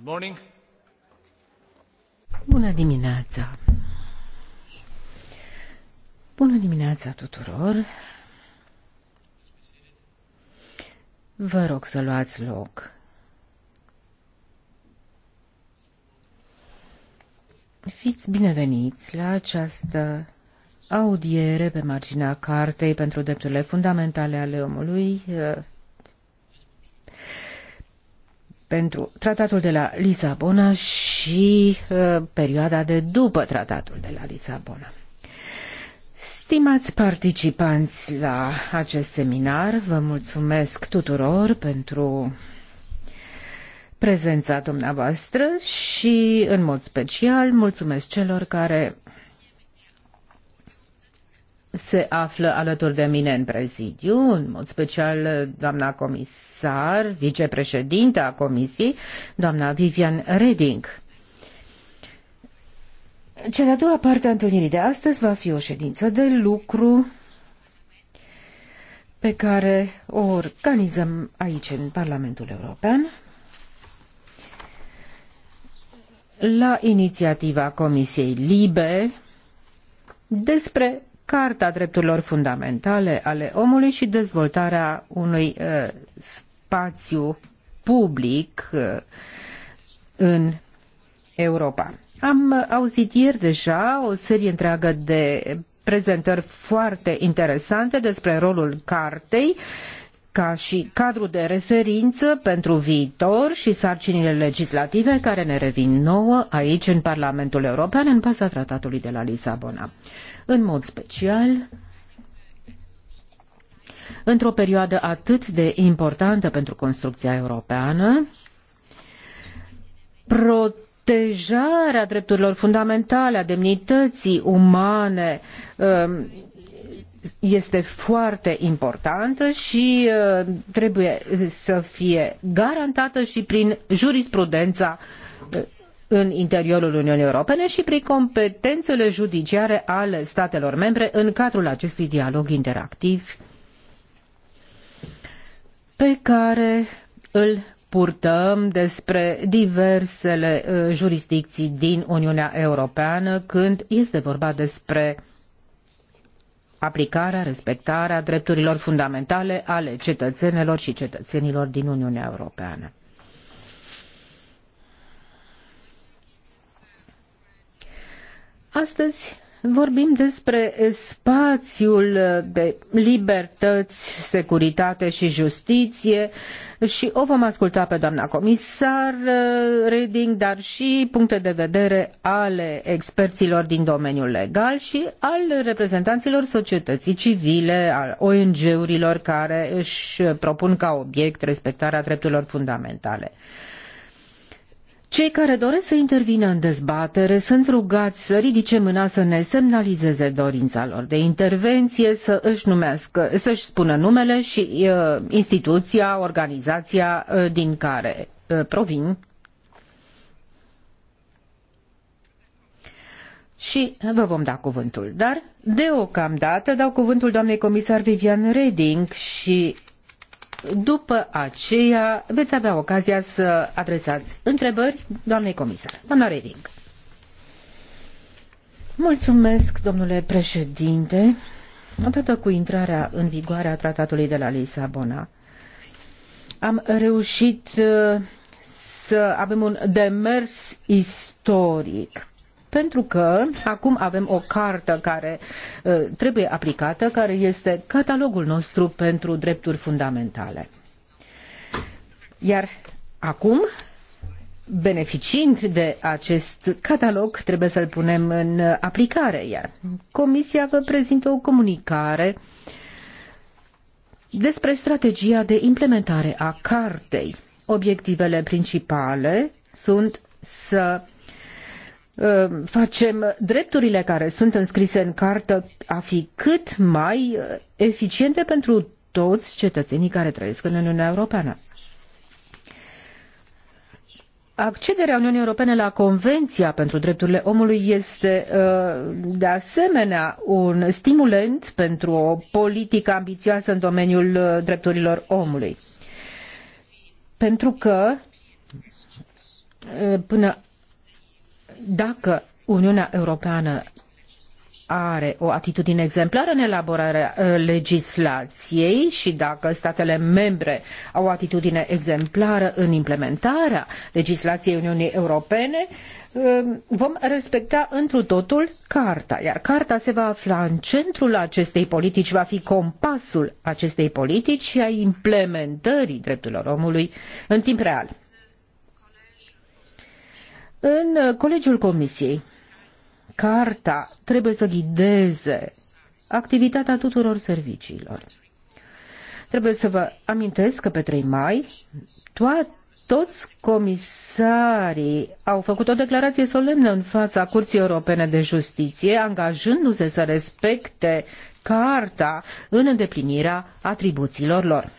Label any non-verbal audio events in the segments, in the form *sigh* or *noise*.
Good morning. Bună dimineața! Bună dimineața tuturor! Vă rog să luați loc. Fiți bineveniți la această audiere pe marginea Cartei pentru Drepturile Fundamentale ale Omului, pentru tratatul de la Lisabona și uh, perioada de după tratatul de la Lisabona. Stimați participanți la acest seminar, vă mulțumesc tuturor pentru prezența dumneavoastră și, în mod special, mulțumesc celor care se află alături de mine în prezidiu, în mod special uh, doamna comisar, vicepreședinte a comisiei, doamna Vivian Reding. Cea de-a doua parte a întâlnirii de astăzi va fi o ședință de lucru pe care o organizăm aici în Parlamentul European la inițiativa Comisiei Libe despre Carta Drepturilor Fundamentale ale Omului și dezvoltarea unui uh, spațiu public uh, în Europa. Am uh, auzit ieri deja o serie întreagă de prezentări foarte interesante despre rolul cartei ca și cadru de referință pentru viitor și sarcinile legislative care ne revin nouă aici în Parlamentul European în baza tratatului de la Lisabona în mod special într-o perioadă atât de importantă pentru construcția europeană, protejarea drepturilor fundamentale, a demnității umane um, este foarte importantă și uh, trebuie să fie garantată și prin jurisprudența în interiorul Uniunii Europene și prin competențele judiciare ale statelor membre în cadrul acestui dialog interactiv pe care îl purtăm despre diversele uh, jurisdicții din Uniunea Europeană când este vorba despre aplicarea, respectarea drepturilor fundamentale ale cetățenilor și cetățenilor din Uniunea Europeană. Astăzi vorbim despre spațiul de libertăți, securitate și justiție și o vom asculta pe doamna comisar uh, Reding, dar și puncte de vedere ale experților din domeniul legal și al reprezentanților societății civile, al ONG-urilor care își propun ca obiect respectarea drepturilor fundamentale. Cei care doresc să intervină în dezbatere sunt rugați să ridice mâna să ne semnalizeze dorința lor de intervenție, să își numească, să-și spună numele și uh, instituția, organizația uh, din care uh, provin. Și vă vom da cuvântul. Dar, deocamdată, dau cuvântul doamnei comisar Vivian Reding și după aceea veți avea ocazia să adresați întrebări doamnei comisar. Doamna Reding. Mulțumesc, domnule președinte. Odată cu intrarea în vigoare a tratatului de la Lisabona, am reușit uh, să avem un demers istoric pentru că acum avem o cartă care uh, trebuie aplicată, care este catalogul nostru pentru drepturi fundamentale. Iar acum, beneficiind de acest catalog, trebuie să-l punem în aplicare, iar Comisia vă prezintă o comunicare despre strategia de implementare a cartei. Obiectivele principale sunt să uh, Ă, facem drepturile care sunt înscrise în cartă a fi cât mai ă, eficiente pentru toți cetățenii care trăiesc în Uniunea Europeană. Accederea Uniunii Europene la Convenția pentru Drepturile Omului este ă, de asemenea un stimulent pentru o politică ambițioasă în domeniul drepturilor omului. Pentru că până dacă Uniunea Europeană are o atitudine exemplară în elaborarea ă, legislației și dacă statele membre au o atitudine exemplară în implementarea legislației Uniunii Europene, ă, vom respecta întru totul carta, iar carta se va afla în centrul acestei politici, va fi compasul acestei politici și a implementării drepturilor omului în timp real. În uh, Colegiul Comisiei, carta trebuie să ghideze activitatea tuturor serviciilor. Trebuie să vă amintesc că pe 3 mai to toți comisarii au făcut o declarație solemnă în fața Curții Europene de Justiție, angajându-se să respecte carta în îndeplinirea atribuțiilor lor.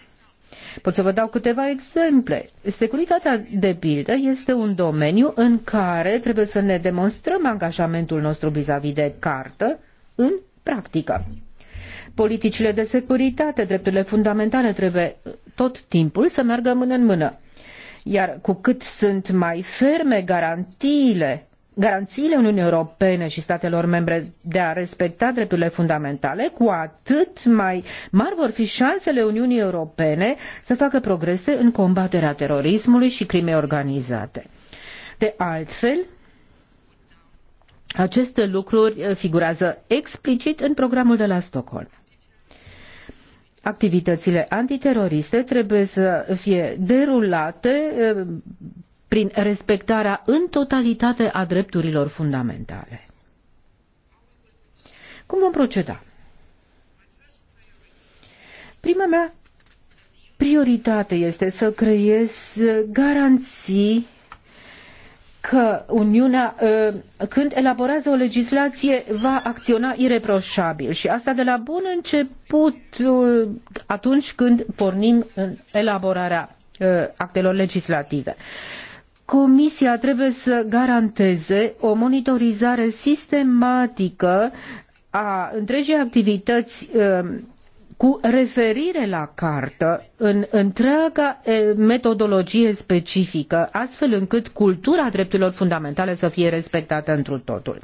Pot să vă dau câteva exemple. Securitatea, de pildă, este un domeniu în care trebuie să ne demonstrăm angajamentul nostru vis-a-vis -vis de cartă în practică. Politicile de securitate, drepturile fundamentale trebuie tot timpul să meargă mână în mână. Iar cu cât sunt mai ferme garantiile garanțiile Uniunii Europene și statelor membre de a respecta drepturile fundamentale, cu atât mai mari vor fi șansele Uniunii Europene să facă progrese în combaterea terorismului și crimei organizate. De altfel, aceste lucruri figurează explicit în programul de la Stockholm. Activitățile antiteroriste trebuie să fie derulate prin respectarea în totalitate a drepturilor fundamentale. Cum vom proceda? Prima mea prioritate este să creez garanții că Uniunea, ă, când elaborează o legislație, va acționa ireproșabil și asta de la bun început, ă, atunci când pornim în elaborarea ă, actelor legislative. Comisia trebuie să garanteze o monitorizare sistematică a întregii activități um, cu referire la cartă în întreaga eh, metodologie specifică, astfel încât cultura drepturilor fundamentale să fie respectată întru totul.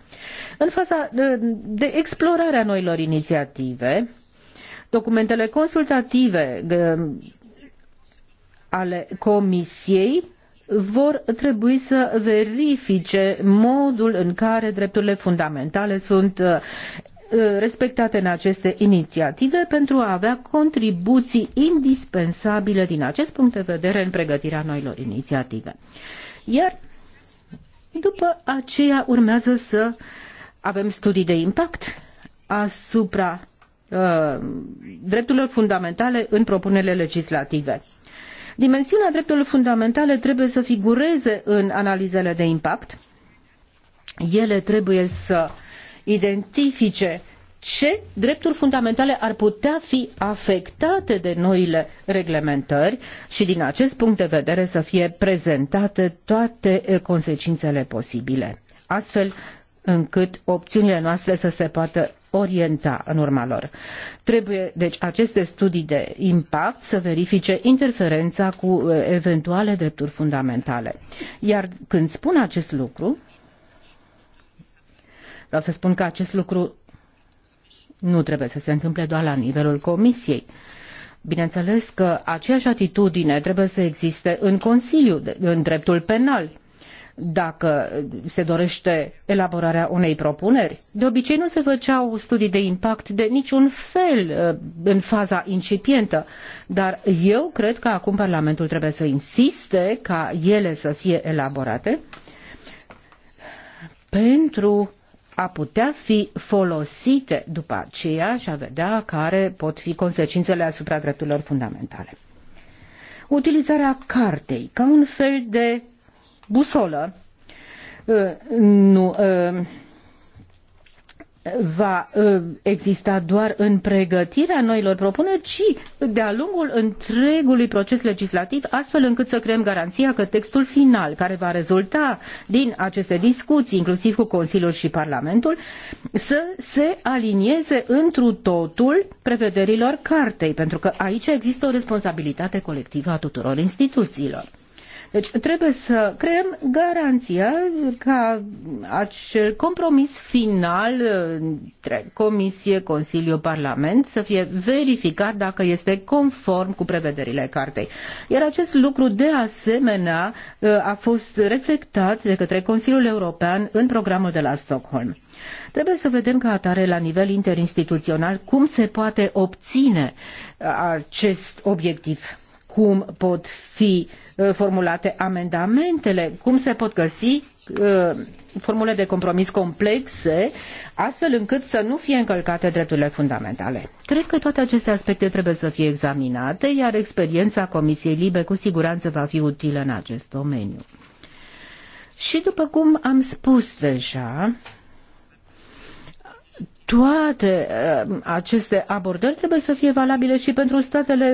În faza de explorare a noilor inițiative, documentele consultative ale Comisiei vor trebui să verifice modul în care drepturile fundamentale sunt uh, uh, respectate în aceste inițiative pentru a avea contribuții indispensabile din acest punct de vedere în pregătirea noilor inițiative. Iar după aceea urmează să avem studii de impact asupra uh, drepturilor fundamentale în propunerile legislative. Dimensiunea drepturilor fundamentale trebuie să figureze în analizele de impact. Ele trebuie să identifice ce drepturi fundamentale ar putea fi afectate de noile reglementări și din acest punct de vedere să fie prezentate toate consecințele posibile, astfel încât opțiunile noastre să se poată orienta în urma lor. Trebuie, deci, aceste studii de impact să verifice interferența cu uh, eventuale drepturi fundamentale. Iar când spun acest lucru, vreau să spun că acest lucru nu trebuie să se întâmple doar la nivelul Comisiei. Bineînțeles că aceeași atitudine trebuie să existe în Consiliu, în dreptul penal dacă se dorește elaborarea unei propuneri. De obicei nu se făceau studii de impact de niciun fel uh, în faza incipientă, dar eu cred că acum Parlamentul trebuie să insiste ca ele să fie elaborate pentru a putea fi folosite după aceea și a vedea care pot fi consecințele asupra drepturilor fundamentale. Utilizarea cartei ca un fel de busolă uh, nu uh, va uh, exista doar în pregătirea noilor propuneri, ci de-a lungul întregului proces legislativ, astfel încât să creăm garanția că textul final, care va rezulta din aceste discuții, inclusiv cu Consiliul și Parlamentul, să se alinieze întru totul prevederilor cartei, pentru că aici există o responsabilitate colectivă a tuturor instituțiilor. Deci trebuie să creăm garanția ca acel compromis final între Comisie, Consiliu, Parlament să fie verificat dacă este conform cu prevederile cartei. Iar acest lucru de asemenea a fost reflectat de către Consiliul European în programul de la Stockholm. Trebuie să vedem ca atare la nivel interinstituțional cum se poate obține acest obiectiv, cum pot fi uh, Uh, formulate amendamentele, cum se pot găsi uh, formule de compromis complexe, astfel încât să nu fie încălcate drepturile fundamentale. Cred că toate aceste aspecte trebuie să fie examinate, iar experiența Comisiei Libe cu siguranță va fi utilă în acest domeniu. Și după cum am spus deja, toate uh, aceste abordări trebuie să fie valabile și pentru statele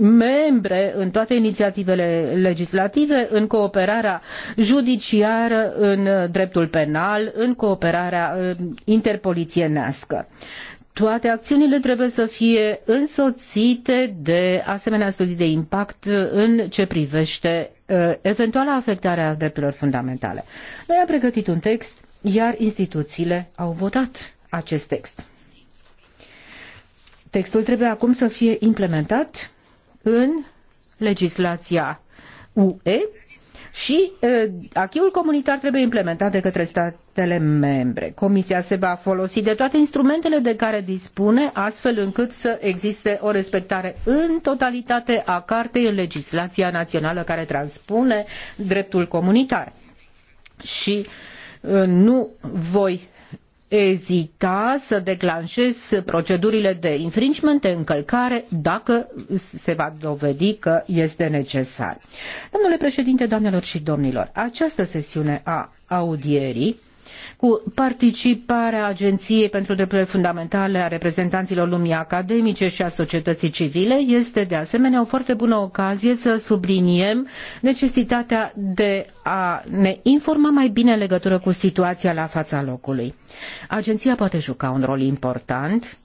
membre în toate inițiativele legislative, în cooperarea judiciară, în dreptul penal, în cooperarea uh, interpolițienească. Toate acțiunile trebuie să fie însoțite de asemenea studii de impact în ce privește uh, eventuala afectare a drepturilor fundamentale. Noi am pregătit un text, iar instituțiile au votat acest text. Textul trebuie acum să fie implementat în legislația UE și uh, achiul comunitar trebuie implementat de către statele membre. Comisia se va folosi de toate instrumentele de care dispune, astfel încât să existe o respectare în totalitate a cartei în legislația națională care transpune dreptul comunitar. Și uh, nu voi ezita să declanșez procedurile de infringement, de încălcare, dacă se va dovedi că este necesar. Domnule președinte, doamnelor și domnilor, această sesiune a audierii cu participarea Agenției pentru Drepturile Fundamentale a reprezentanților lumii academice și a societății civile, este de asemenea o foarte bună ocazie să subliniem necesitatea de a ne informa mai bine în legătură cu situația la fața locului. Agenția poate juca un rol important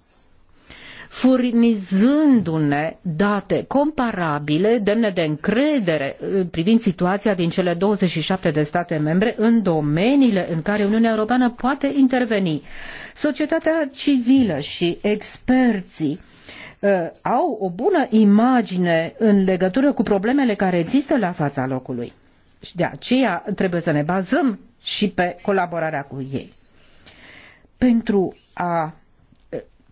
furnizându-ne date comparabile, demne de încredere privind situația din cele 27 de state membre în domeniile în care Uniunea Europeană poate interveni. Societatea civilă și experții uh, au o bună imagine în legătură cu problemele care există la fața locului. Și de aceea trebuie să ne bazăm și pe colaborarea cu ei. Pentru a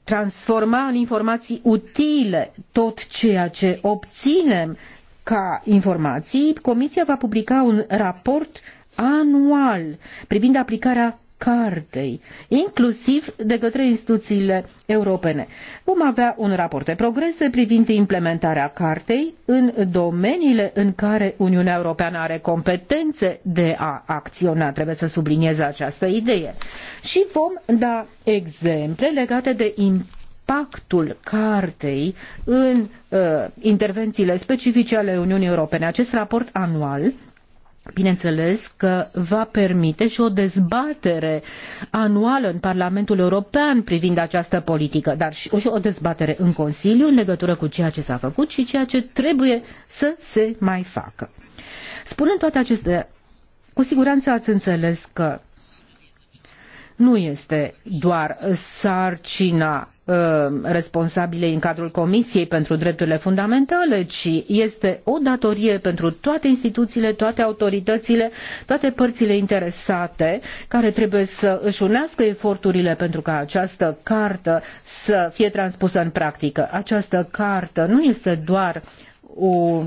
transforma în informații utile tot ceea ce obținem ca informații, Comisia va publica un raport anual privind aplicarea cartei, inclusiv de către instituțiile europene. Vom avea un raport de progrese privind implementarea cartei în domeniile în care Uniunea Europeană are competențe de a acționa. Trebuie să subliniez această idee. Și vom da exemple legate de impactul cartei în uh, intervențiile specifice ale Uniunii Europene. Acest raport anual bineînțeles că va permite și o dezbatere anuală în Parlamentul European privind această politică, dar și o dezbatere în Consiliu în legătură cu ceea ce s-a făcut și ceea ce trebuie să se mai facă. Spunând toate acestea, cu siguranță ați înțeles că nu este doar sarcina uh, responsabilei în cadrul Comisiei pentru Drepturile Fundamentale, ci este o datorie pentru toate instituțiile, toate autoritățile, toate părțile interesate care trebuie să își unească eforturile pentru ca această cartă să fie transpusă în practică. Această cartă nu este doar un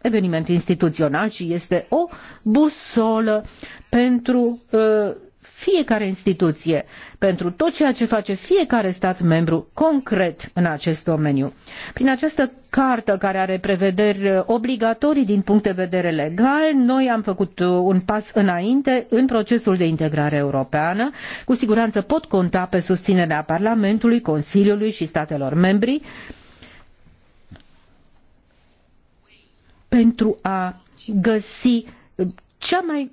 eveniment instituțional, ci este o busolă pentru uh, fiecare instituție pentru tot ceea ce face fiecare stat membru concret în acest domeniu. Prin această cartă care are prevederi obligatorii din punct de vedere legal, noi am făcut un pas înainte în procesul de integrare europeană. Cu siguranță pot conta pe susținerea Parlamentului, Consiliului și statelor membri pentru a găsi cea mai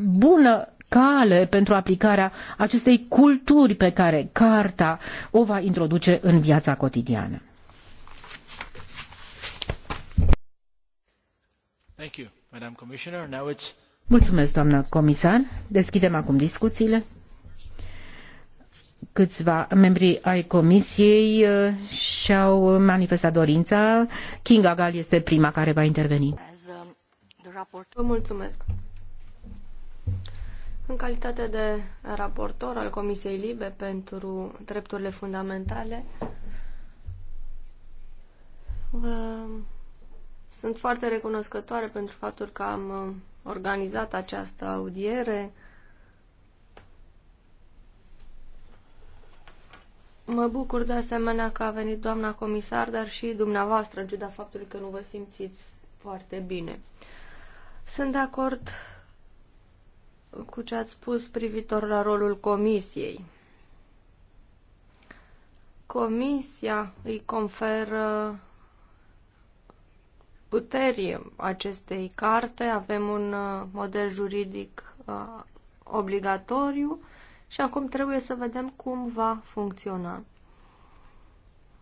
bună cale pentru aplicarea acestei culturi pe care carta o va introduce în viața cotidiană. Thank you, Madam Commissioner. Now it's... Mulțumesc, doamnă comisar. Deschidem acum discuțiile câțiva membri ai comisiei uh, și-au manifestat dorința. Kinga Gal este prima care va interveni. Um, Vă mulțumesc. În calitate de raportor al Comisiei Libe pentru drepturile fundamentale, vă sunt foarte recunoscătoare pentru faptul că am uh, organizat această audiere. Mă bucur de asemenea că a venit doamna comisar, dar și dumneavoastră, în ciuda faptului că nu vă simțiți foarte bine. Sunt de acord cu ce ați spus privitor la rolul comisiei. Comisia îi conferă puteri acestei carte, avem un uh, model juridic uh, obligatoriu și acum trebuie să vedem cum va funcționa.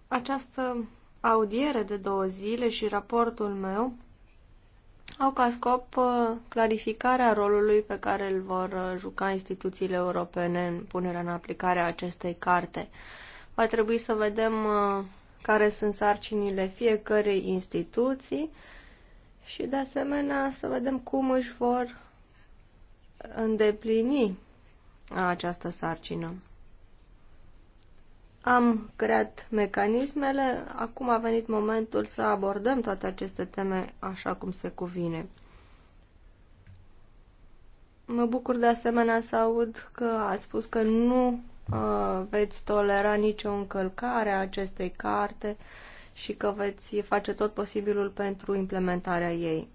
Această audiere de două zile și raportul meu au ca scop uh, clarificarea rolului pe care îl vor uh, juca instituțiile europene în punerea în aplicare a acestei carte. Va trebui să vedem uh, care sunt sarcinile fiecărei instituții și, de asemenea, să vedem cum își vor îndeplini această sarcină. Am creat mecanismele, acum a venit momentul să abordăm toate aceste teme așa cum se cuvine. Mă bucur de asemenea să aud că ați spus că nu uh, veți tolera nicio încălcare a acestei carte și că veți face tot posibilul pentru implementarea ei.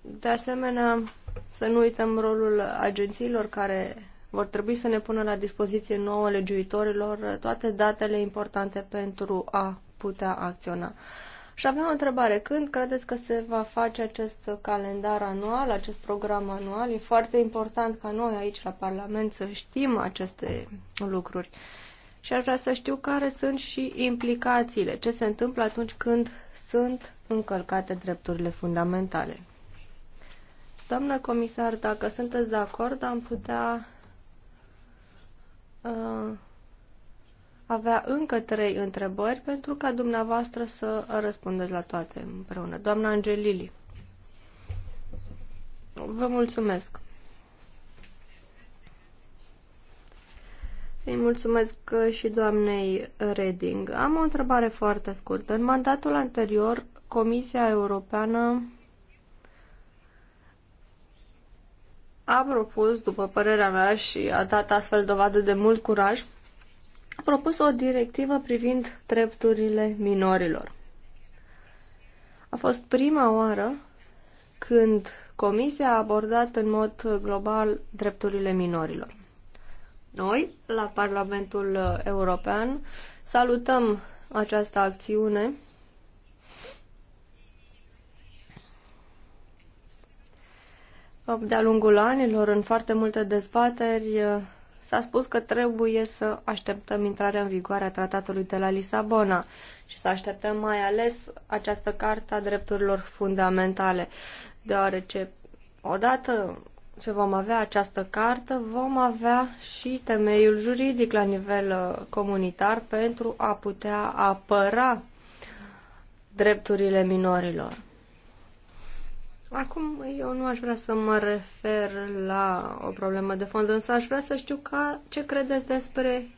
De asemenea, să nu uităm rolul agențiilor care vor trebui să ne pună la dispoziție nouă legiuitorilor toate datele importante pentru a putea acționa. Și avem o întrebare. Când credeți că se va face acest calendar anual, acest program anual? E foarte important ca noi aici la Parlament să știm aceste lucruri. Și aș vrea să știu care sunt și implicațiile, ce se întâmplă atunci când sunt încălcate drepturile fundamentale. Doamnă comisar, dacă sunteți de acord, am putea uh, avea încă trei întrebări pentru ca dumneavoastră să răspundeți la toate împreună. Doamna Angelili, vă mulțumesc. Îi mulțumesc și doamnei Reding. Am o întrebare foarte scurtă. În mandatul anterior, Comisia Europeană a propus, după părerea mea, și a dat astfel dovadă de mult curaj, a propus o directivă privind drepturile minorilor. A fost prima oară când Comisia a abordat în mod global drepturile minorilor. Noi, la Parlamentul European, salutăm această acțiune De-a lungul anilor, în foarte multe dezbateri, uh, s-a spus că trebuie să așteptăm intrarea în vigoare a tratatului de la Lisabona și să așteptăm mai ales această carta a drepturilor fundamentale, deoarece odată ce vom avea această cartă, vom avea și temeiul juridic la nivel uh, comunitar pentru a putea apăra drepturile minorilor. Acum eu nu aș vrea să mă refer la o problemă de fond, însă aș vrea să știu ca, ce credeți despre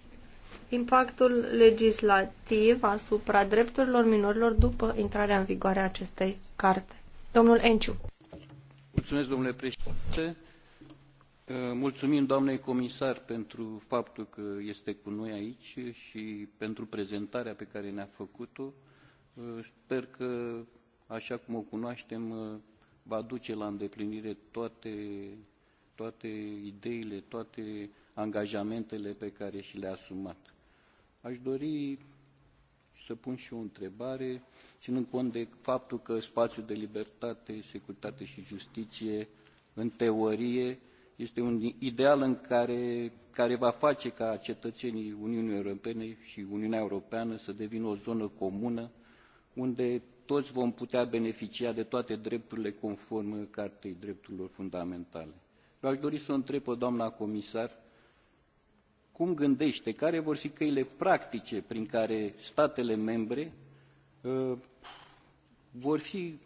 impactul legislativ asupra drepturilor minorilor după intrarea în vigoare a acestei carte. Domnul Enciu. Mulțumesc, domnule președinte. Ă, mulțumim doamnei comisar pentru faptul că este cu noi aici și pentru prezentarea pe care ne-a făcut-o. Ă, sper că, așa cum o cunoaștem, ă, va duce la îndeplinire toate, toate ideile, toate angajamentele pe care și le-a asumat. Aș dori să pun și o întrebare, ținând cont de faptul că spațiul de libertate, securitate și justiție, în teorie, este un ideal în care, care va face ca cetățenii Uniunii Europene și Uniunea Europeană să devină o zonă comună unde toi vom putea beneficia de toate drepturile conform cartei drepturilor fundamentale. Eu a dori să o întreb pe doamna comisar cum gândete care vor fi căile practice prin care statele membre uh, vor fi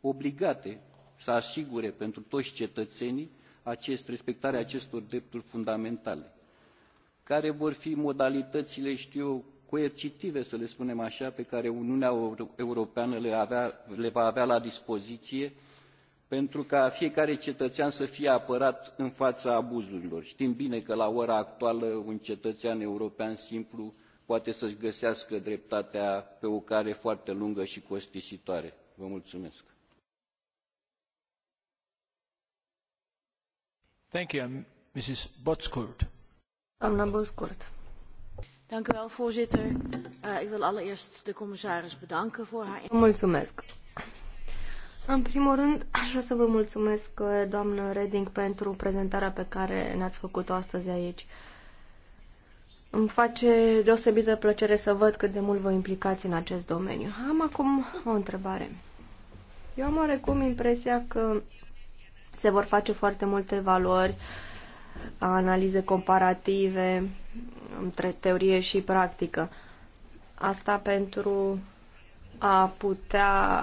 obligate să asigure pentru toi cetăenii acest, respectarea acestor drepturi fundamentale care vor fi modalităile tiu eu coercitive, să le spunem așa, pe care Uniunea Europeană le, avea, le va avea la dispoziție pentru ca fiecare cetățean să fie apărat în fața abuzurilor. Știm bine că la ora actuală un cetățean european simplu poate să-și găsească dreptatea pe o cale foarte lungă și costisitoare. Vă mulțumesc. Thank you. Mrs. Botscourt. Doamna Botscourt voorzitter. Eh, ik wil allereerst de commissaris bedanken voor haar... Mulțumesc. În primul rând, aș vrea să vă mulțumesc, eh, doamnă Reding, pentru prezentarea pe care ne-ați făcut-o astăzi aici. Îmi face deosebită plăcere să văd cât de mult vă implicați în acest domeniu. Am acum o întrebare. Eu am oarecum impresia că se vor face foarte multe valori uh, analize comparative între teorie și practică. Asta pentru a putea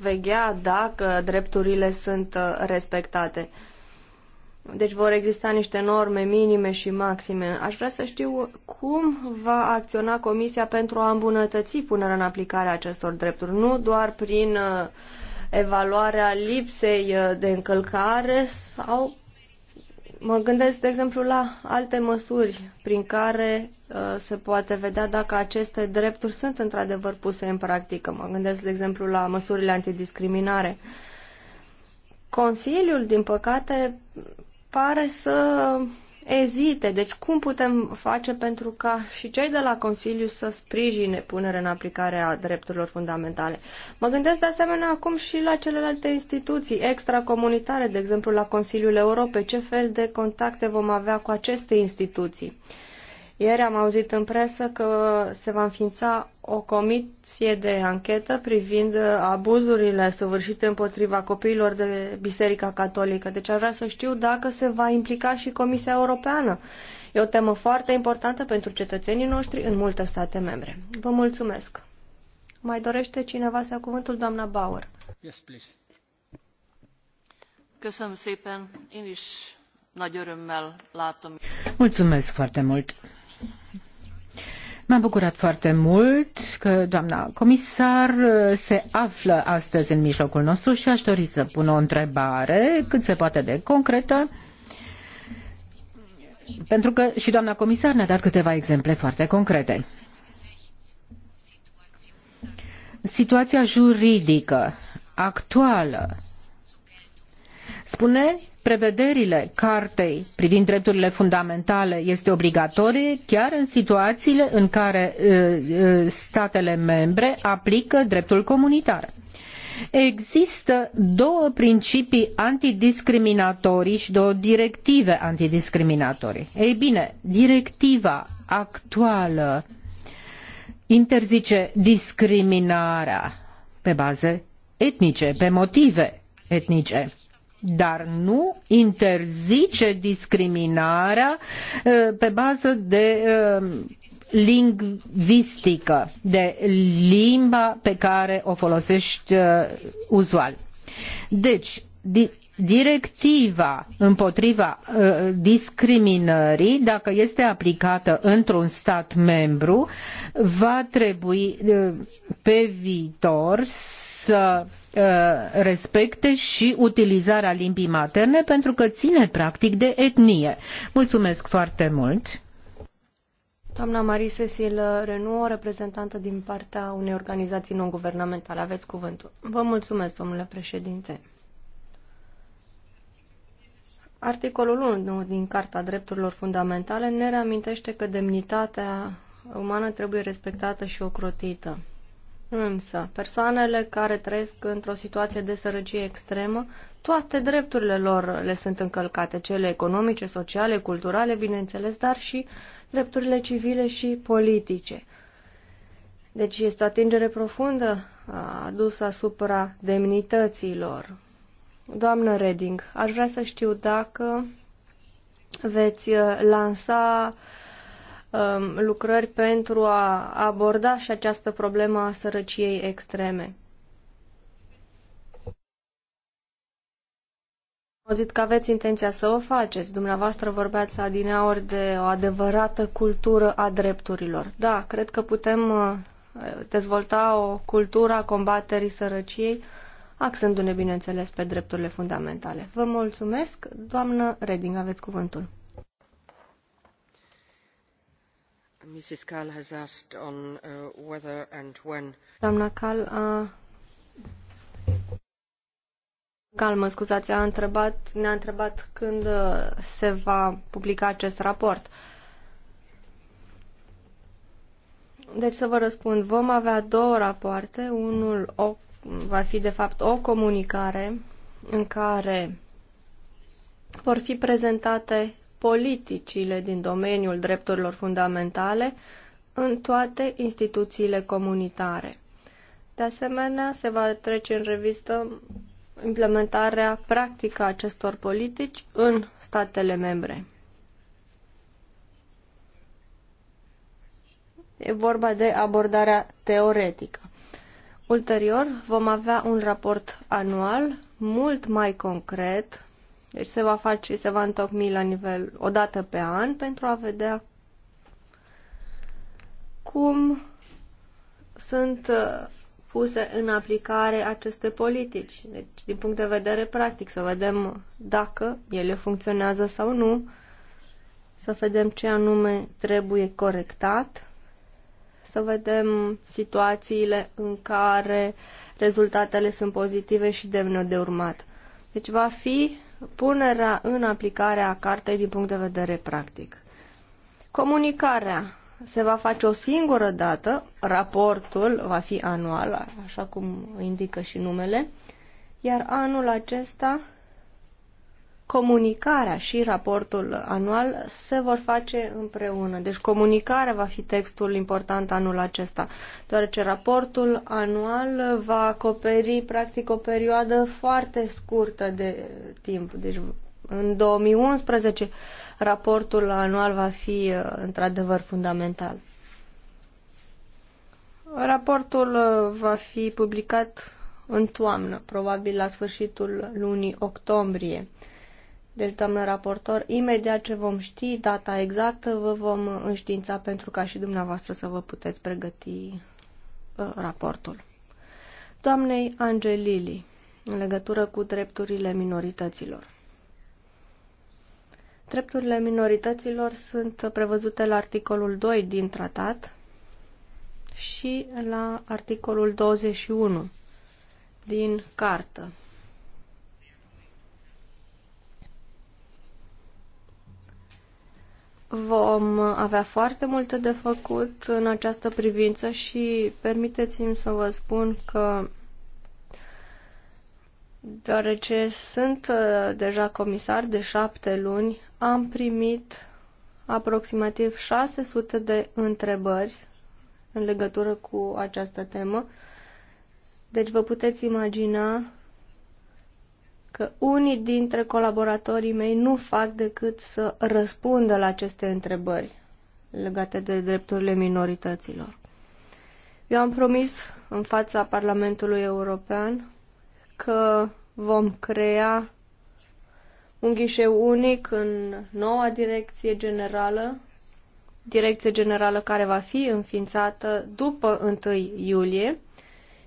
veghea dacă drepturile sunt uh, respectate. Deci vor exista niște norme minime și maxime. Aș vrea să știu cum va acționa Comisia pentru a îmbunătăți punerea în aplicare a acestor drepturi, nu doar prin uh, evaluarea lipsei uh, de încălcare sau Mă gândesc, de exemplu, la alte măsuri prin care uh, se poate vedea dacă aceste drepturi sunt într-adevăr puse în practică. Mă gândesc, de exemplu, la măsurile antidiscriminare. Consiliul, din păcate, pare să ezite. Deci cum putem face pentru ca și cei de la Consiliu să sprijine punerea în aplicare a drepturilor fundamentale? Mă gândesc de asemenea acum și la celelalte instituții extracomunitare, de exemplu la Consiliul Europei. Ce fel de contacte vom avea cu aceste instituții? Ieri am auzit în presă că se va înființa o comisie de anchetă privind abuzurile săvârșite împotriva copiilor de Biserica Catolică. Deci aș vrea să știu dacă se va implica și Comisia Europeană. E o temă foarte importantă pentru cetățenii noștri în multe state membre. Vă mulțumesc. Mai dorește cineva să ia cuvântul, doamna Bauer? Yes, please. Köszönöm szépen. Én nagy örömmel látom. Mulțumesc foarte mult. M-am bucurat foarte mult că doamna comisar uh, se află astăzi în mijlocul nostru și aș dori să pun o întrebare cât se poate de concretă, pentru că și doamna comisar ne-a dat câteva exemple foarte concrete. Situația juridică actuală spune prevederile cartei privind drepturile fundamentale este obligatorie chiar în situațiile în care uh, uh, statele membre aplică dreptul comunitar. Există două principii antidiscriminatorii și două directive antidiscriminatorii. Ei bine, directiva actuală interzice discriminarea pe baze etnice, pe motive etnice dar nu interzice discriminarea uh, pe bază de uh, lingvistică, de limba pe care o folosești uh, uzual. Deci, directiva împotriva discriminării, dacă este aplicată într-un stat membru, va trebui pe viitor să Uh, respecte și utilizarea limbii materne pentru că ține practic de etnie. Mulțumesc foarte mult! Doamna Marie Cecil Renu, reprezentantă din partea unei organizații non-guvernamentale, aveți cuvântul. Vă mulțumesc, domnule președinte. Articolul 1 din Carta Drepturilor Fundamentale ne reamintește că demnitatea umană trebuie respectată și ocrotită. Însă, persoanele care trăiesc într-o situație de sărăcie extremă, toate drepturile lor le sunt încălcate, cele economice, sociale, culturale, bineînțeles, dar și drepturile civile și politice. Deci este o atingere profundă adusă asupra lor. Doamnă Reding, aș vrea să știu dacă veți uh, lansa uh, Um, lucrări pentru a aborda și această problemă a sărăciei extreme. Am auzit că aveți intenția să o faceți. Dumneavoastră vorbeați adineaori de o adevărată cultură a drepturilor. Da, cred că putem uh, dezvolta o cultură a combaterii sărăciei, axându-ne, bineînțeles, pe drepturile fundamentale. Vă mulțumesc. Doamnă Reding, aveți cuvântul. Uh, a Cal, întrebat, ne-a întrebat când uh, se va publica acest raport. Deci să vă răspund, vom avea două rapoarte. Unul o, va fi de fapt o comunicare în care vor fi prezentate politicile din domeniul drepturilor fundamentale în toate instituțiile comunitare. De asemenea, se va trece în revistă implementarea practică a acestor politici în statele membre. E vorba de abordarea teoretică. Ulterior, vom avea un raport anual mult mai concret deci se va face, se va întocmi la nivel o dată pe an pentru a vedea cum sunt uh, puse în aplicare aceste politici. Deci, din punct de vedere practic, să vedem dacă ele funcționează sau nu, să vedem ce anume trebuie corectat, să vedem situațiile în care rezultatele sunt pozitive și demne de urmat. Deci va fi punerea în aplicare a cartei din punct de vedere practic. Comunicarea se va face o singură dată, raportul va fi anual, așa cum indică și numele, iar anul acesta comunicarea și raportul anual se vor face împreună. Deci comunicarea va fi textul important anul acesta, deoarece raportul anual va acoperi practic o perioadă foarte scurtă de timp. Deci în 2011 raportul anual va fi uh, într-adevăr fundamental. Raportul uh, va fi publicat în toamnă, probabil la sfârșitul lunii octombrie. Deci, doamnă raportor, imediat ce vom ști data exactă, vă vom înștiința pentru ca și dumneavoastră să vă puteți pregăti uh, raportul. Doamnei Angelili, în legătură cu drepturile minorităților. Drepturile minorităților sunt prevăzute la articolul 2 din tratat și la articolul 21 din cartă. Vom avea foarte multe de făcut în această privință și permiteți-mi să vă spun că deoarece sunt uh, deja comisar de șapte luni, am primit aproximativ 600 de întrebări în legătură cu această temă. Deci vă puteți imagina că unii dintre colaboratorii mei nu fac decât să răspundă la aceste întrebări legate de drepturile minorităților. Eu am promis în fața Parlamentului European că vom crea un ghișeu unic în noua direcție generală, direcție generală care va fi înființată după 1 iulie,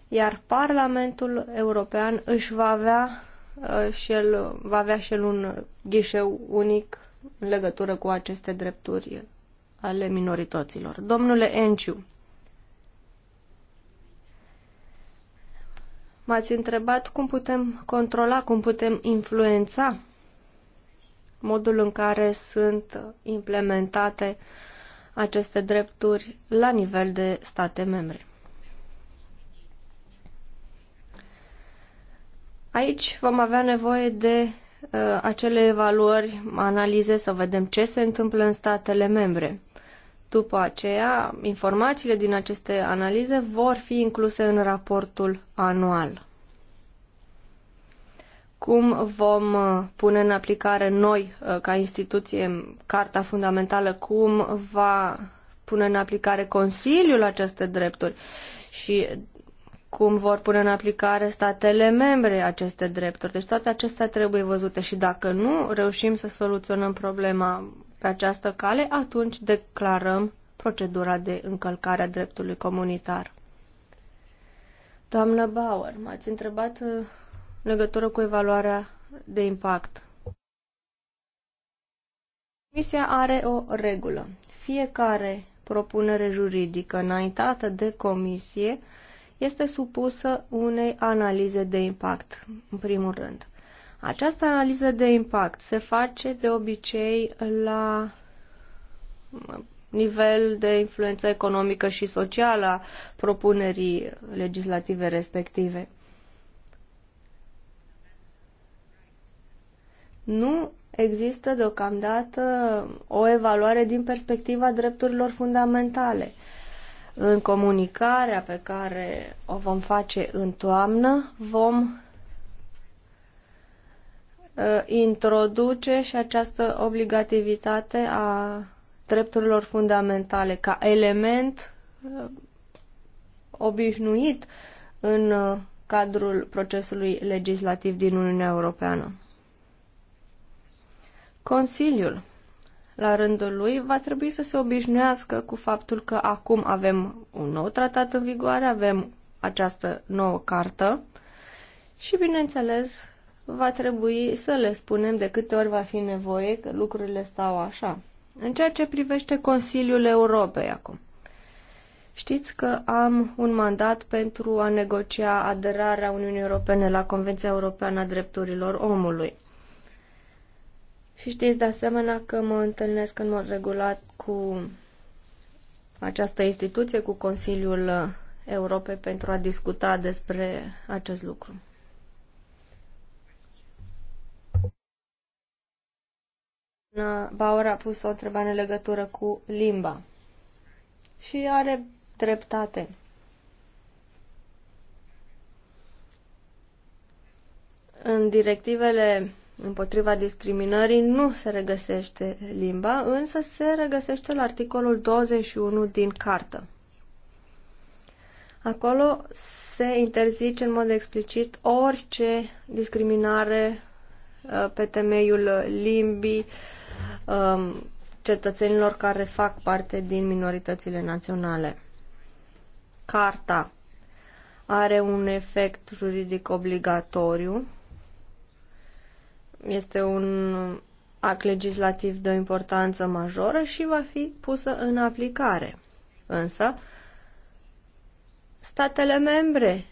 iar Parlamentul European își va avea Uh, și el va avea și el un ghișeu unic în legătură cu aceste drepturi ale minorităților. Domnule Enciu, m-ați întrebat cum putem controla, cum putem influența modul în care sunt implementate aceste drepturi la nivel de state membre. Aici vom avea nevoie de uh, acele evaluări, analize, să vedem ce se întâmplă în statele membre. După aceea, informațiile din aceste analize vor fi incluse în raportul anual. Cum vom uh, pune în aplicare noi, uh, ca instituție, Carta Fundamentală, cum va pune în aplicare Consiliul aceste drepturi și cum vor pune în aplicare statele membre aceste drepturi. Deci toate acestea trebuie văzute și dacă nu reușim să soluționăm problema pe această cale, atunci declarăm procedura de încălcare a dreptului comunitar. Doamnă Bauer, m-ați întrebat uh, în legătură cu evaluarea de impact. Comisia are o regulă. Fiecare propunere juridică înaintată de comisie este supusă unei analize de impact, în primul rând. Această analiză de impact se face de obicei la nivel de influență economică și socială a propunerii legislative respective. Nu există deocamdată o evaluare din perspectiva drepturilor fundamentale. În comunicarea pe care o vom face în toamnă, vom ă, introduce și această obligativitate a drepturilor fundamentale ca element ă, obișnuit în ă, cadrul procesului legislativ din Uniunea Europeană. Consiliul la rândul lui, va trebui să se obișnuiască cu faptul că acum avem un nou tratat în vigoare, avem această nouă cartă și, bineînțeles, va trebui să le spunem de câte ori va fi nevoie că lucrurile stau așa. În ceea ce privește Consiliul Europei acum. Știți că am un mandat pentru a negocia aderarea Uniunii Europene la Convenția Europeană a Drepturilor Omului. Și știți de asemenea că mă întâlnesc în mod regulat cu această instituție, cu Consiliul Europei pentru a discuta despre acest lucru. Bauer a pus o întrebare în legătură cu limba și are dreptate. În directivele împotriva discriminării nu se regăsește limba, însă se regăsește la articolul 21 din cartă. Acolo se interzice în mod explicit orice discriminare uh, pe temeiul limbii um, cetățenilor care fac parte din minoritățile naționale. Carta are un efect juridic obligatoriu este un act legislativ de o importanță majoră și va fi pusă în aplicare. Însă, statele membre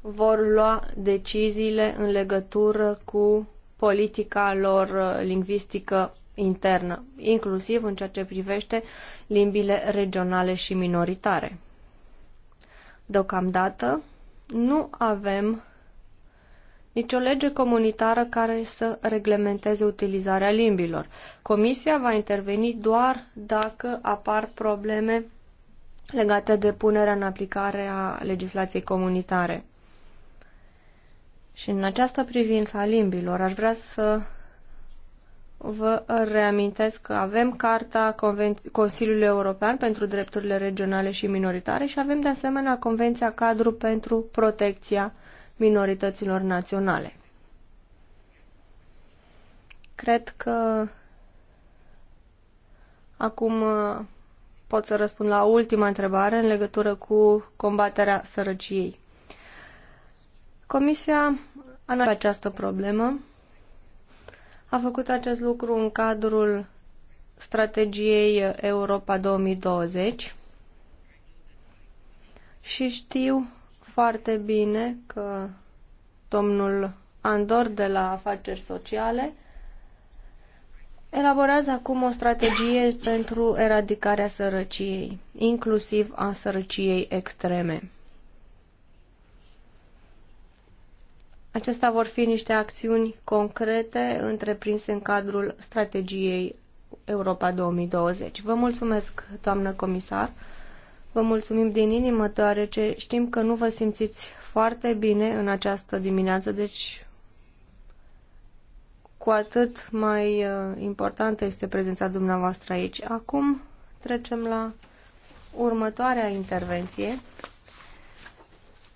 vor lua deciziile în legătură cu politica lor uh, lingvistică internă, inclusiv în ceea ce privește limbile regionale și minoritare. Deocamdată nu avem nicio lege comunitară care să reglementeze utilizarea limbilor. Comisia va interveni doar dacă apar probleme legate de punerea în aplicare a legislației comunitare. Și în această privință a limbilor, aș vrea să vă reamintesc că avem Carta Consiliului European pentru Drepturile Regionale și Minoritare și avem de asemenea Convenția Cadru pentru Protecția minorităților naționale. Cred că acum uh, pot să răspund la ultima întrebare în legătură cu combaterea sărăciei. Comisia analizează această problemă. A făcut acest lucru în cadrul strategiei Europa 2020 și știu foarte bine că domnul Andor de la Afaceri Sociale elaborează acum o strategie pentru eradicarea sărăciei, inclusiv a sărăciei extreme. Acestea vor fi niște acțiuni concrete întreprinse în cadrul strategiei Europa 2020. Vă mulțumesc, doamnă comisar. Vă mulțumim din inimă, deoarece știm că nu vă simțiți foarte bine în această dimineață, deci cu atât mai uh, importantă este prezența dumneavoastră aici. Acum trecem la următoarea intervenție.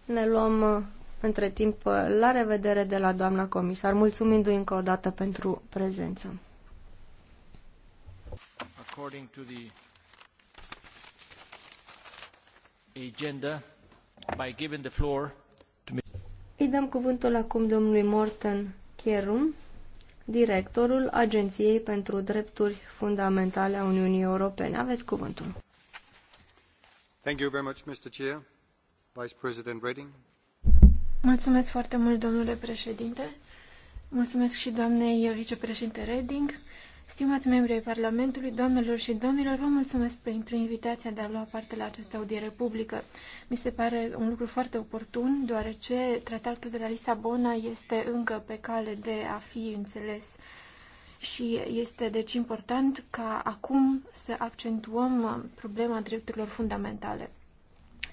Ne luăm uh, între timp uh, la revedere de la doamna comisar, mulțumindu-i încă o dată pentru prezență. According to the Îi dăm cuvântul acum domnului Morten Kierum, directorul Agenției pentru Drepturi Fundamentale a Uniunii Europene. Aveți cuvântul. Thank you very much, Mr. Chair, Vice President Mulțumesc foarte mult, domnule președinte. Mulțumesc și doamnei vicepreședinte Reding. Stimați membri ai Parlamentului, doamnelor și domnilor, vă mulțumesc pentru invitația de a lua parte la această audiere publică. Mi se pare un lucru foarte oportun, deoarece tratatul de la Lisabona este încă pe cale de a fi înțeles și este deci important ca acum să accentuăm problema drepturilor fundamentale.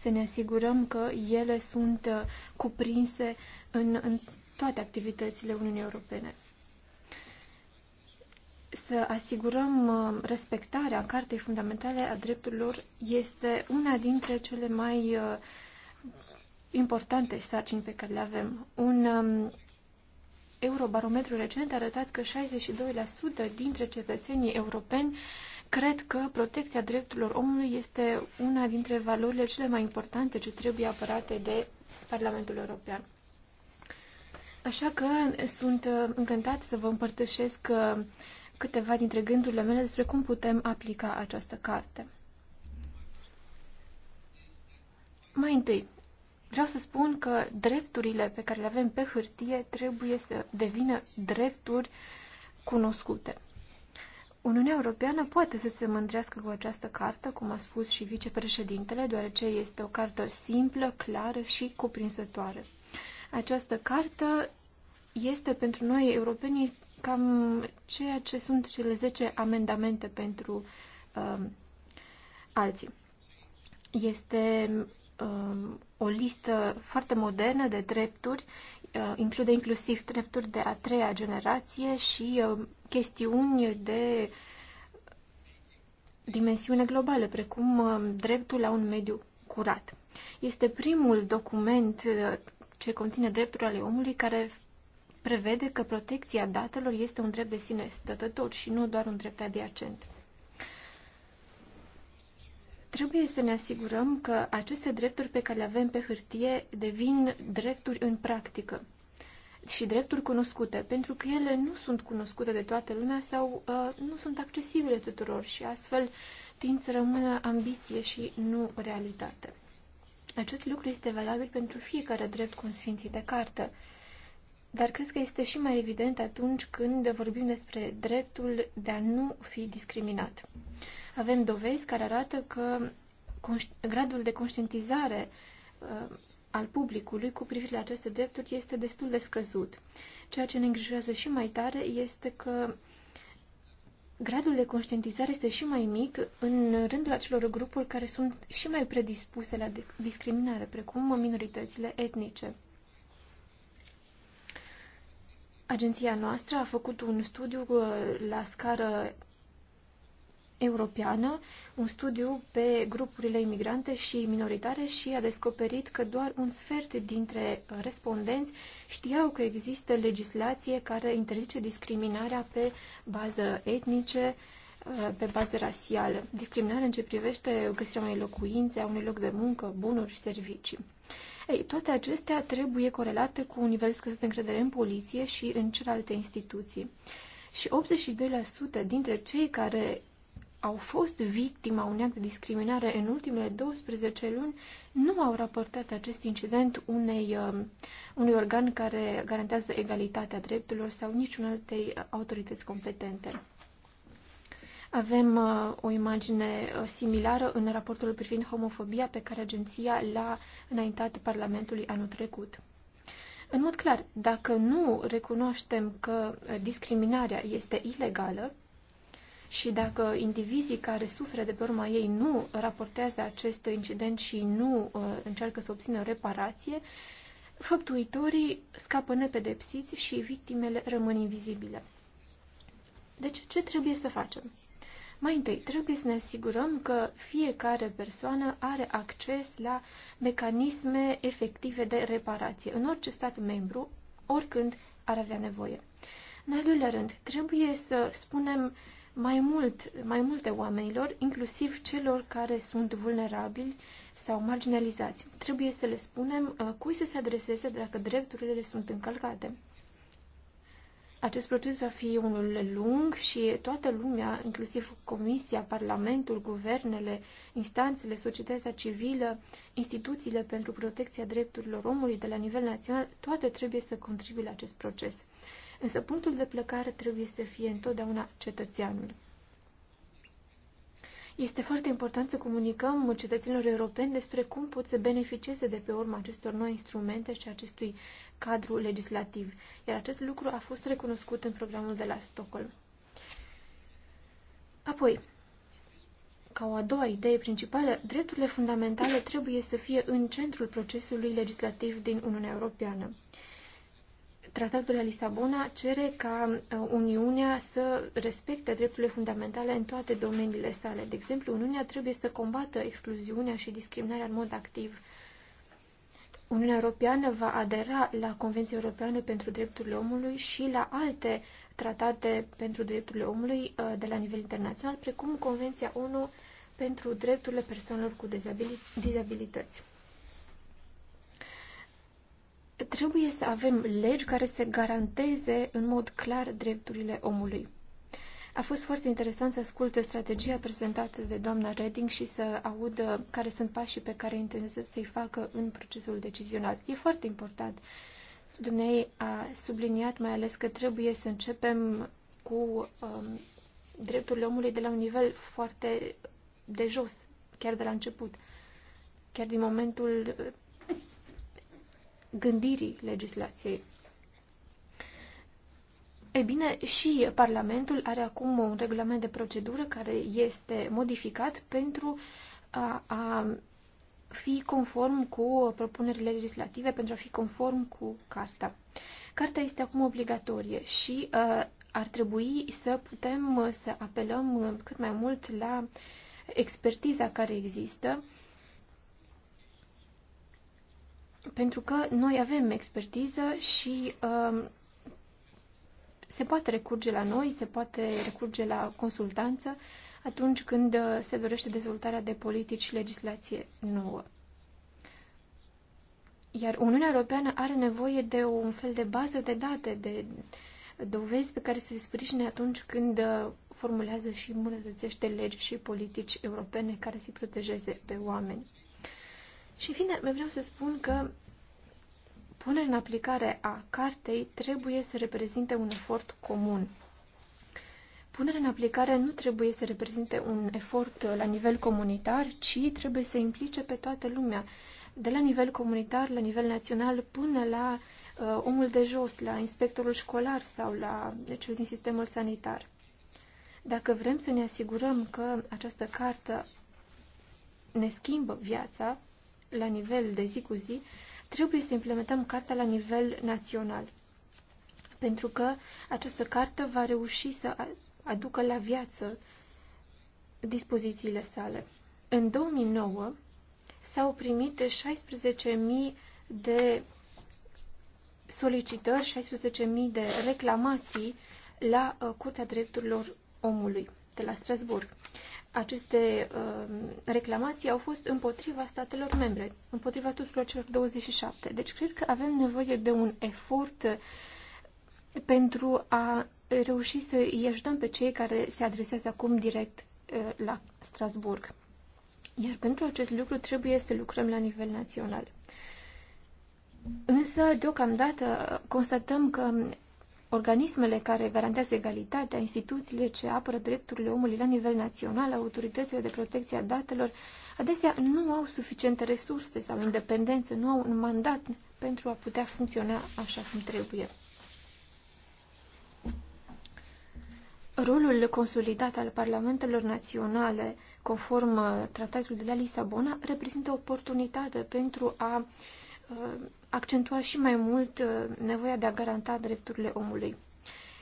Să ne asigurăm că ele sunt cuprinse în, în toate activitățile Uniunii Europene să asigurăm uh, respectarea Cartei Fundamentale a Drepturilor este una dintre cele mai uh, importante sarcini pe care le avem. Un um, eurobarometru recent a arătat că 62% dintre cetățenii europeni cred că protecția drepturilor omului este una dintre valorile cele mai importante ce trebuie apărate de Parlamentul European. Așa că sunt uh, încântat să vă împărtășesc câteva dintre gândurile mele despre cum putem aplica această carte. Mai întâi, vreau să spun că drepturile pe care le avem pe hârtie trebuie să devină drepturi cunoscute. Uniunea Europeană poate să se mândrească cu această carte, cum a spus și vicepreședintele, deoarece este o carte simplă, clară și cuprinsătoare. Această carte este pentru noi europenii cam ceea ce sunt cele 10 amendamente pentru uh, alții. Este uh, o listă foarte modernă de drepturi, uh, include inclusiv drepturi de a treia generație și uh, chestiuni de dimensiune globală, precum uh, dreptul la un mediu curat. Este primul document uh, ce conține drepturile ale omului care prevede că protecția datelor este un drept de sine stătător și nu doar un drept adiacent. Trebuie să ne asigurăm că aceste drepturi pe care le avem pe hârtie devin drepturi în practică și drepturi cunoscute, pentru că ele nu sunt cunoscute de toată lumea sau uh, nu sunt accesibile tuturor și astfel tind să rămână ambiție și nu realitate. Acest lucru este valabil pentru fiecare drept consfinții de carte. Dar cred că este și mai evident atunci când vorbim despre dreptul de a nu fi discriminat. Avem dovezi care arată că gradul de conștientizare uh, al publicului cu privire la aceste drepturi este destul de scăzut. Ceea ce ne îngrijorează și mai tare este că gradul de conștientizare este și mai mic în rândul acelor grupuri care sunt și mai predispuse la discriminare, precum minoritățile etnice. Agenția noastră a făcut un studiu uh, la scară europeană, un studiu pe grupurile imigrante și minoritare și a descoperit că doar un sfert dintre respondenți știau că există legislație care interzice discriminarea pe bază etnice, uh, pe bază rasială, Discriminarea în ce privește găsirea unei locuințe, a unui loc de muncă, bunuri și servicii. Ei, toate acestea trebuie corelate cu un nivel scăzut de încredere în poliție și în celelalte instituții. Și 82% dintre cei care au fost victima unui act de discriminare în ultimele 12 luni nu au raportat acest incident unei, um, unui organ care garantează egalitatea drepturilor sau niciun altei autorități competente. Avem uh, o imagine uh, similară în raportul privind homofobia pe care agenția l-a înaintat Parlamentului anul trecut. În mod clar, dacă nu recunoaștem că uh, discriminarea este ilegală și dacă indivizii care suferă de pe urma ei nu raportează acest incident și nu uh, încearcă să obțină o reparație, făptuitorii scapă nepedepsiți și victimele rămân invizibile. Deci, ce trebuie să facem? Mai întâi, trebuie să ne asigurăm că fiecare persoană are acces la mecanisme efective de reparație în orice stat membru, oricând ar avea nevoie. În al doilea rând, trebuie să spunem mai mult, mai multe oamenilor, inclusiv celor care sunt vulnerabili sau marginalizați. Trebuie să le spunem uh, cui să se adreseze dacă drepturile sunt încălcate. Acest proces va fi unul lung și toată lumea, inclusiv Comisia, Parlamentul, guvernele, instanțele, societatea civilă, instituțiile pentru protecția drepturilor omului de la nivel național, toate trebuie să contribuie la acest proces. Însă punctul de plecare trebuie să fie întotdeauna cetățeanul. Este foarte important să comunicăm cetățenilor europeni despre cum pot să beneficieze de pe urma acestor noi instrumente și acestui cadru legislativ, iar acest lucru a fost recunoscut în programul de la Stockholm. Apoi, ca o a doua idee principală, drepturile fundamentale trebuie să fie în centrul procesului legislativ din Uniunea Europeană. Tratatul de la Lisabona cere ca uh, Uniunea să respecte drepturile fundamentale în toate domeniile sale. De exemplu, Uniunea trebuie să combată excluziunea și discriminarea în mod activ Uniunea Europeană va adera la Convenția Europeană pentru Drepturile Omului și la alte tratate pentru drepturile omului uh, de la nivel internațional, precum Convenția ONU pentru drepturile persoanelor cu dizabilități. Trebuie să avem legi care să garanteze în mod clar drepturile omului. A fost foarte interesant să ascult strategia prezentată de doamna Reding și să aud care sunt pașii pe care intenționează să-i facă în procesul decizional. E foarte important. Dumnezeu a subliniat mai ales că trebuie să începem cu um, drepturile omului de la un nivel foarte de jos, chiar de la început, chiar din momentul uh, gândirii legislației. Ei bine, și Parlamentul are acum un regulament de procedură care este modificat pentru a, a fi conform cu propunerile legislative, pentru a fi conform cu Carta. Carta este acum obligatorie și uh, ar trebui să putem să apelăm cât mai mult la expertiza care există, pentru că noi avem expertiză și uh, se poate recurge la noi, se poate recurge la consultanță atunci când uh, se dorește dezvoltarea de politici și legislație nouă. Iar Uniunea Europeană are nevoie de un fel de bază de date, de dovezi pe care să se sprijine atunci când uh, formulează și îmbunătățește legi și politici europene care să-i protejeze pe oameni. Și în fine, vreau să spun că Punerea în aplicare a cartei trebuie să reprezinte un efort comun. Punerea în aplicare nu trebuie să reprezinte un efort uh, la nivel comunitar, ci trebuie să implice pe toată lumea, de la nivel comunitar, la nivel național, până la uh, omul de jos, la inspectorul școlar sau la uh, cel din sistemul sanitar. Dacă vrem să ne asigurăm că această cartă ne schimbă viața la nivel de zi cu zi, trebuie să implementăm cartea la nivel național. Pentru că această carte va reuși să aducă la viață dispozițiile sale. În 2009 s-au primit 16.000 de solicitări, 16.000 de reclamații la uh, Curtea Drepturilor Omului de la Strasburg aceste uh, reclamații au fost împotriva statelor membre, împotriva tuturor celor 27. Deci cred că avem nevoie de un efort uh, pentru a reuși să îi ajutăm pe cei care se adresează acum direct uh, la Strasburg. Iar pentru acest lucru trebuie să lucrăm la nivel național. Însă, deocamdată, constatăm că organismele care garantează egalitatea, instituțiile ce apără drepturile omului la nivel național, autoritățile de protecție a datelor, adesea nu au suficiente resurse sau independență, nu au un mandat pentru a putea funcționa așa cum trebuie. Rolul consolidat al parlamentelor naționale, conform tratatului de la Lisabona, reprezintă oportunitate pentru a uh, accentua și mai mult uh, nevoia de a garanta drepturile omului.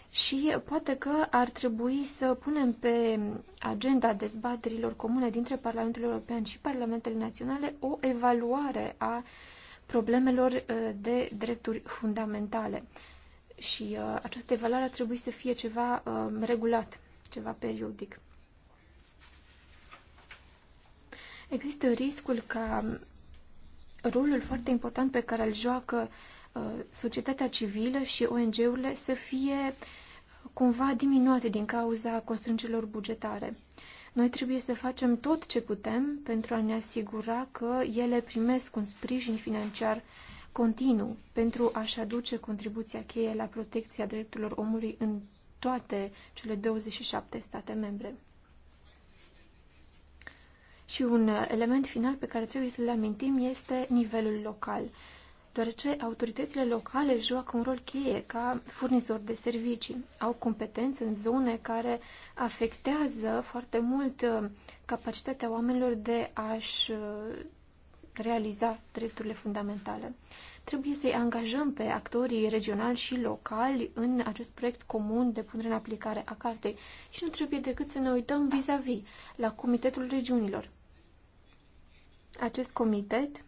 Și uh, poate că ar trebui să punem pe agenda dezbaterilor comune dintre Parlamentul European și Parlamentele Naționale o evaluare a problemelor uh, de drepturi fundamentale. Și această evaluare ar trebui să fie ceva um, regulat, ceva periodic. Există riscul ca rolul foarte important pe care îl joacă uh, societatea civilă și ONG-urile să fie uh, cumva diminuate din cauza constrângerilor bugetare. Noi trebuie să facem tot ce putem pentru a ne asigura că ele primesc un sprijin financiar continuu pentru a-și aduce contribuția cheie la protecția drepturilor omului în toate cele 27 state membre. Și un uh, element final pe care trebuie să-l amintim este nivelul local, deoarece autoritățile locale joacă un rol cheie ca furnizori de servicii. Au competențe în zone care afectează foarte mult uh, capacitatea oamenilor de a-și uh, realiza drepturile fundamentale. Trebuie să-i angajăm pe actorii regionali și locali în acest proiect comun de punere în aplicare a cartei și nu trebuie decât să ne uităm vis-a-vis -vis la Comitetul Regiunilor, acest comitet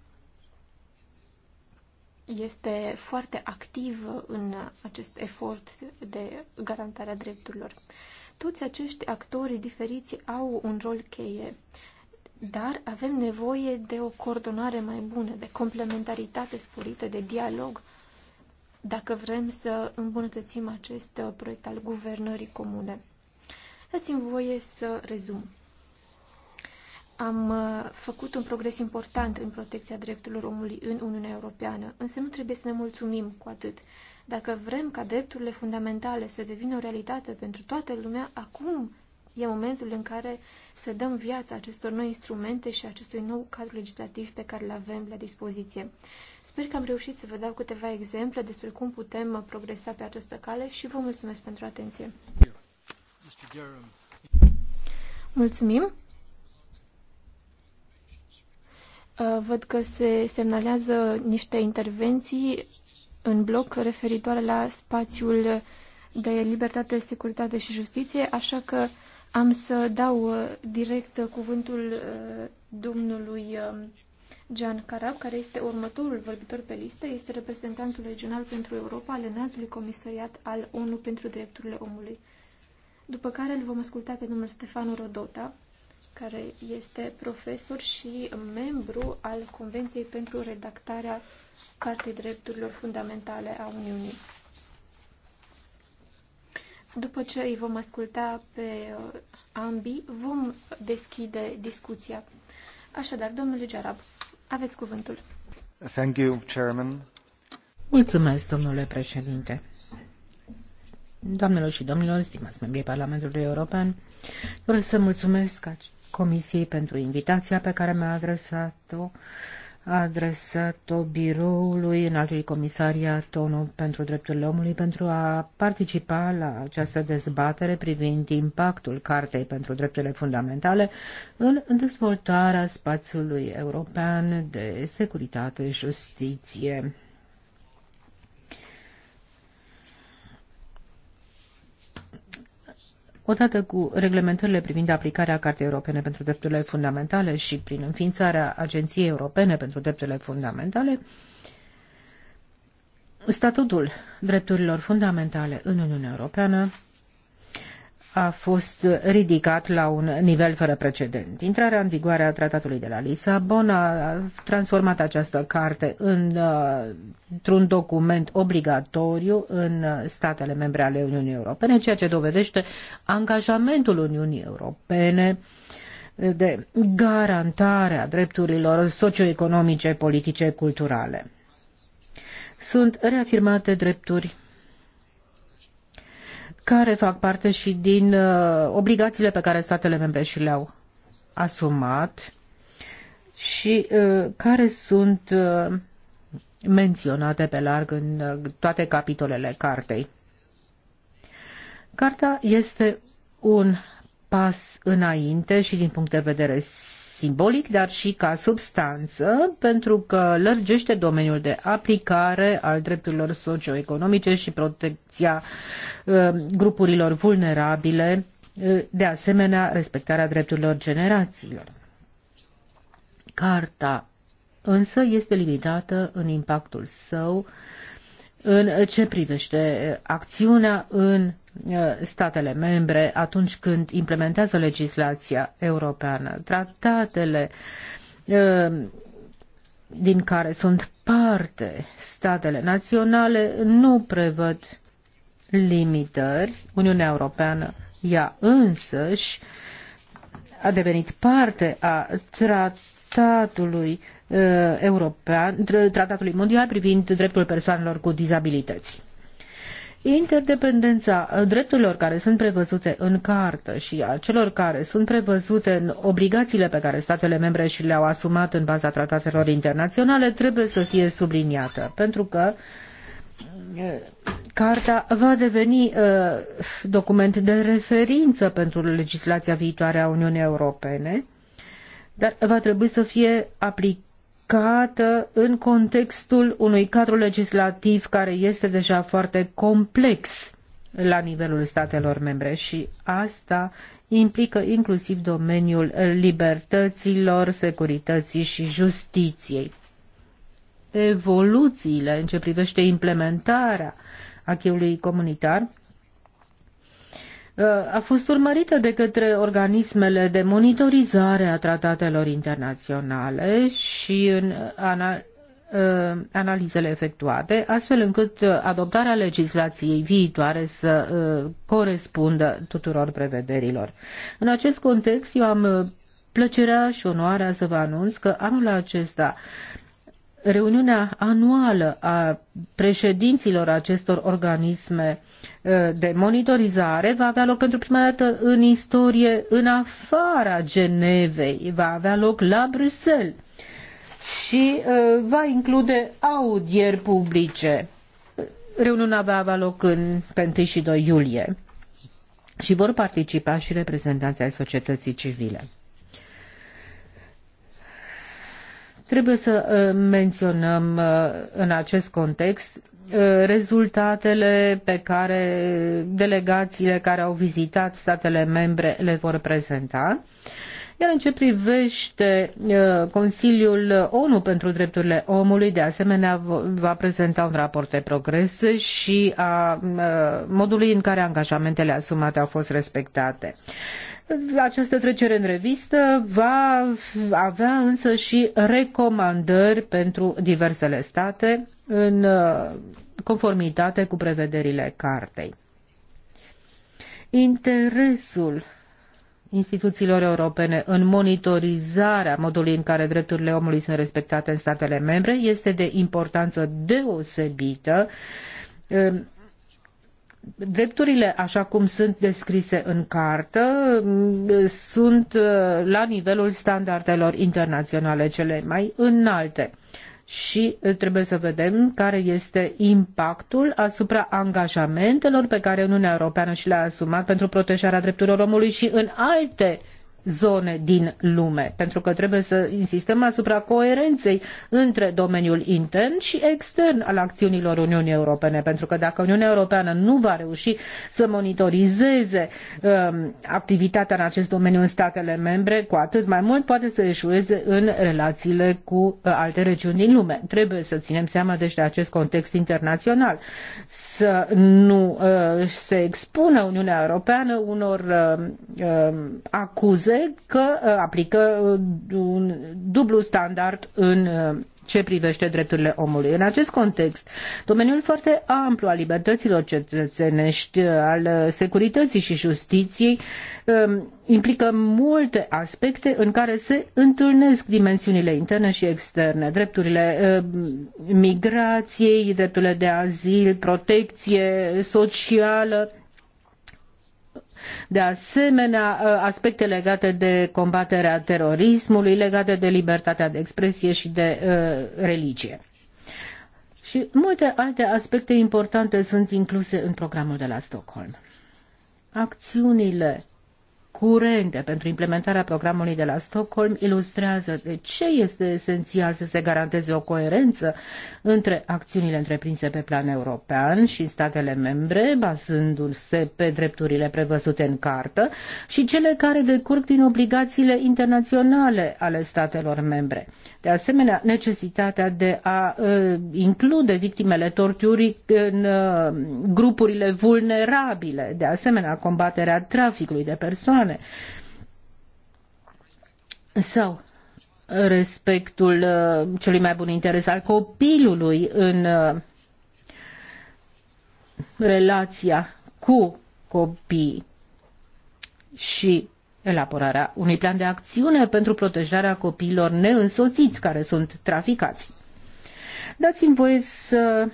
este foarte activ în acest efort de garantare a drepturilor. Toți acești actori diferiți au un rol cheie, dar avem nevoie de o coordonare mai bună, de complementaritate sporită, de dialog, dacă vrem să îmbunătățim acest proiect al guvernării comune. Dați-mi voie să rezum am uh, făcut un progres important în protecția drepturilor omului în Uniunea Europeană, însă nu trebuie să ne mulțumim cu atât. Dacă vrem ca drepturile fundamentale să devină o realitate pentru toată lumea, acum e momentul în care să dăm viața acestor noi instrumente și acestui nou cadru legislativ pe care îl avem la dispoziție. Sper că am reușit să vă dau câteva exemple despre cum putem progresa pe această cale și vă mulțumesc pentru atenție. Mulțumim! Uh, văd că se semnalează niște intervenții în bloc referitoare la spațiul de libertate, securitate și justiție, așa că am să dau uh, direct cuvântul uh, domnului um, Gian Carab, care este următorul vorbitor pe listă, este reprezentantul regional pentru Europa al Înaltului Comisariat al ONU pentru Drepturile Omului. După care îl vom asculta pe domnul Stefano Rodota, care este profesor și membru al Convenției pentru redactarea Cartei Drepturilor Fundamentale a Uniunii. După ce îi vom asculta pe uh, ambii, vom deschide discuția. Așadar, domnule Gerab, aveți cuvântul. Thank you, Chairman. Mulțumesc, domnule președinte. Doamnelor și domnilor, stimați membrii Parlamentului European, vreau să mulțumesc Comisiei pentru invitația pe care mi-a adresat-o, a adresat-o biroului înaltului comisariat ONU pentru drepturile omului pentru a participa la această dezbatere privind impactul Cartei pentru drepturile fundamentale în dezvoltarea spațiului european de securitate și justiție. odată cu reglementările privind aplicarea Cartei Europene pentru Drepturile Fundamentale și prin înființarea Agenției Europene pentru Drepturile Fundamentale, statutul drepturilor fundamentale în Uniunea Europeană a fost ridicat la un nivel fără precedent. Intrarea în vigoare a tratatului de la Lisabona a transformat această carte în, uh, într-un document obligatoriu în statele membre ale Uniunii Europene, ceea ce dovedește angajamentul Uniunii Europene de garantare a drepturilor socioeconomice, politice, culturale. Sunt reafirmate drepturi care fac parte și din uh, obligațiile pe care statele membre și le-au asumat și uh, care sunt uh, menționate pe larg în toate capitolele cartei. Carta este un pas înainte și din punct de vedere simbolic, dar și ca substanță, pentru că lărgește domeniul de aplicare al drepturilor socioeconomice și protecția uh, grupurilor vulnerabile, uh, de asemenea respectarea drepturilor generațiilor. Carta însă este limitată în impactul său în ce privește acțiunea în Uh, statele membre atunci când implementează legislația europeană. Tratatele uh, din care sunt parte statele naționale nu prevăd limitări. Uniunea Europeană ea însăși a devenit parte a tratatului uh, european, tratatului mondial privind dreptul persoanelor cu dizabilități interdependența uh, drepturilor care sunt prevăzute în cartă și a celor care sunt prevăzute în obligațiile pe care statele membre și le-au asumat în baza tratatelor internaționale trebuie să fie subliniată, pentru că uh, Carta va deveni uh, document de referință pentru legislația viitoare a Uniunii Europene, dar va trebui să fie aplicată aplicată în contextul unui cadru legislativ care este deja foarte complex la nivelul statelor membre și asta implică inclusiv domeniul libertăților, securității și justiției. Evoluțiile în ce privește implementarea acheului comunitar a fost urmărită de către organismele de monitorizare a tratatelor internaționale și în ana, ă, analizele efectuate, astfel încât adoptarea legislației viitoare să ă, corespundă tuturor prevederilor. În acest context, eu am ă, plăcerea și onoarea să vă anunț că anul acesta reuniunea anuală a președinților acestor organisme eh, de monitorizare va avea loc pentru prima dată în istorie în afara Genevei, va avea loc la Bruxelles și eh, va include audieri publice. Reuniunea va avea loc în, pe 1 și 2 iulie și vor participa și reprezentanții ai societății civile. Trebuie să uh, menționăm uh, în acest context uh, rezultatele pe care delegațiile care au vizitat statele membre le vor prezenta. Iar în ce privește Consiliul ONU pentru Drepturile Omului, de asemenea, va prezenta un raport de progres și a modului în care angajamentele asumate au fost respectate. Această trecere în revistă va avea însă și recomandări pentru diversele state în uh, conformitate cu prevederile cartei. Interesul instituțiilor europene în monitorizarea modului în care drepturile omului sunt respectate în statele membre este de importanță deosebită uh, drepturile, așa cum sunt descrise în cartă, mm, sunt uh, la nivelul standardelor internaționale cele mai înalte. Și uh, trebuie să vedem care este impactul asupra angajamentelor pe care Uniunea Europeană și le-a asumat pentru protejarea drepturilor omului și în alte zone din lume, pentru că trebuie să insistăm asupra coerenței între domeniul intern și extern al acțiunilor Uniunii Europene, pentru că dacă Uniunea Europeană nu va reuși să monitorizeze um, activitatea în acest domeniu în statele membre, cu atât mai mult poate să eșueze în relațiile cu uh, alte regiuni din lume. Trebuie să ținem seama deci de acest context internațional, să nu uh, se expună Uniunea Europeană unor uh, uh acuze acuzeze că uh, aplică uh, un dublu standard în uh, ce privește drepturile omului. În acest context, domeniul foarte amplu al libertăților cetățenești, al securității și justiției, um, implică multe aspecte în care se întâlnesc dimensiunile interne și externe, drepturile migrației, drepturile de azil, protecție socială, de asemenea, ă, aspecte legate de combaterea terorismului, legate de libertatea de expresie și de ă, religie. Și multe alte aspecte importante sunt incluse în programul de la Stockholm. Acțiunile curente pentru implementarea programului de la Stockholm ilustrează de ce este esențial să se garanteze o coerență între acțiunile întreprinse pe plan european și statele membre, bazându-se pe drepturile prevăzute în cartă, și cele care decurg din obligațiile internaționale ale statelor membre. De asemenea, necesitatea de a uh, include victimele torturii în uh, grupurile vulnerabile, de asemenea combaterea traficului de persoane, persoane. sau respectul uh, celui mai bun interes al copilului în uh, relația cu copiii și elaborarea unui plan de acțiune pentru protejarea copiilor neînsoțiți care sunt traficați. Dați-mi voie să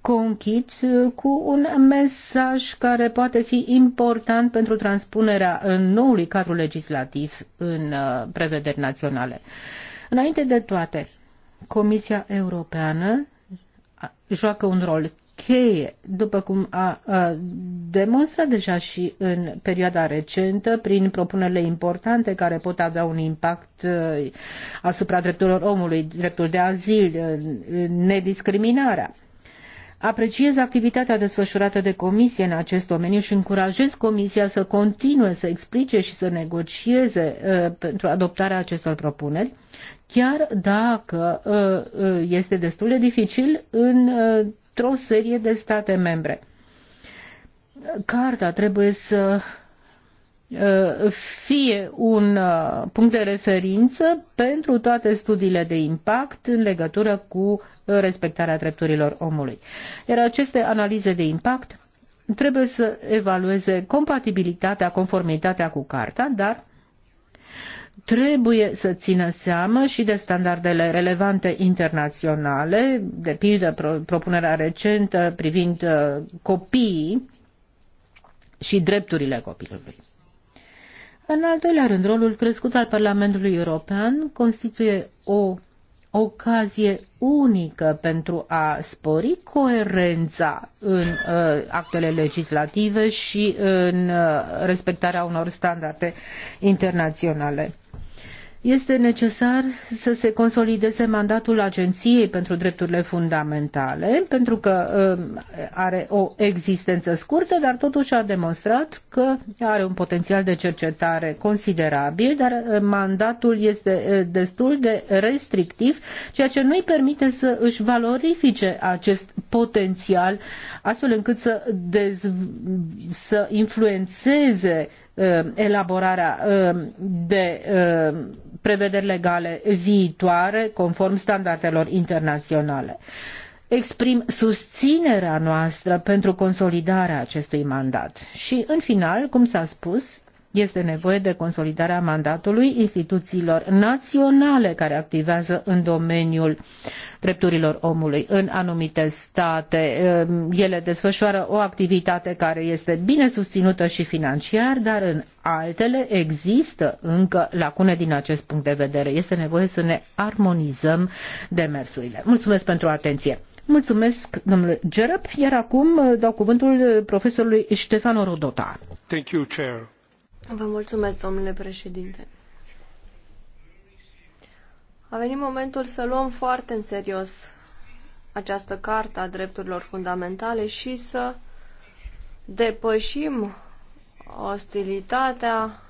conchit uh, cu un mesaj care poate fi important pentru transpunerea uh, noului cadru legislativ în uh, prevederi naționale. Înainte de toate, Comisia Europeană joacă un rol cheie, după cum a, a demonstrat deja și în perioada recentă, prin propunerile importante care pot avea un impact a, asupra drepturilor omului, dreptul de azil, nediscriminarea. Apreciez activitatea desfășurată de comisie în acest domeniu și încurajez comisia să continue să explice și să negocieze uh, pentru adoptarea acestor propuneri, chiar dacă uh, uh este destul de dificil uh, într-o serie de state membre. Carta trebuie să Uh, fie un uh, punct de referință pentru toate studiile de impact în legătură cu uh, respectarea drepturilor omului. Iar aceste analize de impact trebuie să evalueze compatibilitatea, conformitatea cu carta, dar trebuie să țină seamă și de standardele relevante internaționale, de pildă propunerea recentă privind copiii și drepturile copilului. În al doilea rând, rolul crescut al Parlamentului European constituie o ocazie unică pentru a spori coerența în uh, actele legislative și în uh, respectarea unor standarde internaționale. Este necesar să se consolideze mandatul Agenției pentru Drepturile Fundamentale, pentru că uh, are o existență scurtă, dar totuși a demonstrat că are un potențial de cercetare considerabil, dar uh, mandatul este uh, destul de restrictiv, ceea ce nu îi permite să își valorifice acest potențial, astfel încât să, să influențeze Uh, elaborarea uh, de uh, prevederi legale viitoare conform standardelor internaionale. Exprim susținerea noastră pentru consolidarea acestui mandat. Și, în final, cum s-a spus, este nevoie de consolidarea mandatului instituțiilor naționale care activează în domeniul drepturilor omului. În anumite state um, ele desfășoară o activitate care este bine susținută și financiar, dar în altele există încă lacune din acest punct de vedere. Este nevoie să ne armonizăm demersurile. Mulțumesc pentru atenție! Mulțumesc, domnule Gerăp, iar acum uh, dau cuvântul uh, profesorului Ștefan Rodota. Thank you, Chair. Vă mulțumesc, domnule președinte. A venit momentul să luăm foarte în serios această carte a drepturilor fundamentale și să depășim ostilitatea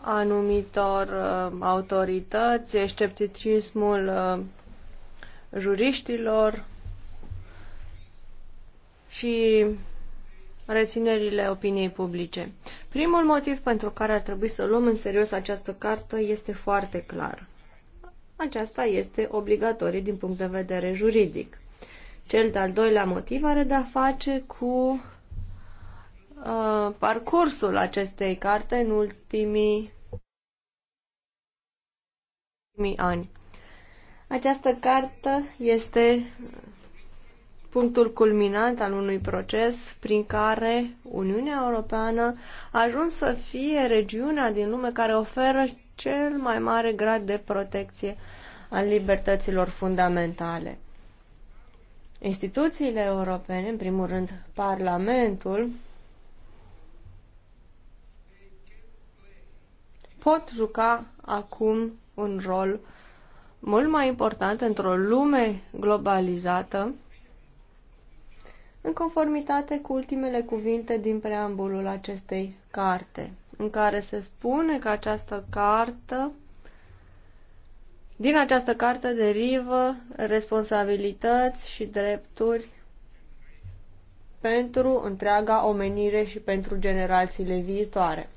anumitor uh, autorități, scepticismul uh, juriștilor și reținerile opiniei publice. Primul motiv pentru care ar trebui să luăm în serios această cartă este foarte clar. Aceasta este obligatorie din punct de vedere juridic. Cel de-al doilea motiv are de-a face cu uh, parcursul acestei carte în ultimii, ultimii ani. Această carte este punctul culminant al unui proces prin care Uniunea Europeană a ajuns să fie regiunea din lume care oferă cel mai mare grad de protecție al libertăților fundamentale. Instituțiile europene, în primul rând Parlamentul, pot juca acum un rol mult mai important într-o lume globalizată în conformitate cu ultimele cuvinte din preambulul acestei carte, în care se spune că această carte din această carte derivă responsabilități și drepturi pentru întreaga omenire și pentru generațiile viitoare.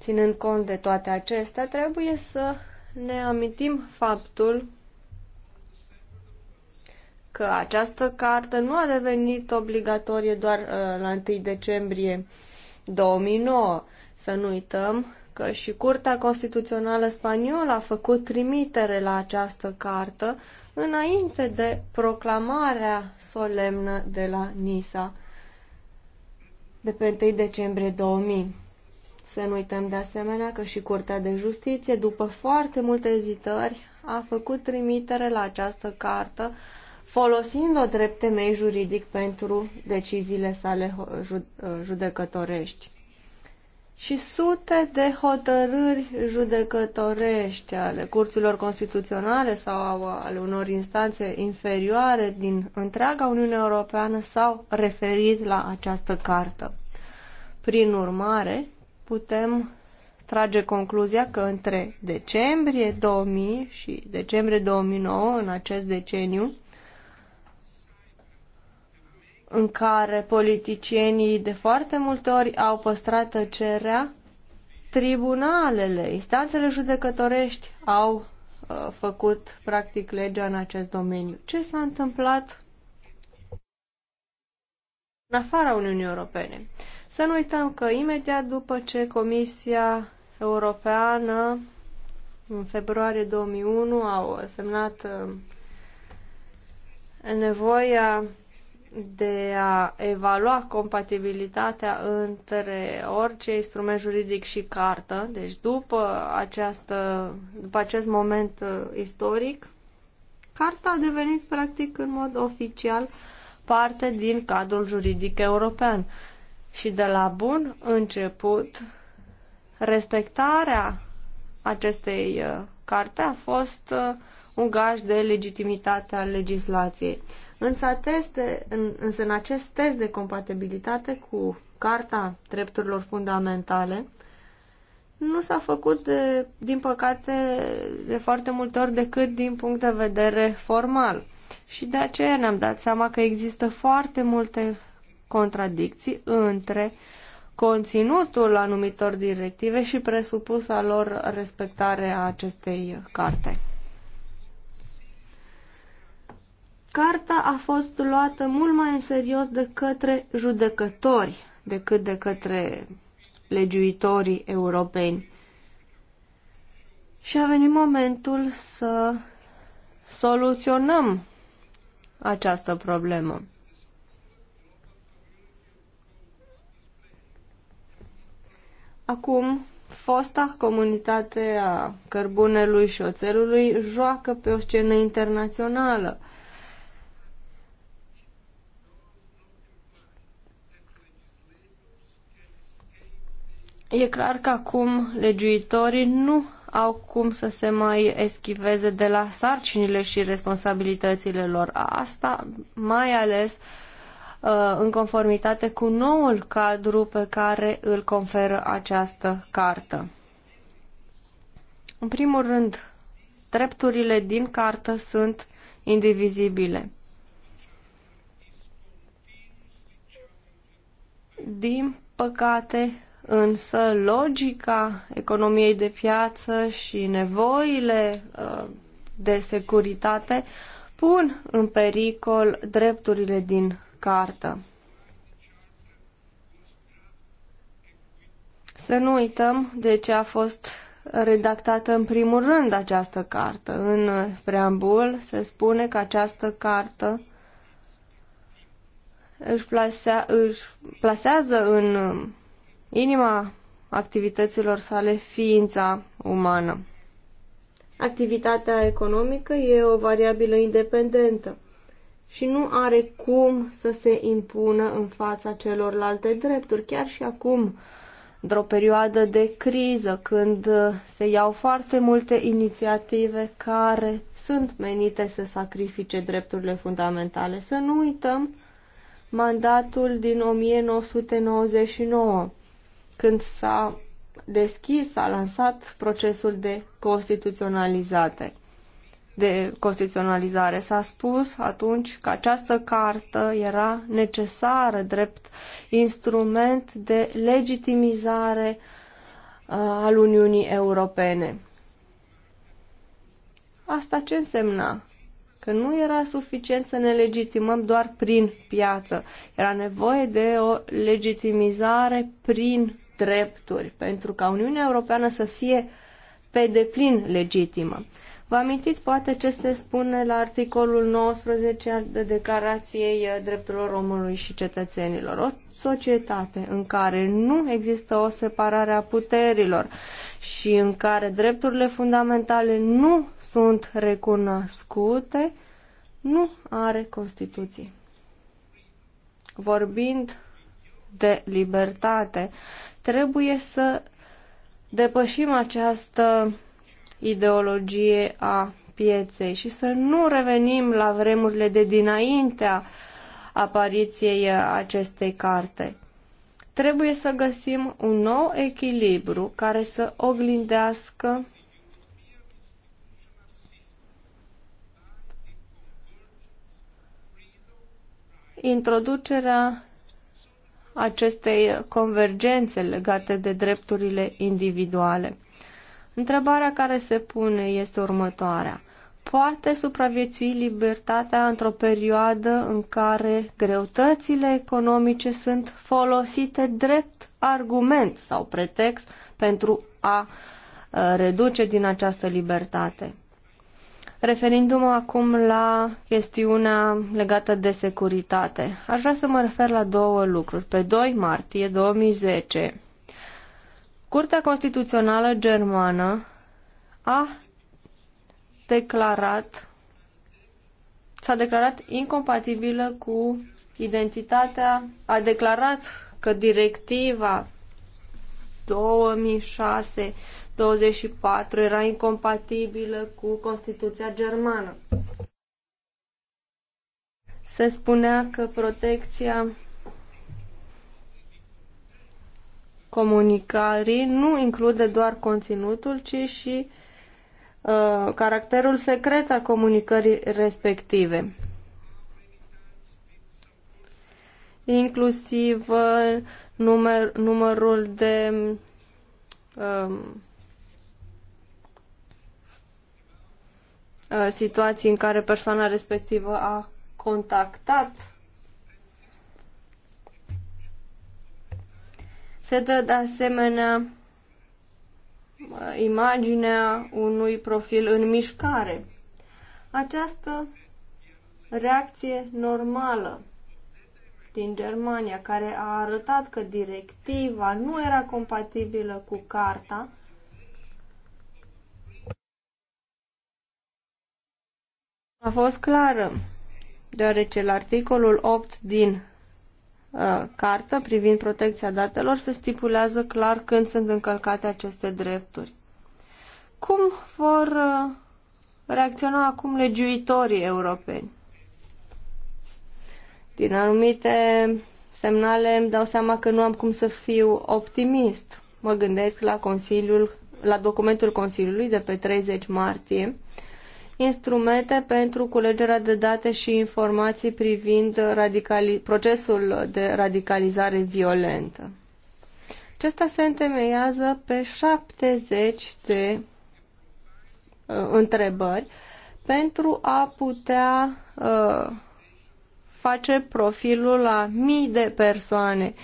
Ținând cont de toate acestea, trebuie să ne amintim faptul că această carte nu a devenit obligatorie doar uh, la 1 decembrie 2009. Să nu uităm că și Curtea Constituțională Spaniolă a făcut trimitere la această carte înainte de proclamarea solemnă de la Nisa de pe 1 decembrie 2000. Să nu uităm de asemenea că și Curtea de Justiție, după foarte multe ezitări, a făcut trimitere la această cartă folosind-o drept temei juridic pentru deciziile sale judecătorești. Și sute de hotărâri judecătorești ale curților constituționale sau ale unor instanțe inferioare din întreaga Uniune Europeană s-au referit la această cartă. Prin urmare, putem trage concluzia că între decembrie 2000 și decembrie 2009, în acest deceniu, în care politicienii de foarte multe ori au păstrat tăcerea, tribunalele, instanțele judecătorești au uh, făcut practic legea în acest domeniu. Ce s-a întâmplat în afara Uniunii Europene? Să nu uităm că imediat după ce Comisia Europeană în februarie 2001 au semnat uh, nevoia de a evalua compatibilitatea între orice instrument juridic și cartă. Deci după, această, după acest moment uh, istoric, carta a devenit practic în mod oficial parte din cadrul juridic european. Și de la bun început, respectarea acestei uh, carte a fost uh, un gaj de legitimitate a legislației. Însă, teste, în, însă în acest test de compatibilitate cu Carta Drepturilor Fundamentale, nu s-a făcut, de, din păcate, de foarte multe ori decât din punct de vedere formal. Și de aceea ne-am dat seama că există foarte multe contradicții între conținutul anumitor directive și presupusa lor respectare a acestei carte. Carta a fost luată mult mai în serios de către judecători decât de către legiuitorii europeni. Și a venit momentul să soluționăm această problemă. Acum, fosta comunitate a cărbunelui și oțelului joacă pe o scenă internațională – E clar că acum legiuitorii nu au cum să se mai eschiveze de la sarcinile și responsabilitățile lor. Asta mai ales uh, în conformitate cu noul cadru pe care îl conferă această cartă. În primul rând, drepturile din cartă sunt indivizibile. Din păcate, Însă logica economiei de piață și nevoile uh, de securitate pun în pericol drepturile din cartă. Să nu uităm de ce a fost redactată în primul rând această cartă. În preambul se spune că această cartă își, plasea, își plasează în inima activităților sale ființa umană. Activitatea economică e o variabilă independentă și nu are cum să se impună în fața celorlalte drepturi, chiar și acum, într-o perioadă de criză, când se iau foarte multe inițiative care sunt menite să sacrifice drepturile fundamentale. Să nu uităm mandatul din 1999 când s-a deschis, s-a lansat procesul de constituționalizare. De constituționalizare. S-a spus atunci că această cartă era necesară drept instrument de legitimizare uh, al Uniunii Europene. Asta ce însemna? Că nu era suficient să ne legitimăm doar prin piață. Era nevoie de o legitimizare prin drepturi pentru ca Uniunea Europeană să fie pe deplin legitimă. Vă amintiți poate ce se spune la articolul 19 al de Declarației Drepturilor Omului și Cetățenilor? O societate în care nu există o separare a puterilor și în care drepturile fundamentale nu sunt recunoscute, nu are Constituție. Vorbind de libertate. Trebuie să depășim această ideologie a pieței și să nu revenim la vremurile de dinaintea apariției acestei carte. Trebuie să găsim un nou echilibru care să oglindească introducerea acestei convergențe legate de drepturile individuale. Întrebarea care se pune este următoarea. Poate supraviețui libertatea într-o perioadă în care greutățile economice sunt folosite drept argument sau pretext pentru a uh, reduce din această libertate? Referindu-mă acum la chestiunea legată de securitate, aș vrea să mă refer la două lucruri. Pe 2 martie 2010, Curtea Constituțională Germană a declarat s-a declarat incompatibilă cu identitatea, a declarat că directiva 2006 24 era incompatibilă cu Constituția germană. Se spunea că protecția comunicării nu include doar conținutul, ci și uh, caracterul secret al comunicării respective. Inclusiv uh, număr, numărul de uh, Uh, situații în care persoana respectivă a contactat se dă de asemenea uh, imaginea unui profil în mișcare. Această reacție normală din Germania, care a arătat că directiva nu era compatibilă cu carta, a fost clară, deoarece la articolul 8 din uh, cartă privind protecția datelor se stipulează clar când sunt încălcate aceste drepturi. Cum vor uh, reacționa acum legiuitorii europeni? Din anumite semnale îmi dau seama că nu am cum să fiu optimist. Mă gândesc la Consiliul, la documentul Consiliului de pe 30 martie, instrumente pentru culegerea de date și informații privind procesul de radicalizare violentă. Acesta se întemeiază pe 70 de uh, întrebări pentru a putea uh, face profilul la mii de persoane uh,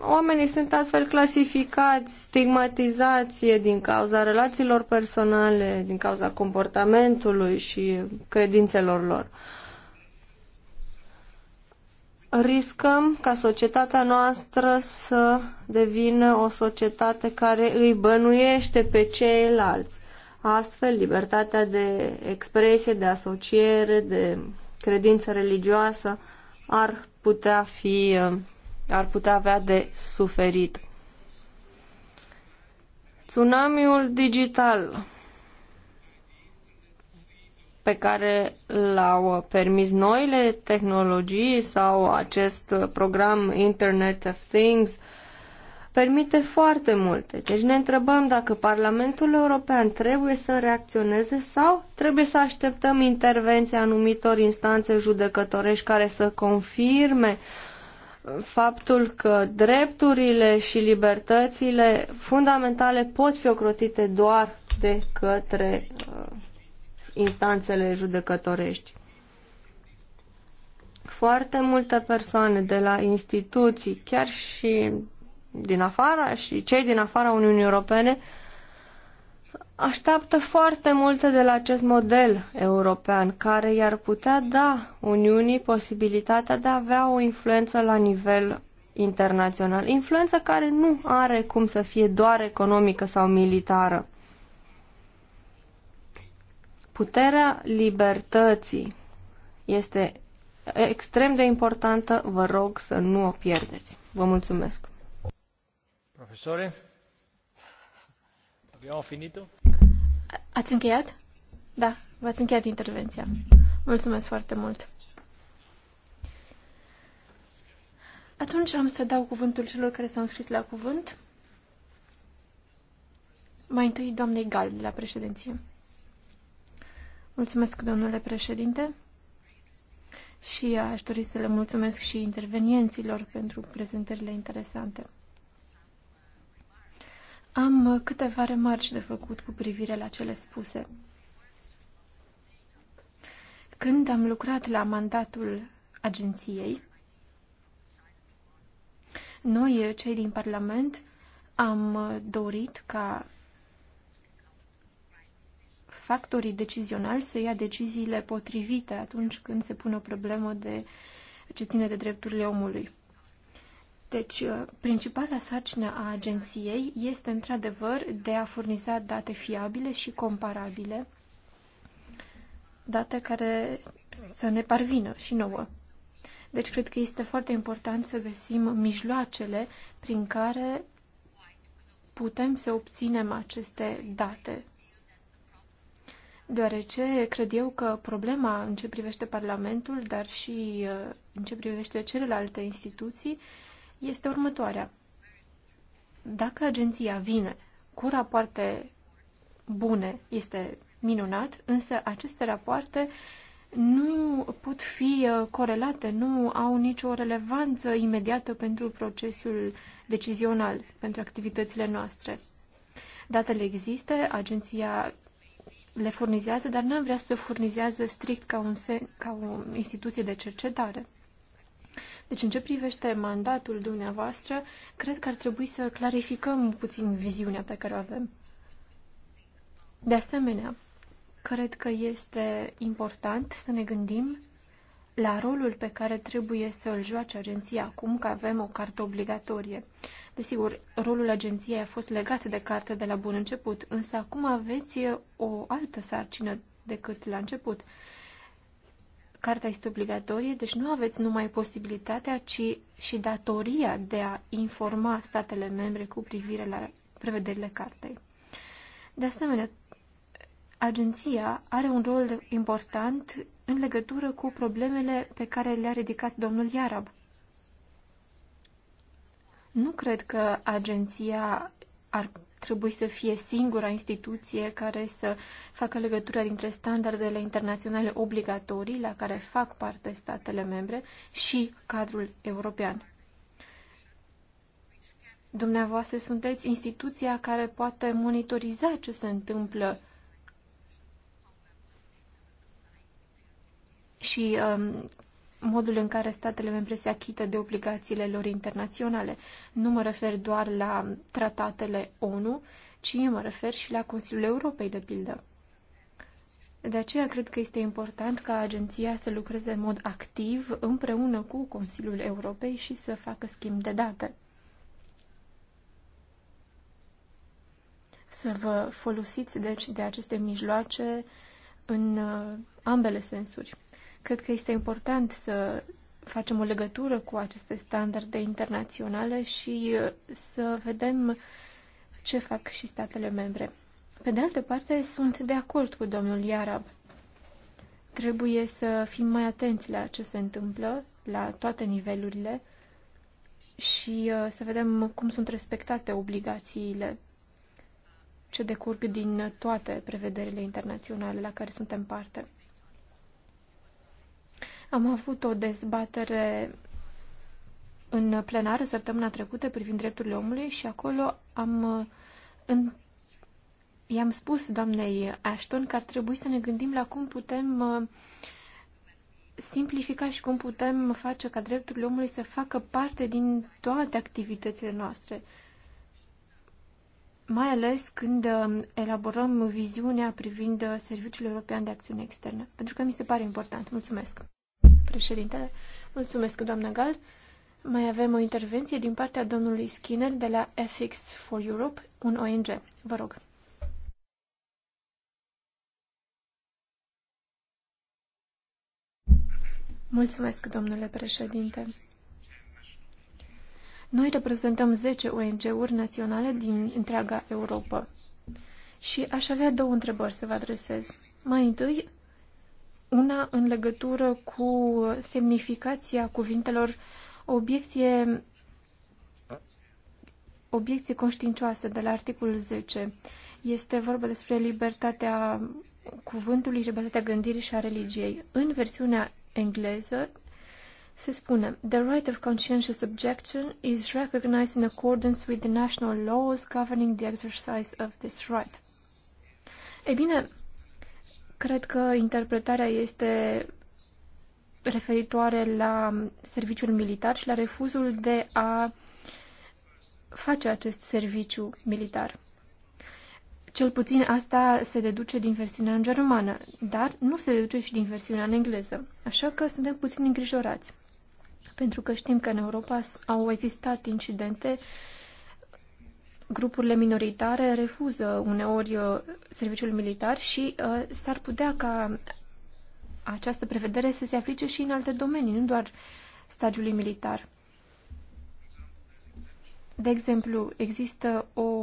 oamenii sunt astfel clasificați, stigmatizați din cauza relațiilor personale, din cauza comportamentului și credințelor lor. Riscăm ca societatea noastră să devină o societate care îi bănuiește pe ceilalți. Astfel, libertatea de expresie, de asociere, de credință religioasă ar putea fi uh, ar putea avea de suferit. Tsunamiul digital pe care l-au permis noile tehnologii sau acest program Internet of Things permite foarte multe. Deci ne întrebăm dacă Parlamentul European trebuie să reacționeze sau trebuie să așteptăm intervenția anumitor instanțe judecătorești care să confirme faptul că drepturile și libertățile fundamentale pot fi ocrotite doar de către uh, instanțele judecătorești. Foarte multe persoane de la instituții, chiar și din afara și cei din afara Uniunii Europene, uh, așteaptă foarte multe de la acest model european, care i-ar putea da Uniunii posibilitatea de a avea o influență la nivel internațional. Influență care nu are cum să fie doar economică sau militară. Puterea libertății este extrem de importantă, vă rog să nu o pierdeți. Vă mulțumesc. Profesore, abbiamo finito? Ați încheiat? Da, v-ați încheiat intervenția. Mulțumesc foarte mult. Atunci am să dau cuvântul celor care s-au înscris la cuvânt. Mai întâi, doamnei Gal, de la președinție. Mulțumesc, domnule președinte. Și aș dori să le mulțumesc și intervenienților pentru prezentările interesante. Am uh, câteva remarci de făcut cu privire la cele spuse. Când am lucrat la mandatul agenției, noi, uh, cei din Parlament, am uh, dorit ca factorii decizionali să ia deciziile potrivite atunci când se pune o problemă de ce ține de drepturile omului. Deci, uh, principala sarcină a agenției este, într-adevăr, de a furniza date fiabile și comparabile, date care să ne parvină și nouă. Deci, cred că este foarte important să găsim mijloacele prin care putem să obținem aceste date. Deoarece cred eu că problema în ce privește Parlamentul, dar și uh, în ce privește celelalte instituții, este următoarea. Dacă agenția vine cu rapoarte bune, este minunat, însă aceste rapoarte nu pot fi uh, corelate, nu au nicio relevanță imediată pentru procesul decizional, pentru activitățile noastre. Datele există, agenția le furnizează, dar nu vrea să furnizează strict ca, un, ca o instituție de cercetare. Deci, în ce privește mandatul dumneavoastră, cred că ar trebui să clarificăm puțin viziunea pe care o avem. De asemenea, cred că este important să ne gândim la rolul pe care trebuie să îl joace agenția acum că avem o carte obligatorie. Desigur, rolul agenției a fost legat de carte de la bun început, însă acum aveți o altă sarcină decât la început. Carta este obligatorie, deci nu aveți numai posibilitatea, ci și datoria de a informa statele membre cu privire la prevederile cartei. De asemenea, agenția are un rol important în legătură cu problemele pe care le-a ridicat domnul Iarab. Nu cred că agenția ar trebuie să fie singura instituție care să facă legătura dintre standardele internaționale obligatorii la care fac parte statele membre și cadrul european. Dumneavoastră sunteți instituția care poate monitoriza ce se întâmplă și um, modul în care statele membre se achită de obligațiile lor internaționale. Nu mă refer doar la tratatele ONU, ci mă refer și la Consiliul Europei, de pildă. De aceea cred că este important ca agenția să lucreze în mod activ împreună cu Consiliul Europei și să facă schimb de date. Să vă folosiți, deci, de aceste mijloace în uh, ambele sensuri. Cred că este important să facem o legătură cu aceste standarde internaționale și uh, să vedem ce fac și statele membre. Pe de altă parte, sunt de acord cu domnul Iarab. Trebuie să fim mai atenți la ce se întâmplă, la toate nivelurile, și uh, să vedem cum sunt respectate obligațiile ce decurg din toate prevederile internaționale la care suntem parte. Am avut o dezbatere în plenară săptămâna trecută privind drepturile omului și acolo am în, i-am spus doamnei Ashton că ar trebui să ne gândim la cum putem uh, simplifica și cum putem face ca drepturile omului să facă parte din toate activitățile noastre. Mai ales când uh, elaborăm viziunea privind uh, Serviciul European de Acțiune Externă, pentru că mi se pare important. Mulțumesc! Președintele, mulțumesc, doamna Gal. Mai avem o intervenție din partea domnului Skinner de la Ethics for Europe, un ONG. Vă rog. Mulțumesc, domnule președinte. Noi reprezentăm 10 ONG-uri naționale din întreaga Europa. Și aș avea două întrebări să vă adresez. Mai întâi, una în legătură cu semnificația cuvintelor obiecție, obiecție conștiincioasă de la articolul 10. Este vorba despre libertatea cuvântului, libertatea gândirii și a religiei. În versiunea engleză se spune The right of conscientious objection is recognized in accordance with the national laws governing the exercise of this right. E bine, Cred că interpretarea este referitoare la serviciul militar și la refuzul de a face acest serviciu militar. Cel puțin asta se deduce din versiunea în germană, dar nu se deduce și din versiunea în engleză, așa că suntem puțin îngrijorați. Pentru că știm că în Europa au existat incidente grupurile minoritare refuză uneori uh, serviciul militar și uh, s-ar putea ca această prevedere să se aplice și în alte domenii, nu doar stagiului militar. De exemplu, există o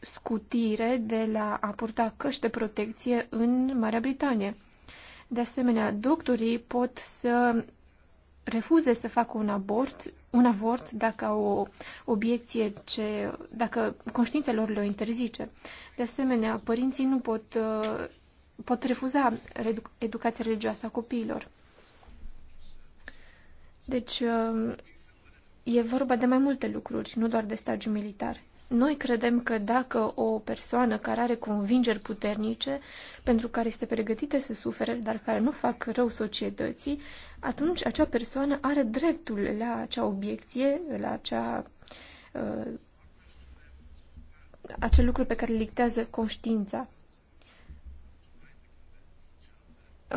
scutire de la a purta căști de protecție în Marea Britanie. De asemenea, doctorii pot să refuze să facă un abort, un avort dacă au o obiecție ce, dacă conștiința lor le interzice. De asemenea, părinții nu pot, uh, pot refuza educația religioasă a copiilor. Deci, uh, e vorba de mai multe lucruri, nu doar de stagiu militar. Noi credem că dacă o persoană care are convingeri puternice, pentru care este pregătită să sufere, dar care nu fac rău societății, atunci acea persoană are dreptul la acea obiecție, la acea, uh, acel lucru pe care îl dictează conștiința.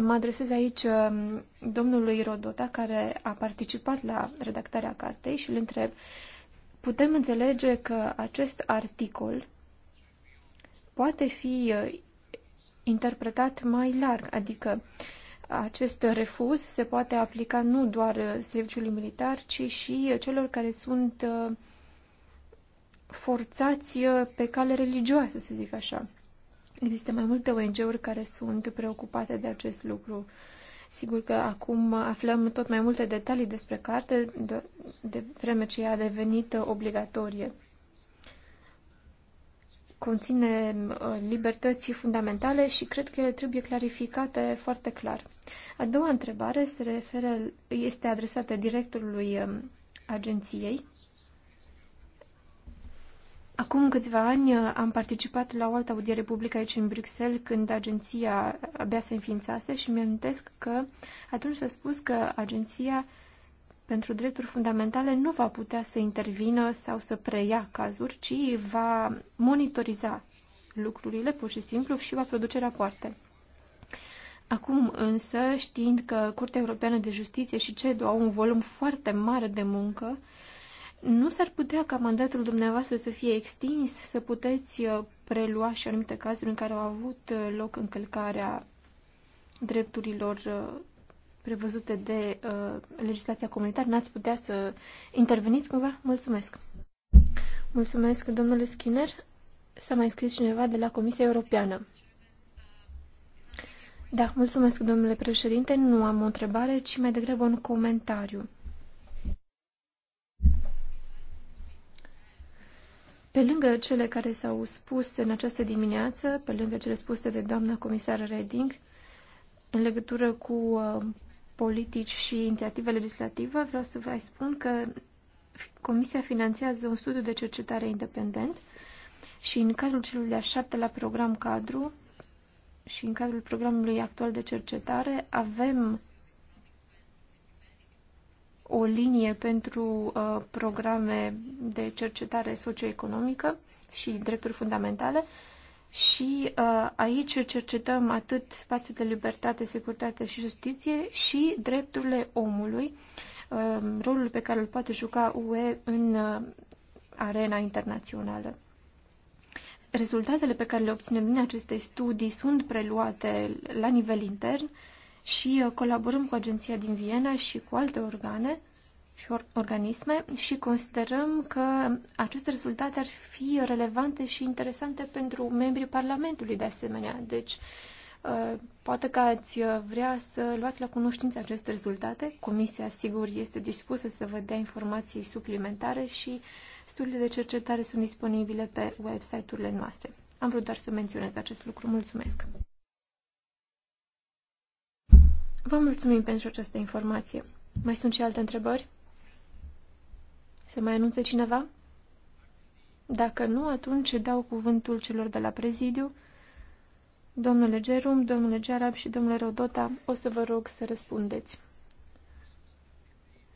Mă adresez aici um, domnului Rodota, care a participat la redactarea cartei și îl întreb uh, putem înțelege că acest articol poate fi uh, interpretat mai larg, adică acest refuz se poate aplica nu doar uh, serviciului militar, ci și uh, celor care sunt forțați pe cale religioasă, să zic așa. Există mai multe ONG-uri care sunt preocupate de acest lucru. Uh, Sigur că acum aflăm tot mai multe detalii despre carte, de vreme ce ea a devenit uh, obligatorie. Conține uh, libertăți fundamentale și cred că ele trebuie clarificate foarte clar. A doua întrebare se referă, este adresată directorului um, agenției Acum câțiva ani uh, am participat la o altă audiere publică aici în Bruxelles, când agenția abia se înființase și mi am că atunci s-a spus că agenția pentru drepturi fundamentale nu va putea să intervină sau să preia cazuri, ci va monitoriza lucrurile pur și simplu și va produce rapoarte. Acum însă, știind că Curtea Europeană de Justiție și CEDO au un volum foarte mare de muncă, uh, nu s-ar putea ca mandatul dumneavoastră să fie extins, să puteți uh, prelua și anumite cazuri în care au avut uh, loc încălcarea drepturilor uh, prevăzute de uh, legislația comunitară, n-ați putea să interveniți cumva? Mulțumesc! Mulțumesc, domnule Skinner. S-a mai scris cineva de la Comisia Europeană. Da, mulțumesc, domnule președinte. Nu am o întrebare, ci mai degrabă un comentariu. Pe lângă cele care s-au spus în această dimineață, pe lângă cele spuse de doamna comisar Reding, în legătură cu uh, politici și inițiative legislative, vreau să vă spun că Comisia finanțează un studiu de cercetare independent și în cadrul celui de-a șaptelea program cadru și în cadrul programului actual de cercetare avem o linie pentru uh, programe de cercetare socioeconomică și drepturi fundamentale și uh, aici cercetăm atât spațiul de libertate, securitate și justiție și drepturile omului, uh, rolul pe care îl poate juca UE în uh, arena internațională. Rezultatele pe care le obținem din aceste studii sunt preluate la nivel intern uh, și uh, colaborăm cu agenția din Viena și cu alte organe și or- organisme și considerăm că aceste rezultate ar fi relevante și interesante pentru membrii Parlamentului de asemenea. Deci, uh, poate că ați uh, vrea să luați la cunoștință aceste rezultate. Comisia, sigur, este dispusă să vă dea informații suplimentare și studiile de cercetare sunt disponibile pe website-urile noastre. Am vrut doar să menționez acest lucru. Mulțumesc! Vă mulțumim pentru această informație. Mai sunt și alte întrebări? Se mai anunță cineva? Dacă nu, atunci dau cuvântul celor de la prezidiu. Domnule Gerum, domnule Gerab și domnule Rodota, o să vă rog să răspundeți.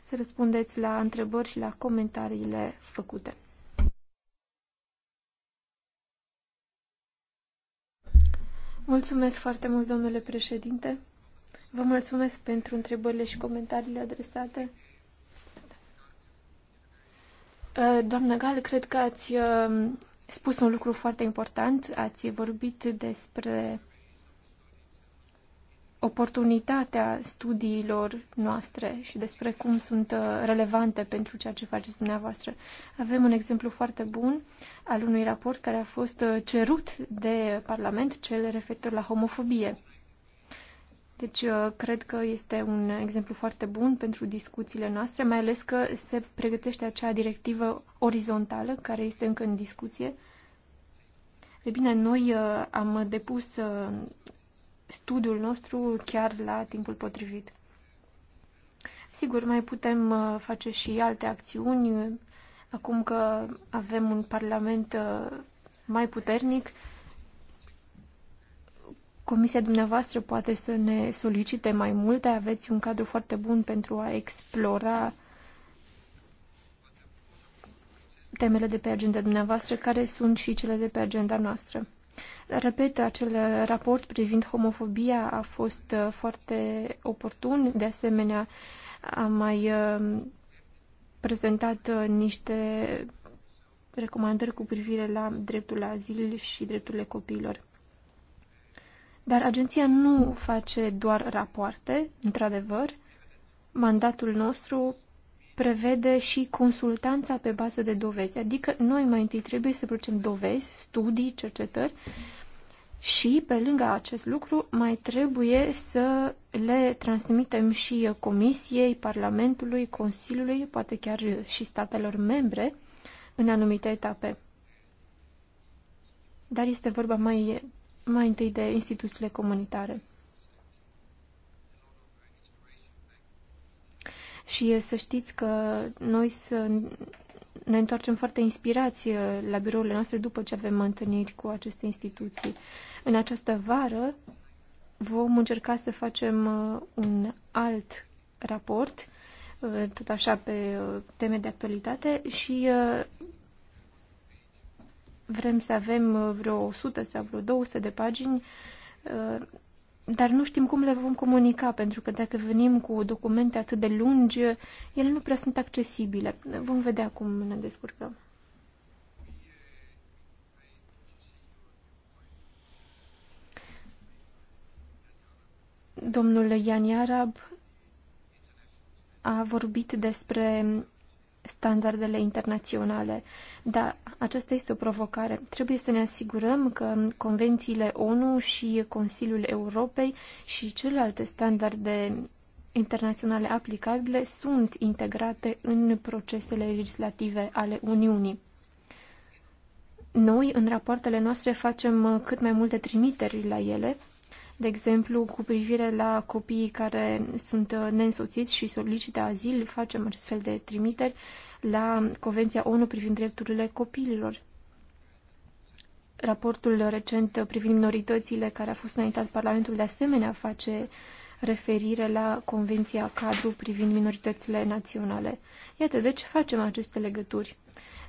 Să răspundeți la întrebări și la comentariile făcute. Mulțumesc foarte mult, domnule președinte. Vă mulțumesc pentru întrebările și comentariile adresate. Uh, Doamna Gal, cred că ați uh, spus un lucru foarte important. Ați vorbit despre oportunitatea studiilor noastre și despre cum sunt uh, relevante pentru ceea ce faceți dumneavoastră. Avem un exemplu foarte bun al unui raport care a fost cerut de Parlament, cel referitor la homofobie. Deci, uh, cred că este un exemplu foarte bun pentru discuțiile noastre, mai ales că se pregătește acea directivă orizontală care este încă în discuție. E bine, noi uh, am depus uh, studiul nostru chiar la timpul potrivit. Sigur, mai putem face și alte acțiuni acum că avem un parlament mai puternic Comisia dumneavoastră poate să ne solicite mai multe, aveți un cadru foarte bun pentru a explora temele de pe agenda dumneavoastră, care sunt și cele de pe agenda noastră. Repet, acel raport privind homofobia a fost uh, foarte oportun, de asemenea am mai uh, prezentat uh, niște recomandări cu privire la dreptul la azil și drepturile copiilor. Dar agenția nu face doar rapoarte, într-adevăr. Mandatul nostru prevede și consultanța pe bază de dovezi. Adică noi mai întâi trebuie să producem dovezi, studii, cercetări și pe lângă acest lucru mai trebuie să le transmitem și Comisiei, Parlamentului, Consiliului, poate chiar și statelor membre în anumite etape. Dar este vorba mai mai întâi de instituțiile comunitare. Și să știți că noi să ne întoarcem foarte inspirați la birourile noastre după ce avem întâlniri cu aceste instituții. În această vară vom încerca să facem un alt raport, tot așa pe teme de actualitate și vrem să avem uh, vreo 100 sau vreo 200 de pagini, uh, dar nu știm cum le vom comunica, pentru că dacă venim cu documente atât de lungi, ele nu prea sunt accesibile. Vom vedea cum ne descurcăm. Domnul Ian Iarab a vorbit despre standardele internaționale. Dar aceasta este o provocare. Trebuie să ne asigurăm că convențiile ONU și Consiliul Europei și celelalte standarde internaționale aplicabile sunt integrate în procesele legislative ale Uniunii. Noi, în rapoartele noastre, facem cât mai multe trimiteri la ele, de exemplu, cu privire la copiii care sunt uh, neînsoțiți și solicită azil, facem astfel de trimiteri la Convenția ONU privind drepturile copiilor. Raportul recent privind minoritățile care a fost înaintat Parlamentul de asemenea face referire la Convenția Cadru privind minoritățile naționale. Iată, deci facem aceste legături.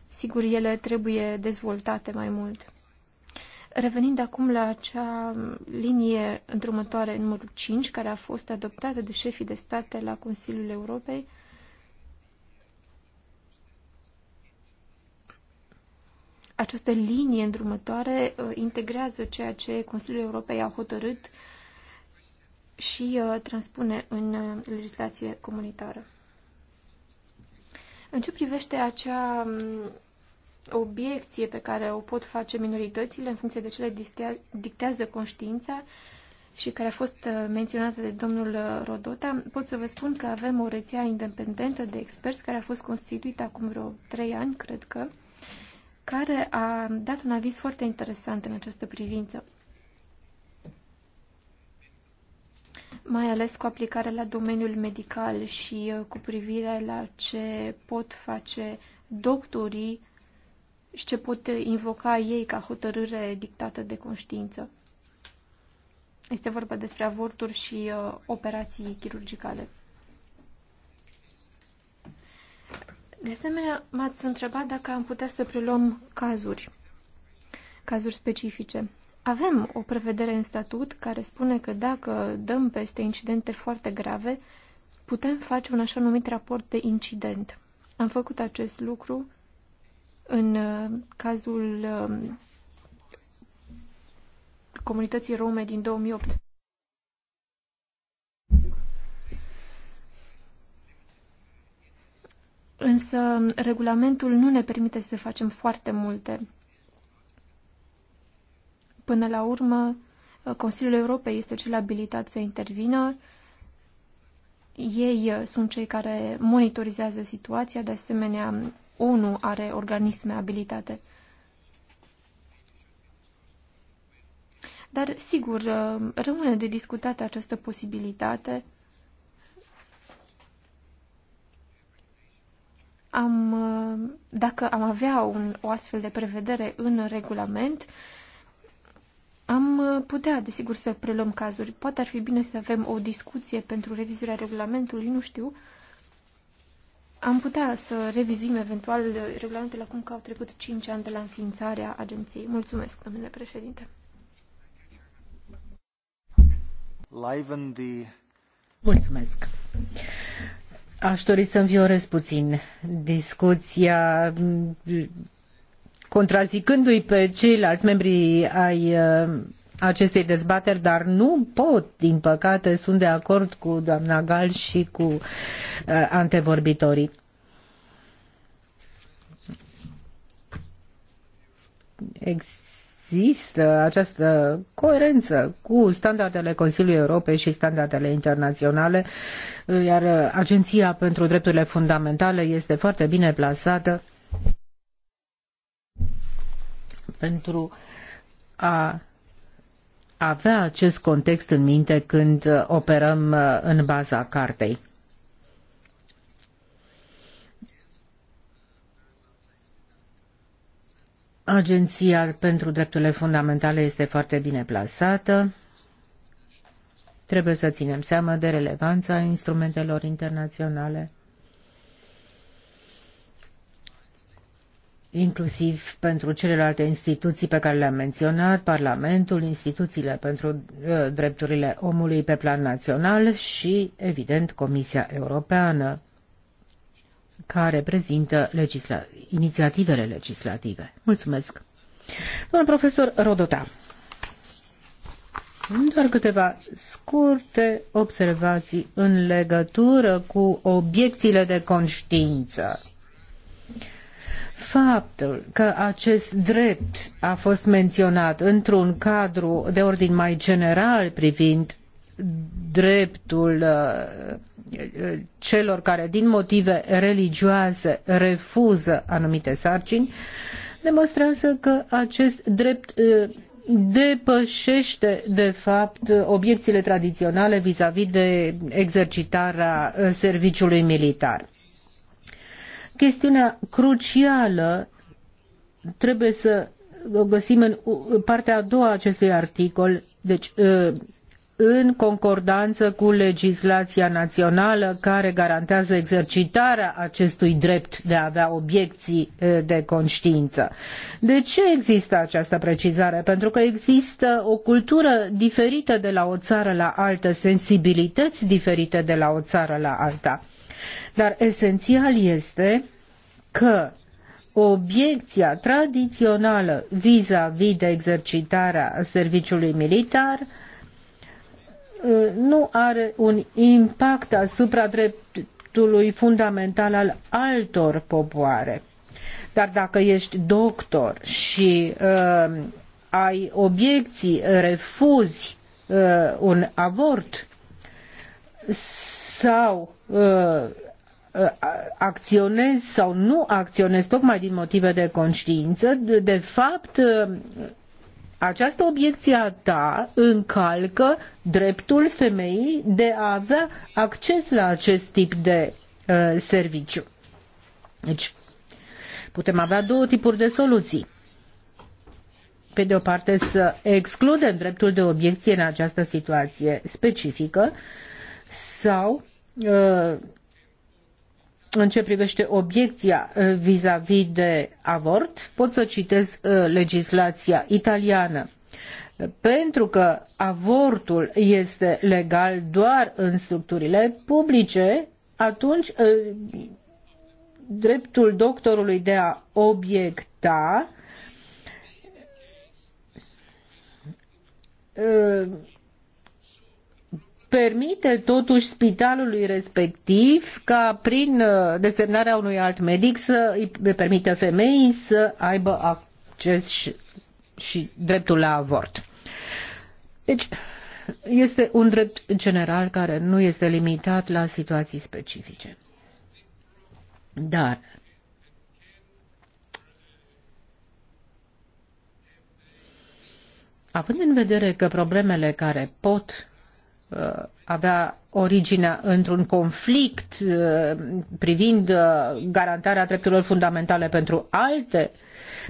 Sigur, ele trebuie dezvoltate mai mult. Revenind acum la acea linie întrumătoare numărul 5, care a fost adoptată de șefii de state la Consiliul Europei, această linie îndrumătoare uh, integrează ceea ce Consiliul Europei a hotărât și uh, transpune în uh, legislație comunitară. În ce privește acea um, obiecție pe care o pot face minoritățile în funcție de ce le dictează conștiința și care a fost uh, menționată de domnul uh, Rodota, pot să vă spun că avem o rețea independentă de experți care a fost constituită acum vreo trei ani, cred că, care a dat un aviz foarte interesant în această privință. mai ales cu aplicare la domeniul medical și uh, cu privire la ce pot face doctorii și ce pot invoca ei ca hotărâre dictată de conștiință. Este vorba despre avorturi și uh, operații chirurgicale. De asemenea, m-ați întrebat dacă am putea să preluăm cazuri, cazuri specifice. Avem o prevedere în statut care spune că dacă dăm peste incidente foarte grave, putem face un așa numit raport de incident. Am făcut acest lucru în uh, cazul um, comunității rome din 2008. Însă um, regulamentul nu ne permite să facem foarte multe. Până la urmă, uh, Consiliul Europei este cel abilitat să intervină. Ei uh, sunt cei care monitorizează situația, de asemenea ONU are organisme abilitate. Dar, sigur, rămâne de discutat această posibilitate. Am, dacă am avea un, o astfel de prevedere în regulament, am putea, desigur, să preluăm cazuri. Poate ar fi bine să avem o discuție pentru revizuirea regulamentului, nu știu, uh, am putea să revizuim eventual regulamentele acum că au trecut 5 ani de la înființarea agenției. Mulțumesc, domnule președinte. Mulțumesc. Aș dori să înviorez puțin discuția contrazicându-i pe ceilalți membri ai uh, acestei dezbateri, dar nu pot, din păcate, sunt de acord cu doamna Gal și cu uh, antevorbitorii. Există această coerență cu standardele Consiliului Europei și standardele internaționale, iar Agenția pentru Drepturile Fundamentale este foarte bine plasată pentru a avea acest context în minte când uh, operăm uh, în baza cartei. Agenția pentru Drepturile Fundamentale este foarte bine plasată. Trebuie să ținem seama de relevanța instrumentelor internaționale inclusiv pentru celelalte instituții pe care le-am menționat, Parlamentul, instituțiile pentru uh, drepturile omului pe plan național și, evident, Comisia Europeană, care prezintă legisla inițiativele legislative. Mulțumesc! Domnul profesor Rodota, doar câteva scurte observații în legătură cu obiecțiile de conștiință Faptul că acest drept a fost menționat într-un cadru de ordin mai general privind dreptul uh, uh, celor care din motive religioase refuză anumite sarcini, demonstrează că acest drept uh, depășește, de fapt, obiecțiile tradiționale vis-a-vis de exercitarea serviciului militar. Chestiunea crucială trebuie să o găsim în partea a doua a acestui articol, deci ă, în concordanță cu legislația națională care garantează exercitarea acestui drept de a avea obiecții ă, de conștiință. De ce există această precizare? Pentru că există o cultură diferită de la o țară la alta, sensibilități diferite de la o țară la alta. Dar esențial este că obiecția tradițională vis-a-vis -vis de exercitarea serviciului militar uh, nu are un impact asupra dreptului fundamental al altor popoare. Dar dacă ești doctor și uh, ai obiecții, refuzi uh, un avort, sau uh, uh, acționez sau nu acționez tocmai din motive de conștiință, de fapt uh, această obiecție a ta încalcă dreptul femeii de a avea acces la acest tip de uh, serviciu. Deci, putem avea două tipuri de soluții. Pe de o parte, să excludem dreptul de obiecție în această situație specifică sau în ce privește obiecția uh, vis-a-vis de avort, pot să citesc uh, legislația italiană. Pentru că avortul este legal doar în structurile publice, atunci uh, dreptul doctorului de a obiecta permite totuși spitalului respectiv ca prin uh, desemnarea unui alt medic să îi permită femeii să aibă acces și, și dreptul la avort. Deci este un drept general care nu este limitat la situații specifice. Dar având în vedere că problemele care pot Uh, avea originea într-un conflict uh, privind uh, garantarea drepturilor fundamentale pentru alte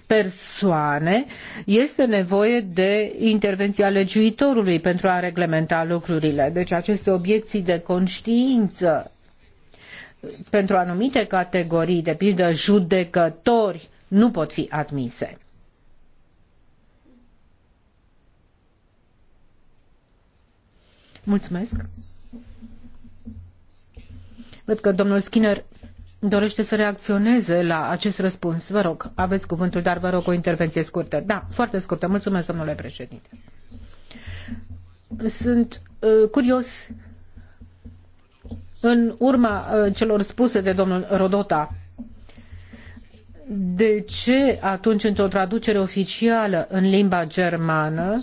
persoane, este nevoie de intervenția legiuitorului pentru a reglementa lucrurile. Deci aceste obiecții de conștiință pentru anumite categorii, de pildă judecători, nu pot fi admise. Mulțumesc. Văd că domnul Skinner dorește să reacționeze la acest răspuns. Vă rog, aveți cuvântul, dar vă rog o intervenție scurtă. Da, foarte scurtă. Mulțumesc, domnule președinte. Sunt uh, curios în urma uh, celor spuse de domnul Rodota. De ce atunci într-o traducere oficială în limba germană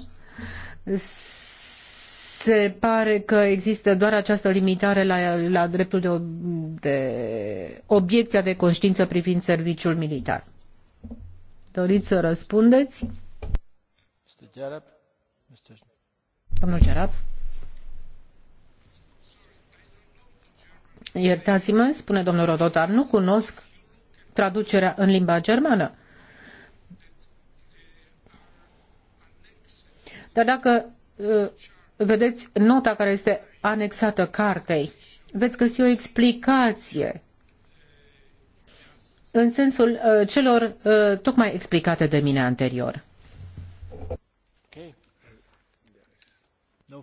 se pare că există doar această limitare la, la dreptul de, de obiecția de conștiință privind serviciul militar. Doriți să răspundeți? Domnul Gerab? Iertați-mă, spune domnul Rodotar, nu cunosc traducerea în limba germană. Dar dacă uh, vedeți nota care este anexată cartei, veți găsi o explicație în sensul uh, celor uh, tocmai explicate de mine anterior. Okay. No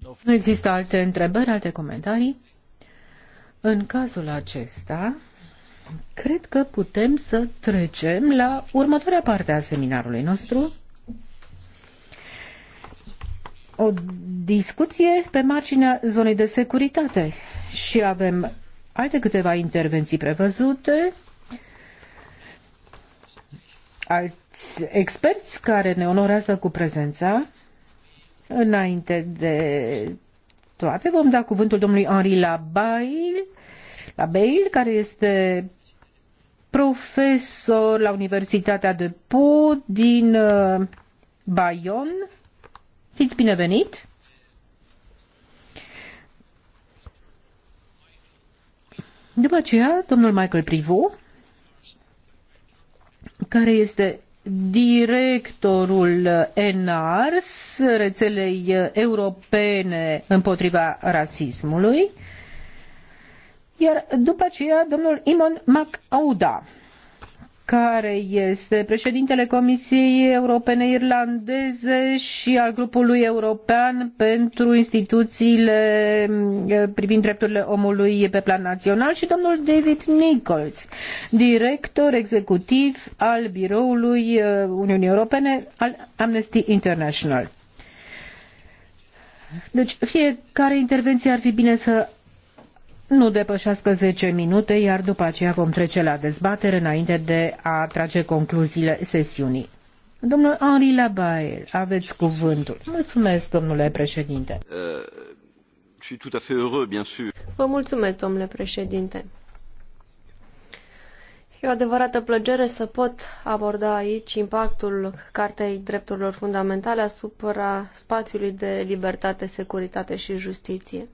no... Nu există alte întrebări, alte comentarii? În cazul acesta, cred că putem să trecem la următoarea parte a seminarului nostru o discuție pe marginea zonei de securitate și avem alte câteva intervenții prevăzute, alți experți care ne onorează cu prezența. Înainte de toate, vom da cuvântul domnului Henri Labail, Labail care este profesor la Universitatea de Po din uh, Bayonne Fiți binevenit! După aceea, domnul Michael Privo, care este directorul ENARS, rețelei europene împotriva rasismului, iar după aceea domnul Imon MacAuda, care este președintele Comisiei Europene Irlandeze și al grupului european pentru instituțiile eh, privind drepturile omului pe plan național și domnul David Nichols, director executiv al biroului eh, Uniunii Europene al Amnesty International. Deci fiecare intervenție ar fi bine să nu depășească 10 minute, iar după aceea vom trece la dezbatere înainte de a trage concluziile sesiunii. Domnul Henri Labaille, aveți cuvântul. Mulțumesc, domnule președinte. Uh, Vă mulțumesc, domnule președinte. E o adevărată plăcere să pot aborda aici impactul Cartei Drepturilor Fundamentale asupra spațiului de libertate, securitate și justiție.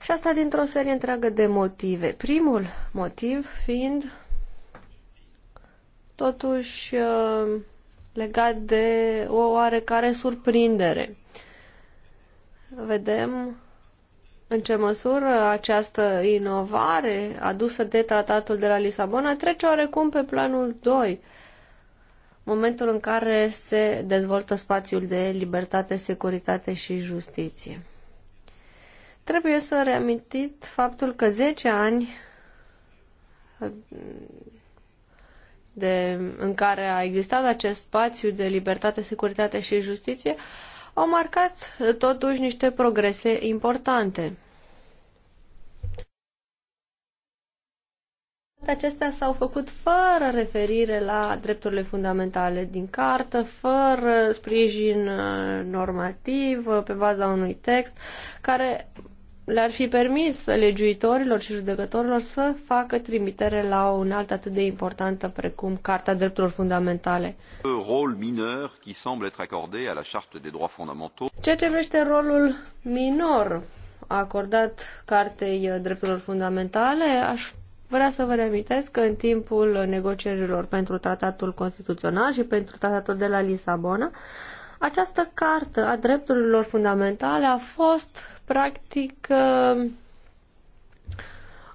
Și asta dintr-o serie întreagă de motive. Primul motiv fiind totuși uh, legat de o oarecare surprindere. Vedem în ce măsură această inovare adusă de tratatul de la Lisabona trece oarecum pe planul 2, momentul în care se dezvoltă spațiul de libertate, securitate și justiție. Trebuie să reamintit faptul că 10 ani de, în care a existat acest spațiu de libertate, securitate și justiție au marcat totuși niște progrese importante. acestea s-au făcut fără referire la drepturile fundamentale din cartă, fără sprijin uh, normativ, uh, pe baza unui text, care le-ar fi permis legiuitorilor și judecătorilor să facă trimitere la o altă atât de importantă precum Carta Drepturilor Fundamentale. Rol minor qui semble être accordé à la Charte des droits fondamentaux. Ceea ce vrește rolul minor acordat Cartei Drepturilor Fundamentale, aș vrea să vă reamintesc că în timpul negocierilor pentru Tratatul Constituțional și pentru Tratatul de la Lisabona, această carte a drepturilor fundamentale a fost, practic, uh,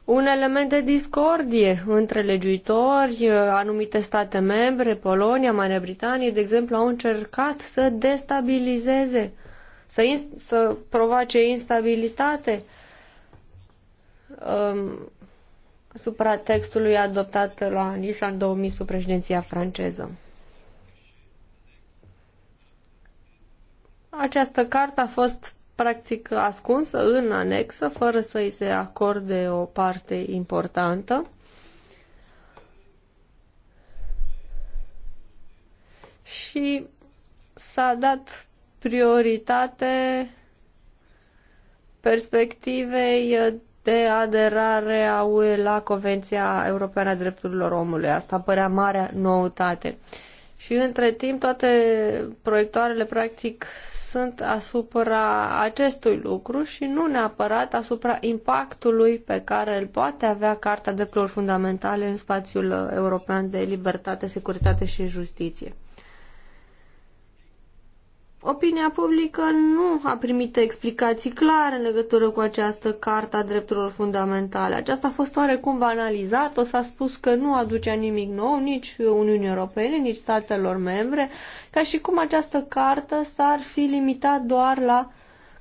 un element de discordie între legiuitori, uh, anumite state membre, Polonia, Marea Britanie, de exemplu, au încercat să destabilizeze, să, in- să provoace instabilitate um, supra textului adoptat la Island 2000 sub președinția franceză. Această carte a fost practic ascunsă în anexă, fără să îi se acorde o parte importantă. Și s-a dat prioritate perspectivei de aderare a UE la Convenția Europeană a Drepturilor Omului. Asta părea marea noutate. Și între timp toate proiectoarele practic sunt asupra acestui lucru și nu neapărat asupra impactului pe care îl poate avea Carta Drepturilor Fundamentale în spațiul european de libertate, securitate și justiție opinia publică nu a primit explicații clare în legătură cu această Carta a Drepturilor Fundamentale. Aceasta a fost oarecum banalizată, s-a spus că nu aducea nimic nou nici Uniunii Europene, nici statelor membre, ca și cum această cartă s-ar fi limitat doar la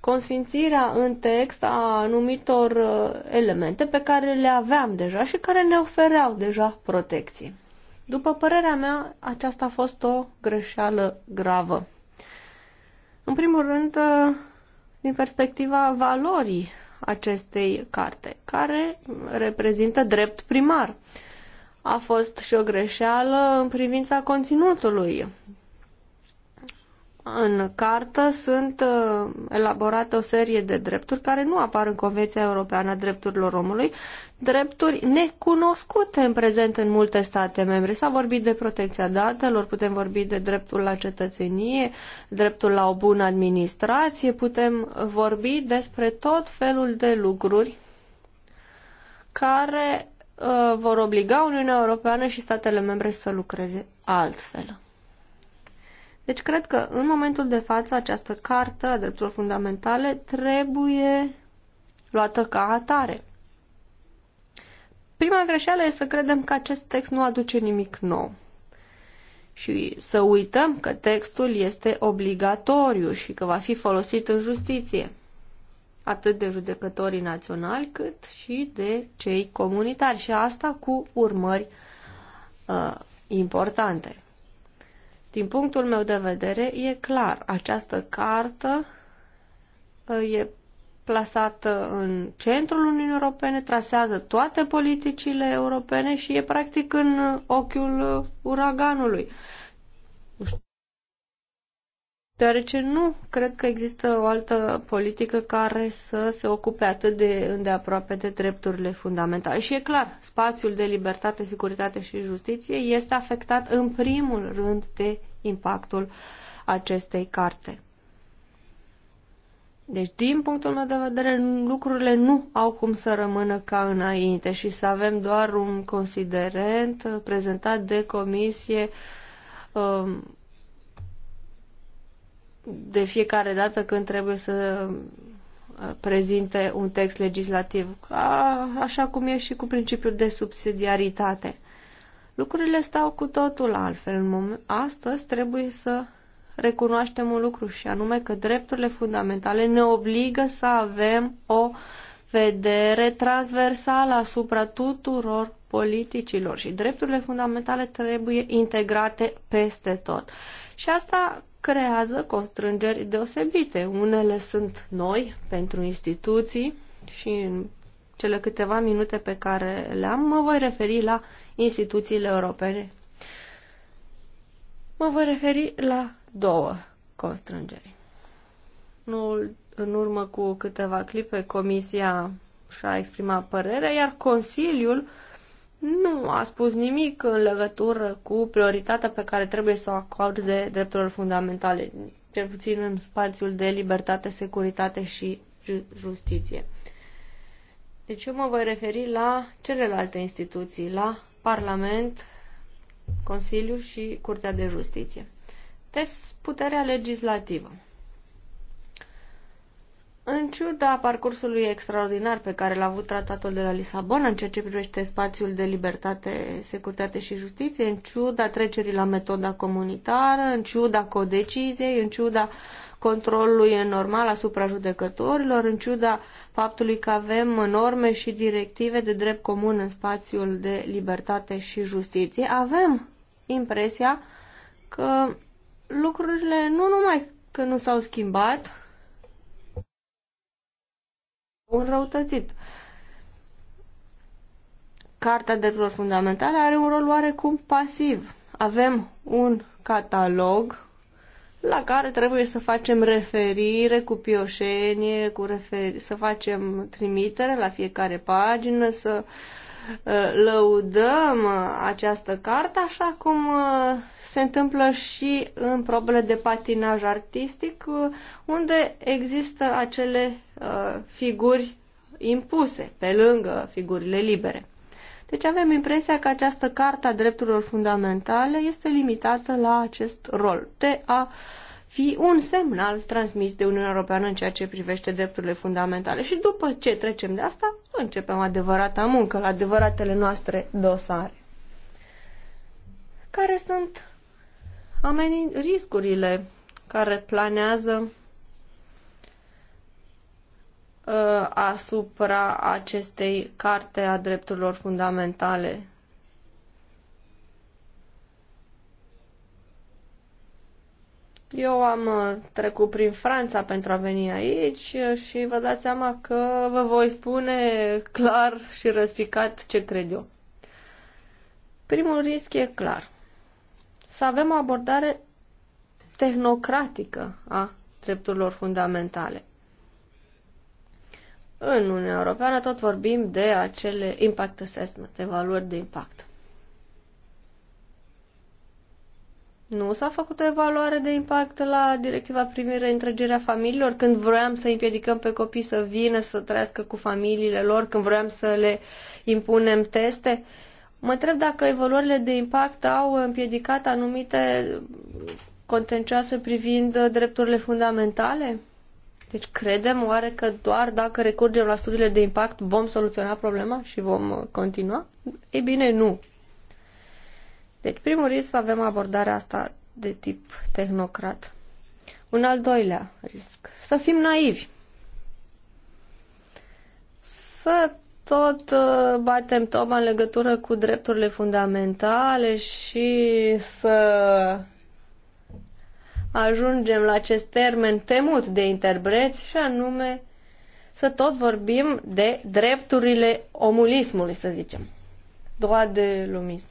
consfințirea în text a anumitor uh, elemente pe care le aveam deja și care ne ofereau deja protecții. După părerea mea, aceasta a fost o greșeală gravă. În primul rând, uh, din perspectiva valorii acestei carte, care reprezintă drept primar. A fost și o greșeală în privința conținutului în cartă sunt uh, elaborate o serie de drepturi care nu apar în Convenția Europeană a Drepturilor Omului, drepturi necunoscute în prezent în multe state membre. S-a vorbit de protecția datelor, putem vorbi de dreptul la cetățenie, dreptul la o bună administrație, putem vorbi despre tot felul de lucruri care uh, vor obliga Uniunea Europeană și statele membre să lucreze altfel. Deci cred că în momentul de față această cartă a drepturilor fundamentale trebuie luată ca atare. Prima greșeală este să credem că acest text nu aduce nimic nou și să uităm că textul este obligatoriu și că va fi folosit în justiție, atât de judecătorii naționali cât și de cei comunitari și asta cu urmări uh, importante. Din punctul meu de vedere, e clar, această cartă uh, e plasată în centrul Uniunii Europene, trasează toate politicile europene și e practic în uh, ochiul uh, uraganului deoarece nu cred că există o altă politică care să se ocupe atât de îndeaproape de drepturile fundamentale. Și e clar, spațiul de libertate, securitate și justiție este afectat în primul rând de impactul acestei carte. Deci, din punctul meu de vedere, lucrurile nu au cum să rămână ca înainte și să avem doar un considerent prezentat de comisie um, de fiecare dată când trebuie să uh, prezinte un text legislativ, a, așa cum e și cu principiul de subsidiaritate. Lucrurile stau cu totul altfel. În moment, astăzi trebuie să recunoaștem un lucru și anume că drepturile fundamentale ne obligă să avem o vedere transversală asupra tuturor politicilor și drepturile fundamentale trebuie integrate peste tot. Și asta creează constrângeri deosebite. Unele sunt noi pentru instituții și în cele câteva minute pe care le-am mă voi referi la instituțiile europene. Mă voi referi la două constrângeri. În urmă cu câteva clipe, Comisia și-a exprimat părerea, iar Consiliul uh, nu a spus nimic în legătură cu prioritatea pe care trebuie să o acorde drepturilor fundamentale, cel puțin în spațiul de libertate, securitate și justiție. Deci eu mă voi referi la celelalte instituții, la Parlament, Consiliu și Curtea de Justiție. Deci puterea legislativă. În ciuda parcursului extraordinar pe care l-a avut tratatul de la Lisabona în ceea ce privește spațiul de libertate, securitate și justiție, în ciuda trecerii la metoda comunitară, în ciuda codeciziei, în ciuda controlului normal asupra judecătorilor, în ciuda faptului că avem norme și directive de drept comun în spațiul de libertate și justiție, avem impresia că lucrurile nu numai că nu s-au schimbat, înrăutățit. Carta Drepturilor Fundamentale are un rol oarecum pasiv. Avem un catalog la care trebuie să facem referire cu pioșenie, cu referi- să facem trimitere la fiecare pagină, să uh, Ă, lăudăm ă, această carte, așa cum ă, se întâmplă și în probele de patinaj artistic, unde există acele figuri impuse, pe lângă figurile libere. Deci avem impresia că această carte a drepturilor fundamentale este limitată la acest rol de a uh, fi un semnal transmis de Uniunea Europeană în ceea ce privește drepturile fundamentale. Și după ce trecem de asta, începem adevărata muncă la adevăratele noastre dosare. Care sunt amenin- riscurile care planează uh, asupra acestei carte a drepturilor fundamentale Eu am uh, trecut prin Franța pentru a veni aici uh, și vă dați seama că vă voi spune clar și răspicat ce cred eu. Primul risc e clar. Să avem o abordare tehnocratică a drepturilor fundamentale. În Uniunea Europeană tot vorbim de acele impact assessment, evaluări de impact. Nu s-a făcut o evaluare de impact la directiva privind reîntrăgirea familiilor când vroiam să împiedicăm pe copii să vină să trăiască cu familiile lor, când vroiam să le impunem teste. Mă întreb dacă evaluările de impact au împiedicat anumite contencioase privind drepturile fundamentale? Deci credem oare că doar dacă recurgem la studiile de impact vom soluționa problema și vom continua? Ei bine, nu. Deci, primul risc, avem abordarea asta de tip tehnocrat. Un al doilea risc, să fim naivi. Să tot uh, batem toba în legătură cu drepturile fundamentale și să ajungem la acest termen temut de interpreți și anume să tot vorbim de drepturile omulismului, să zicem. Doar de lumism.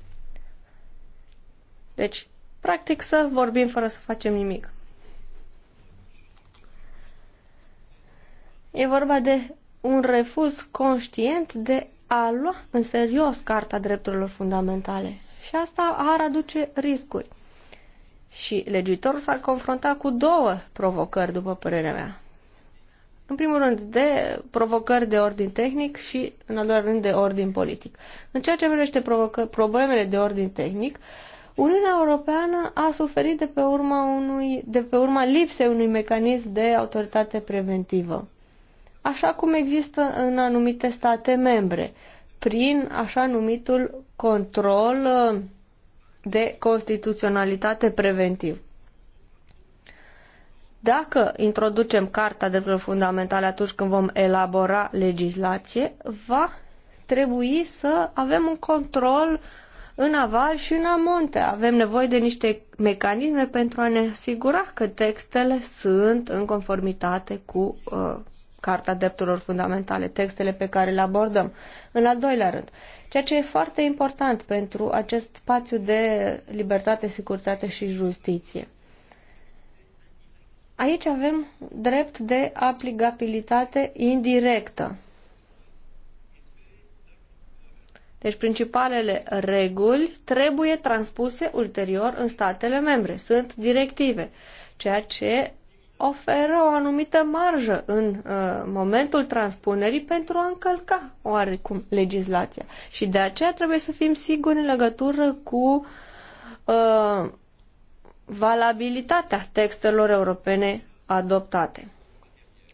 Deci, practic să vorbim fără să facem nimic. E vorba de un refuz conștient de a lua în serios Carta Drepturilor Fundamentale. Și asta ar aduce riscuri. Și legiuitorul s a confruntat cu două provocări, după părerea mea. În primul rând, de provocări de ordin tehnic și, în al doilea rând, de ordin politic. În ceea ce privește problemele de ordin tehnic, uh, Uniunea Europeană a suferit de pe urma, unui, de pe urma lipsei unui mecanism de autoritate preventivă, așa cum există în anumite state membre, prin așa numitul control uh, de constituționalitate preventiv. Dacă introducem Carta Drepturilor Fundamentale atunci când vom elabora legislație, va trebui să avem un control uh, în aval și în amonte. Avem nevoie de niște mecanisme pentru a ne asigura că textele sunt în conformitate cu uh, Carta Drepturilor Fundamentale, textele pe care le abordăm. În al doilea rând, ceea ce e foarte important pentru acest spațiu de libertate, securitate și justiție. Aici avem drept de aplicabilitate indirectă. Deci principalele reguli trebuie transpuse ulterior în statele membre. Sunt directive, ceea ce oferă o anumită marjă în uh, momentul transpunerii pentru a încălca oarecum legislația. Și de aceea trebuie să fim siguri în legătură cu uh, valabilitatea textelor europene adoptate.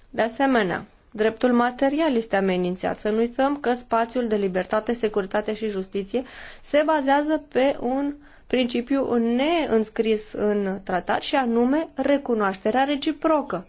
De asemenea, Dreptul material este amenințat. Să nu uităm că spațiul de libertate, securitate și justiție se bazează pe un principiu neînscris în tratat și anume recunoașterea reciprocă.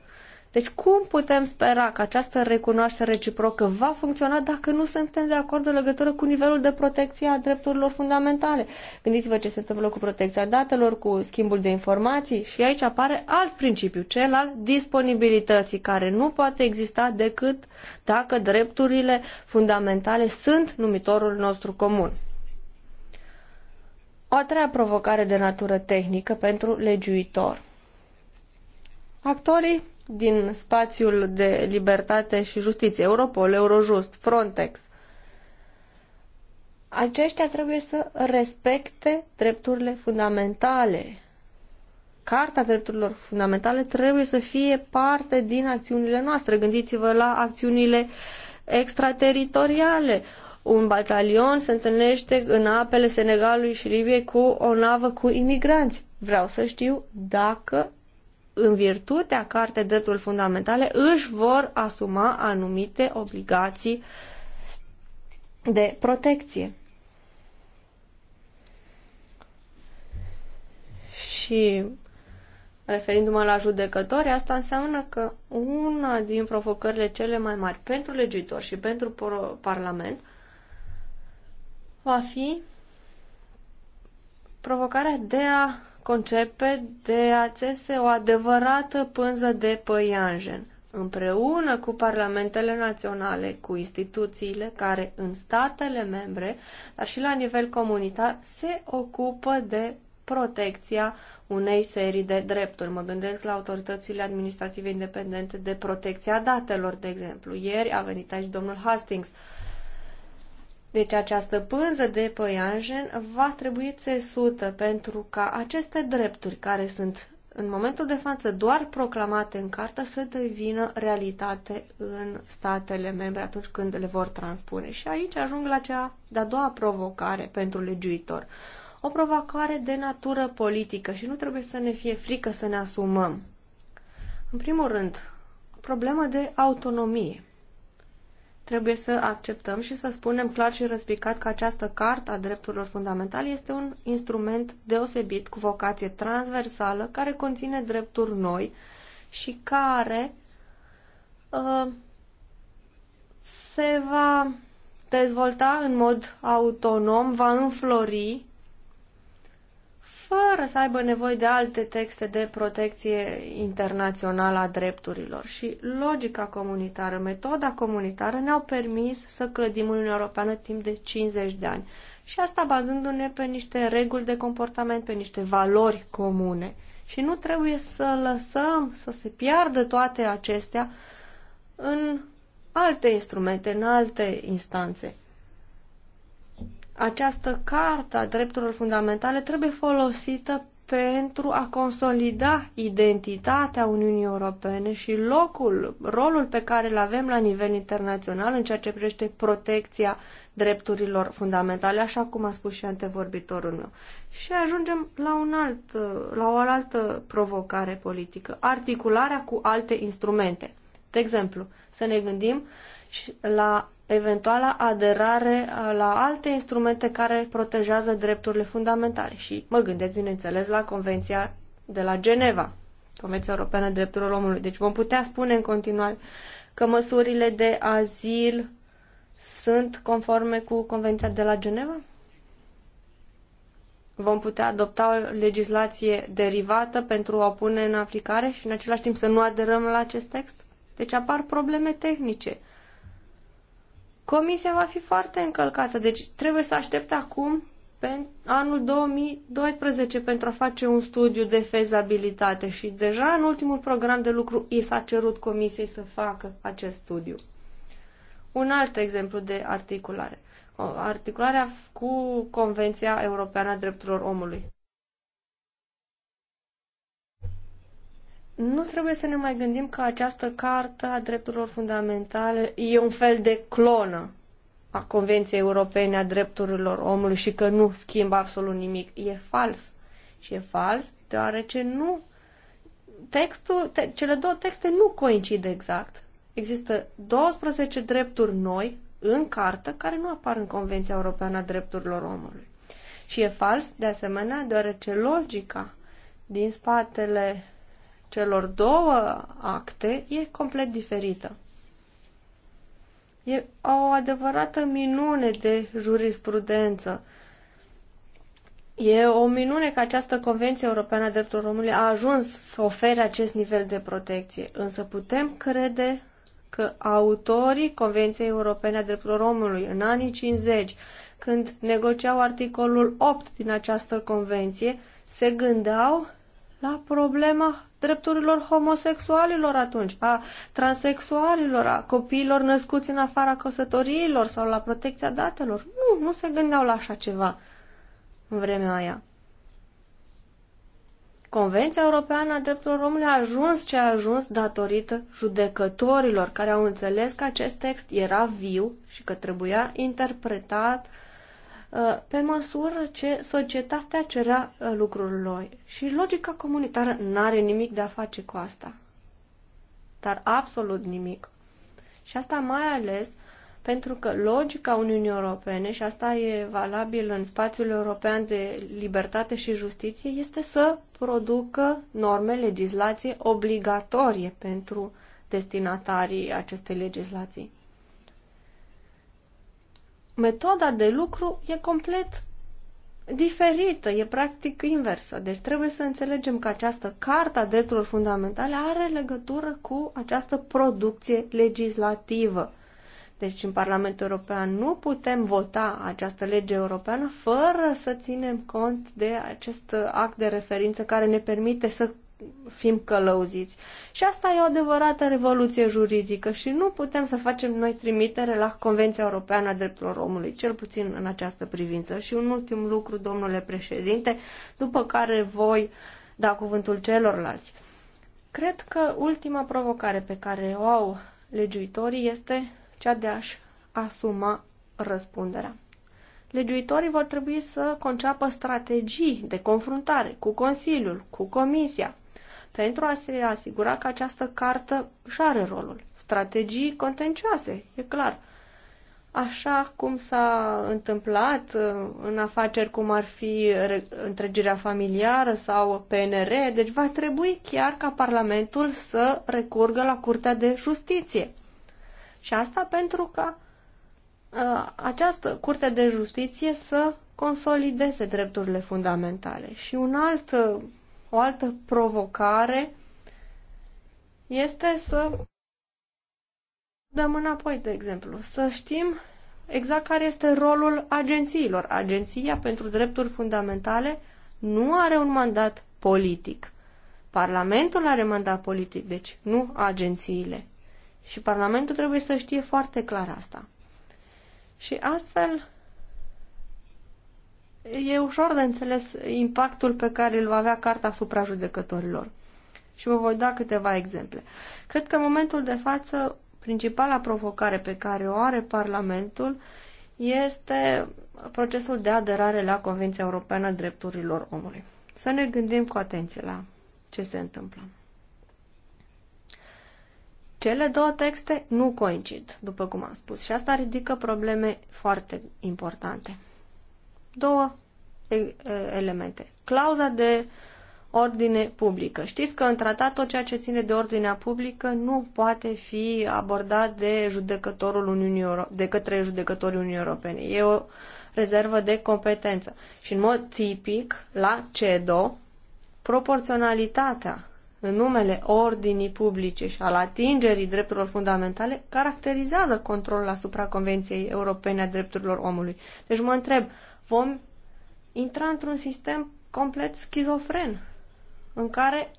Deci cum putem spera că această recunoaștere reciprocă va funcționa dacă nu suntem de acord în legătură cu nivelul de protecție a drepturilor fundamentale? Gândiți-vă ce se întâmplă cu protecția datelor, cu schimbul de informații și aici apare alt principiu, cel al disponibilității, care nu poate exista decât dacă drepturile fundamentale sunt numitorul nostru comun. O a treia provocare de natură tehnică pentru legiuitor. Actorii din spațiul de libertate și justiție, Europol, Eurojust, Frontex, aceștia trebuie să respecte drepturile fundamentale. Carta drepturilor fundamentale trebuie să fie parte din acțiunile noastre. Gândiți-vă la acțiunile extrateritoriale. Un batalion se întâlnește în apele Senegalului și Libiei cu o navă cu imigranți. Vreau să știu dacă în virtutea Cartei Drepturilor Fundamentale, își vor asuma anumite obligații de protecție. Și referindu-mă la judecători, asta înseamnă că una din provocările cele mai mari pentru legitor și pentru Parlament va fi provocarea de a concepe de a țese o adevărată pânză de păianjen, împreună cu parlamentele naționale, cu instituțiile care în statele membre, dar și la nivel comunitar, se ocupă de protecția unei serii de drepturi. Mă gândesc la autoritățile administrative independente de protecția datelor, de exemplu. Ieri a venit aici domnul Hastings deci această pânză de păianjen va trebui țesută pentru ca aceste drepturi care sunt în momentul de față doar proclamate în cartă să devină realitate în statele membre atunci când le vor transpune. Și aici ajung la cea de-a doua provocare pentru legiuitor. O provocare de natură politică și nu trebuie să ne fie frică să ne asumăm. În primul rând, problemă de autonomie trebuie să acceptăm și să spunem clar și răspicat că această carte a drepturilor fundamentale este un instrument deosebit cu vocație transversală care conține drepturi noi și care uh, se va dezvolta în mod autonom, va înflori fără să aibă nevoie de alte texte de protecție internațională a drepturilor. Și logica comunitară, metoda comunitară ne-au permis să clădim Uniunea Europeană timp de 50 de ani. Și asta bazându-ne pe niște reguli de comportament, pe niște valori comune. Și nu trebuie să lăsăm să se piardă toate acestea în alte instrumente, în alte instanțe această carta a drepturilor fundamentale trebuie folosită pentru a consolida identitatea Uniunii Europene și locul, rolul pe care îl avem la nivel internațional în ceea ce privește protecția drepturilor fundamentale, așa cum a spus și antevorbitorul meu. Și ajungem la, un alt, la o altă provocare politică, articularea cu alte instrumente. De exemplu, să ne gândim la eventuala aderare la alte instrumente care protejează drepturile fundamentale și mă gândesc, bineînțeles, la Convenția de la Geneva, Convenția Europeană a Drepturilor Omului. Deci vom putea spune în continuare că măsurile de azil sunt conforme cu Convenția de la Geneva? Vom putea adopta o legislație derivată pentru a o pune în aplicare și în același timp să nu aderăm la acest text? Deci apar probleme tehnice Comisia va fi foarte încălcată, deci trebuie să aștept acum pe anul 2012 pentru a face un studiu de fezabilitate și deja în ultimul program de lucru i s-a cerut Comisiei să facă acest studiu. Un alt exemplu de articulare. Articularea cu Convenția Europeană a Drepturilor Omului. nu trebuie să ne mai gândim că această cartă a drepturilor fundamentale e un fel de clonă a Convenției Europene a Drepturilor Omului și că nu schimbă absolut nimic. E fals. Și e fals deoarece nu textul, te, cele două texte nu coincid exact. Există 12 drepturi noi în cartă care nu apar în Convenția Europeană a Drepturilor Omului. Și e fals, de asemenea, deoarece logica din spatele celor două acte e complet diferită. E o adevărată minune de jurisprudență. E o minune că această Convenție Europeană a Drepturilor Omului a ajuns să ofere acest nivel de protecție, însă putem crede că autorii Convenției Europene a Drepturilor Omului în anii 50, când negociau articolul 8 din această convenție, se gândeau la problema drepturilor homosexualilor atunci, a transexualilor, a copiilor născuți în afara căsătoriilor sau la protecția datelor. Nu, nu se gândeau la așa ceva în vremea aia. Convenția Europeană a Drepturilor Omului a ajuns ce a ajuns datorită judecătorilor care au înțeles că acest text era viu și că trebuia interpretat uh, Uh, pe măsură ce societatea cerea uh, lucrul lor. Și logica comunitară nu are nimic de a face cu asta. Dar absolut nimic. Și asta mai ales pentru că logica Uniunii Europene, și asta e valabil în spațiul european de libertate și justiție, este să producă norme, legislație obligatorie pentru destinatarii acestei legislații metoda de lucru e complet diferită, e practic inversă. Deci trebuie să înțelegem că această Carta Drepturilor Fundamentale are legătură cu această producție legislativă. Deci în Parlamentul European nu putem vota această lege europeană fără să ținem cont de acest act de referință care ne permite să fim călăuziți. Și asta e o adevărată revoluție juridică și nu putem să facem noi trimitere la Convenția Europeană a Drepturilor Omului, cel puțin în această privință. Și un ultim lucru, domnule președinte, după care voi da cuvântul celorlalți. Cred că ultima provocare pe care o au legiuitorii este cea de a-și asuma răspunderea. Legiuitorii vor trebui să conceapă strategii de confruntare cu Consiliul, cu Comisia, pentru a se asigura că această cartă își are rolul. Strategii contencioase, e clar. Așa cum s-a întâmplat uh, în afaceri cum ar fi întregirea familiară sau PNR, deci va trebui chiar ca Parlamentul să recurgă la Curtea de Justiție. Și asta pentru ca uh, această Curte de Justiție să consolideze drepturile fundamentale. Și un alt uh, o altă provocare este să dăm înapoi, de exemplu, să știm exact care este rolul agențiilor. Agenția pentru drepturi fundamentale nu are un mandat politic. Parlamentul are mandat politic, deci nu agențiile. Și Parlamentul trebuie să știe foarte clar asta. Și astfel e ușor de înțeles impactul pe care îl va avea carta asupra judecătorilor. Și vă voi da câteva exemple. Cred că în momentul de față, principala provocare pe care o are Parlamentul este procesul de aderare la Convenția Europeană a Drepturilor Omului. Să ne gândim cu atenție la ce se întâmplă. Cele două texte nu coincid, după cum am spus, și asta ridică probleme foarte importante două elemente. Clauza de ordine publică. Știți că în tratat tot ceea ce ține de ordinea publică nu poate fi abordat de judecătorul Uniunii Euro- de către judecătorii Uniunii Europene. E o rezervă de competență. Și în mod tipic, la CEDO, proporționalitatea în numele ordinii publice și al atingerii drepturilor fundamentale caracterizează controlul asupra Convenției Europene a Drepturilor Omului. Deci mă întreb, vom intra într-un sistem complet schizofren, în care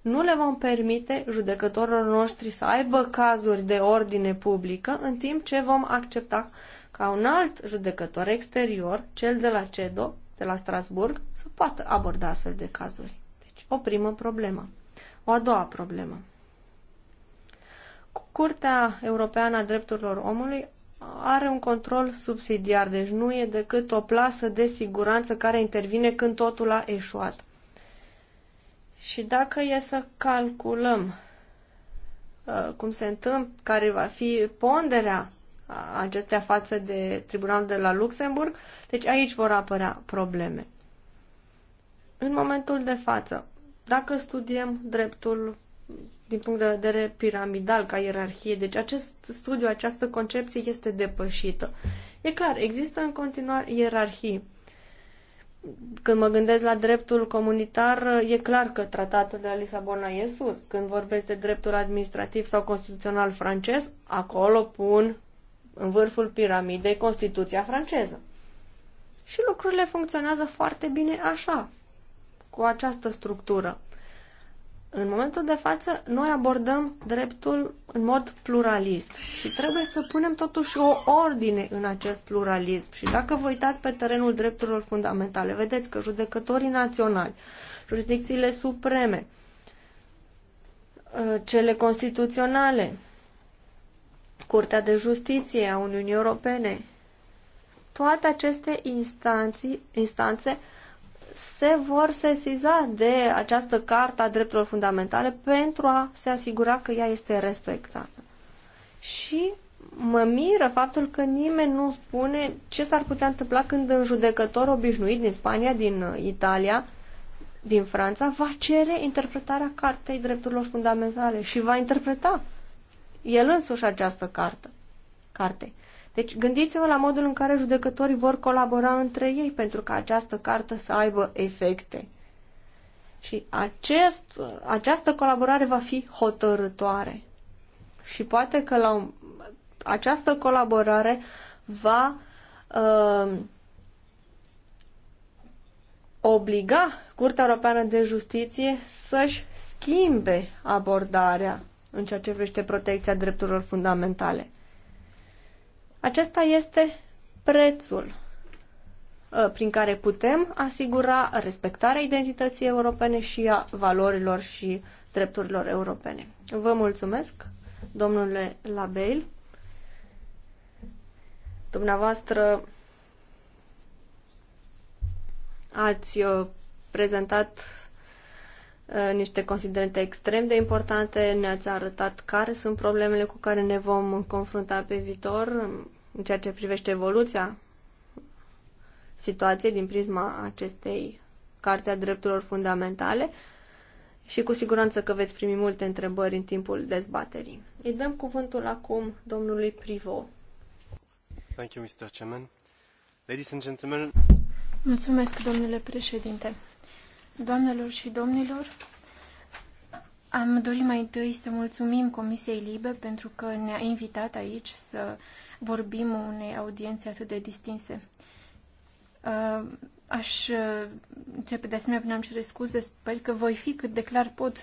nu le vom permite judecătorilor noștri să aibă cazuri de ordine publică, în timp ce vom accepta ca un alt judecător exterior, cel de la CEDO, de la Strasburg, să poată aborda astfel de cazuri. Deci, o primă problemă. O a doua problemă. Curtea Europeană a Drepturilor Omului are un control subsidiar, deci nu e decât o plasă de siguranță care intervine când totul a eșuat. Și dacă e să calculăm uh, cum se întâmplă, care va fi ponderea acestea față de tribunalul de la Luxemburg, deci aici vor apărea probleme. În momentul de față, dacă studiem dreptul din punct de vedere piramidal, ca ierarhie. Deci acest studiu, această concepție este depășită. E clar, există în continuare ierarhii. Când mă gândesc la dreptul comunitar, e clar că tratatul de la Lisabona e sus. Când vorbesc de dreptul administrativ sau constituțional francez, acolo pun în vârful piramidei Constituția franceză. Și lucrurile funcționează foarte bine așa, cu această structură. În momentul de față, noi abordăm dreptul în mod pluralist și trebuie să punem totuși o ordine în acest pluralism. Și dacă vă uitați pe terenul drepturilor fundamentale, vedeți că judecătorii naționali, jurisdicțiile supreme, ă, cele constituționale, Curtea de Justiție a Uniunii Europene, toate aceste instanții, instanțe se vor sesiza de această Carta a Drepturilor Fundamentale pentru a se asigura că ea este respectată. Și mă miră faptul că nimeni nu spune ce s-ar putea întâmpla când un judecător obișnuit din Spania, din uh, Italia, din Franța, va cere interpretarea Cartei Drepturilor Fundamentale și va interpreta el însuși această carte. carte. Deci gândiți-vă la modul în care judecătorii vor colabora între ei pentru ca această carte să aibă efecte. Și acest, această colaborare va fi hotărătoare. Și poate că la un, această colaborare va uh, obliga Curtea Europeană de Justiție să-și schimbe abordarea în ceea ce privește protecția drepturilor fundamentale. Acesta este prețul uh, prin care putem asigura respectarea identității europene și a valorilor și drepturilor europene. Vă mulțumesc, domnule Labeil. Dumneavoastră ați uh, prezentat Uh, niște considerente extrem de importante, ne-ați arătat care sunt problemele cu care ne vom confrunta pe viitor în ceea ce privește evoluția situației din prisma acestei carte a drepturilor fundamentale și cu siguranță că veți primi multe întrebări în timpul dezbaterii. Îi dăm cuvântul acum domnului Privo. Thank you, Mr. Chairman. Ladies and gentlemen. Mulțumesc, domnule președinte. Doamnelor și domnilor, am dorit mai întâi să mulțumim Comisiei Libe pentru că ne-a invitat aici să vorbim unei audiențe atât de distinse. Uh, aș uh, începe de asemenea prin am cere scuze, sper că voi fi cât de clar pot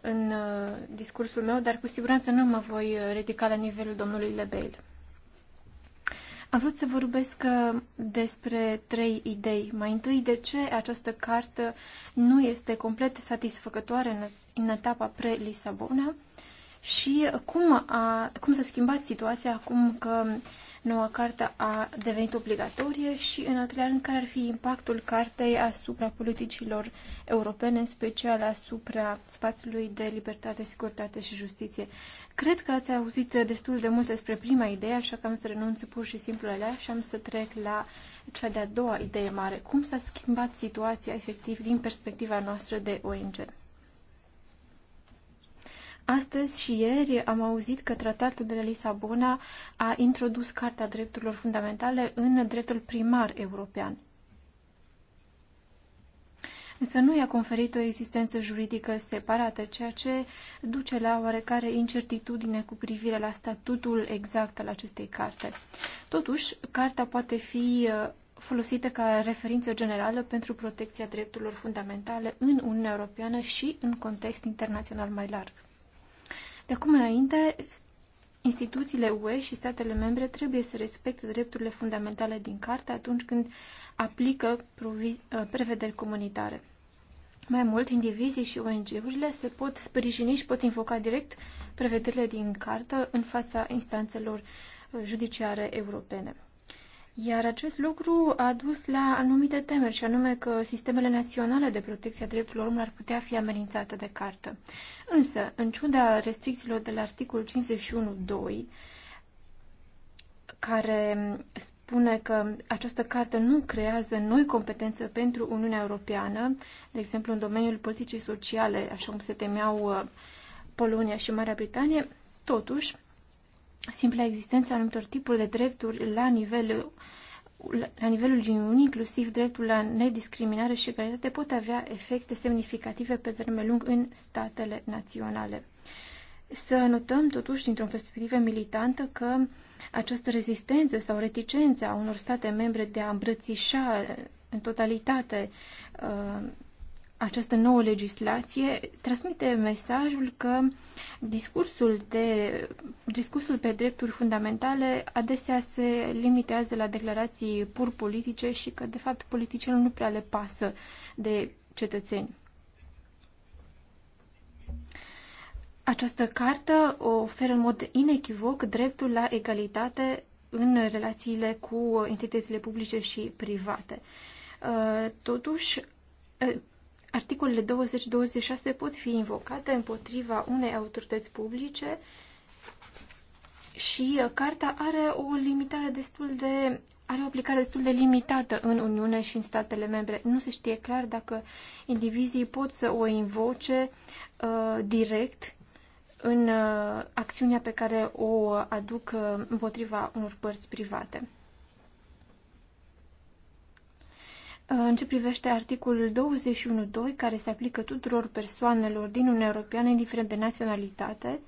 în uh, discursul meu, dar cu siguranță nu mă voi ridica la nivelul domnului Lebel. Am vrut să vorbesc uh, despre trei idei. Mai întâi, de ce această carte nu este complet satisfăcătoare în, în etapa pre-Lisabona și cum, a, cum s-a schimbat situația acum că noua carte a devenit obligatorie și, în al treilea rând, care ar fi impactul cartei asupra politicilor europene, în special asupra spațiului de libertate, securitate și justiție. Cred că ați auzit destul de mult despre prima idee, așa că am să renunț pur și simplu la ea și am să trec la cea de-a doua idee mare. Cum s-a schimbat situația efectiv din perspectiva noastră de ONG? Astăzi și ieri am auzit că tratatul de la Lisabona a introdus Carta Drepturilor Fundamentale în dreptul primar european însă nu i-a conferit o existență juridică separată, ceea ce duce la oarecare incertitudine cu privire la statutul exact al acestei carte. Totuși, cartea poate fi uh, folosită ca referință generală pentru protecția drepturilor fundamentale în Uniunea Europeană și în context internațional mai larg. De acum înainte, instituțiile UE și statele membre trebuie să respecte drepturile fundamentale din carte atunci când aplică uh, prevederi comunitare. Mai mult, indivizii și ONG-urile se pot sprijini și pot invoca direct prevederile din cartă în fața instanțelor uh, judiciare europene. Iar acest lucru a dus la anumite temeri, și anume că sistemele naționale de protecție a drepturilor omului ar putea fi amenințate de cartă. Însă, în ciuda restricțiilor de la articolul 51.2, care spune că această carte nu creează noi competențe pentru Uniunea Europeană, de exemplu în domeniul politicii sociale, așa cum se temeau uh, Polonia și Marea Britanie, totuși, simpla existența anumitor tipuri de drepturi la nivel la nivelul Uniunii, inclusiv dreptul la nediscriminare și egalitate, pot avea efecte semnificative pe termen lung în statele naționale. Să notăm, totuși, dintr-o perspectivă militantă, că uh, această rezistență sau reticență a unor state membre de a îmbrățișa în totalitate uh, această nouă legislație transmite mesajul că discursul, de, discursul pe drepturi fundamentale adesea se limitează la declarații pur politice și că, de fapt, politicienul nu prea le pasă de cetățeni. Această cartă oferă în mod inechivoc dreptul la egalitate în relațiile cu entitățile publice și private. Uh, totuși, uh, articolele 20-26 pot fi invocate împotriva unei autorități publice și uh, carta are o limitare destul de are o aplicare destul de limitată în Uniune și în statele membre. Nu se știe clar dacă indivizii pot să o invoce uh, direct în uh, acțiunea pe care o aduc uh, împotriva unor părți private. Uh, în ce privește articolul 21.2, care se aplică tuturor persoanelor din Uniunea Europeană, indiferent de naționalitate,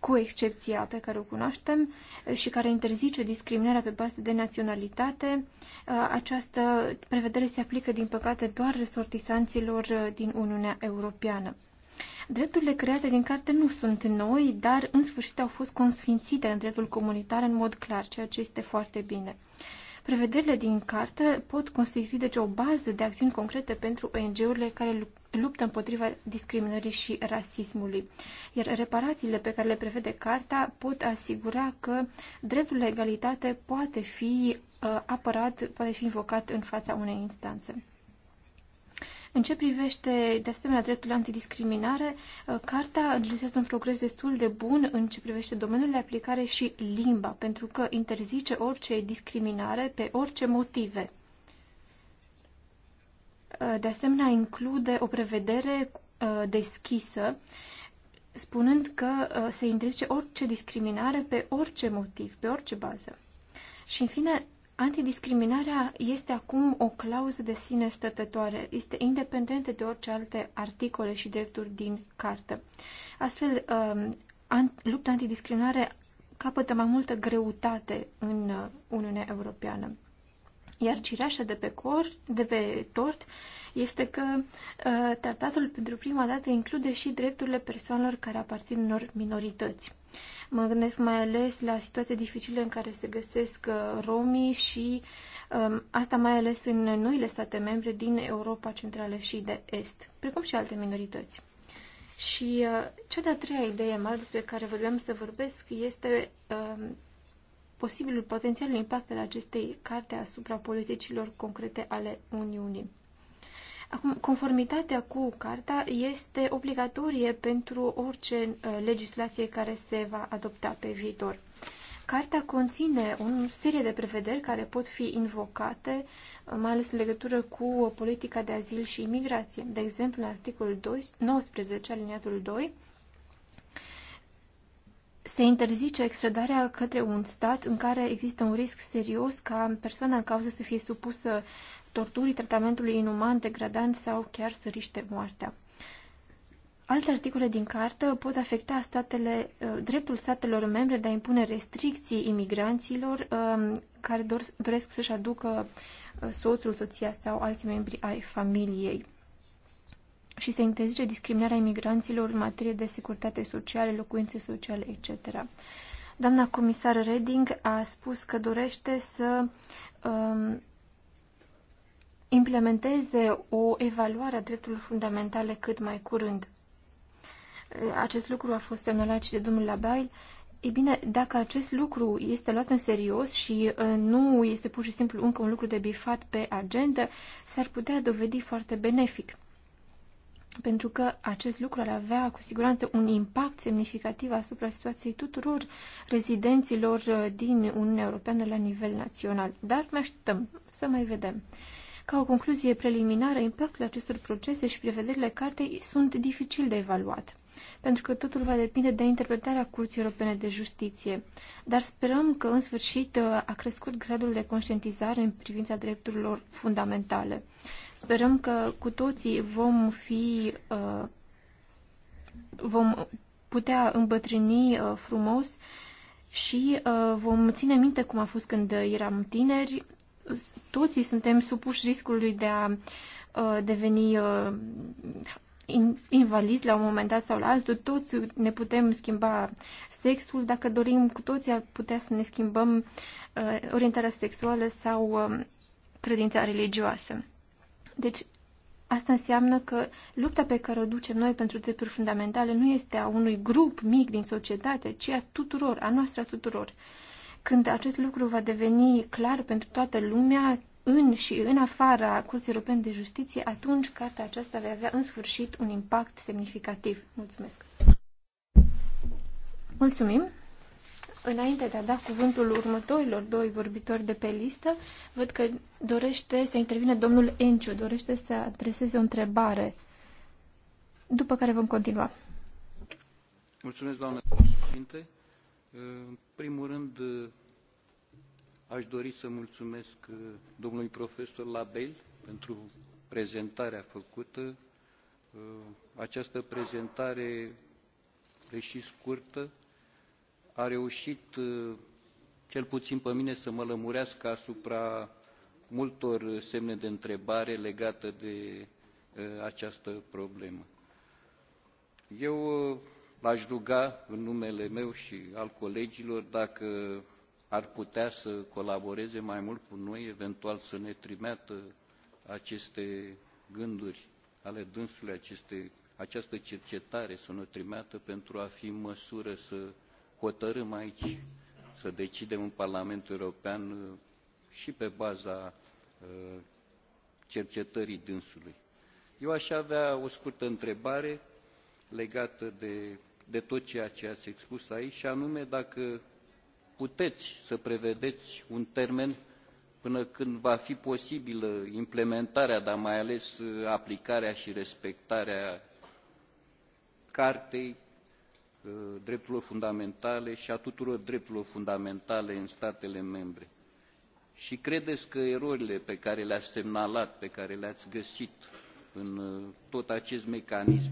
cu excepția pe care o cunoaștem și care interzice discriminarea pe bază de naționalitate, această prevedere se aplică, din păcate, doar resortisanților din Uniunea Europeană. Drepturile create din carte nu sunt noi, dar în sfârșit au fost consfințite în dreptul comunitar în mod clar, ceea ce este foarte bine. Prevederile din carte pot constitui deci o bază de acțiuni concrete pentru ONG-urile care luptă împotriva discriminării și rasismului. Iar reparațiile pe care le prevede carta pot asigura că dreptul la egalitate poate fi uh, apărat, poate fi invocat în fața unei instanțe. În ce privește, de asemenea, dreptul antidiscriminare, uh, cartea înregistrează un progres destul de bun în ce privește domeniul de aplicare și limba, pentru că interzice orice discriminare pe orice motive. Uh, de asemenea, include o prevedere uh, deschisă, spunând că se interzice orice discriminare pe orice motiv, pe orice bază. Și, în fine, Antidiscriminarea este acum o clauză de sine stătătoare, este independentă de orice alte articole și drepturi din carte. Astfel, um, lupta antidiscriminare capătă mai multă greutate în uh, Uniunea Europeană. Iar cireașa de pe, cor, de pe tort este că uh, tratatul pentru prima dată include și drepturile persoanelor care aparțin unor minorități. Mă gândesc mai ales la situații dificile în care se găsesc uh, romii și um, asta mai ales în noile state membre din Europa Centrală și de Est, precum și alte minorități. Și uh, cea de-a treia idee mare despre care vorbeam să vorbesc este uh, posibilul potențial impact al acestei carte asupra politicilor concrete ale Uniunii. Acum, conformitatea cu carta este obligatorie pentru orice uh, legislație care se va adopta pe viitor. Carta conține o serie de prevederi care pot fi invocate, uh, mai ales în legătură cu politica de azil și imigrație. De exemplu, în articolul 19, aliniatul 2, se interzice extradarea către un stat în care există un risc serios ca persoana în cauză să fie supusă torturii, tratamentului inuman, degradant sau chiar să riște moartea. Alte articole din cartă pot afecta statele, uh, dreptul statelor membre de a impune restricții imigranților um, care doresc să-și aducă uh, soțul, soția sau alți membri ai familiei și se interzice discriminarea imigranților în materie de securitate socială, locuințe sociale, etc. Doamna comisar Reding a spus că dorește să um, implementeze o evaluare a drepturilor fundamentale cât mai curând. Acest lucru a fost semnalat și de domnul Labail. Ei bine, dacă acest lucru este luat în serios și uh, nu este pur și simplu încă un lucru de bifat pe agenda, s-ar putea dovedi foarte benefic pentru că acest lucru ar avea cu siguranță un impact semnificativ asupra situației tuturor rezidenților uh, din Uniunea Europeană la nivel național. Dar mai așteptăm să mai vedem. Ca o concluzie preliminară, impactul acestor procese și prevederile cartei sunt dificil de evaluat pentru că totul va depinde de interpretarea Curții Europene de Justiție. Dar sperăm că, în sfârșit, a crescut gradul de conștientizare în privința drepturilor fundamentale. Sperăm că cu toții vom fi. Uh, vom putea îmbătrâni uh, frumos și uh, vom ține minte cum a fost când eram tineri. Toții suntem supuși riscului de a deveni invalizi la un moment dat sau la altul, toți ne putem schimba sexul, dacă dorim cu toții ar putea să ne schimbăm uh, orientarea sexuală sau uh, credința religioasă. Deci, asta înseamnă că lupta pe care o ducem noi pentru drepturi fundamentale nu este a unui grup mic din societate, ci a tuturor, a noastră a tuturor. Când acest lucru va deveni clar pentru toată lumea, în și în afara Curții Europene de Justiție, atunci cartea aceasta va avea în sfârșit un impact semnificativ. Mulțumesc! Mulțumim! Înainte de a da cuvântul următorilor doi vorbitori de pe listă, văd că dorește să intervine domnul Enciu, dorește să adreseze o întrebare, după care vom continua. Mulțumesc, doamne președinte. În primul rând, Aș dori să mulțumesc uh, domnului profesor Label pentru prezentarea făcută. Uh, această prezentare, deși scurtă, a reușit, uh, cel puțin pe mine, să mă lămurească asupra multor semne de întrebare legate de această problemă. Eu l-aș ruga în numele meu și al colegilor dacă ar putea să colaboreze mai mult cu noi, eventual să ne trimeată aceste gânduri ale dânsului, aceste, această cercetare să ne trimeată pentru a fi în măsură să hotărâm aici, să decidem în Parlamentul European uh, și pe baza uh, cercetării dânsului. Eu aș avea o scurtă întrebare legată de, de tot ceea ce ați expus aici, și anume dacă putei să prevedei un termen până când va fi posibilă implementarea dar mai ales uh, aplicarea i respectarea cartei uh, drepturilor fundamentale i a tuturor drepturilor fundamentale în statele membre. i credei că erorile pe care le ai semnalat, pe care le ai găsit în uh, tot acest mecanism,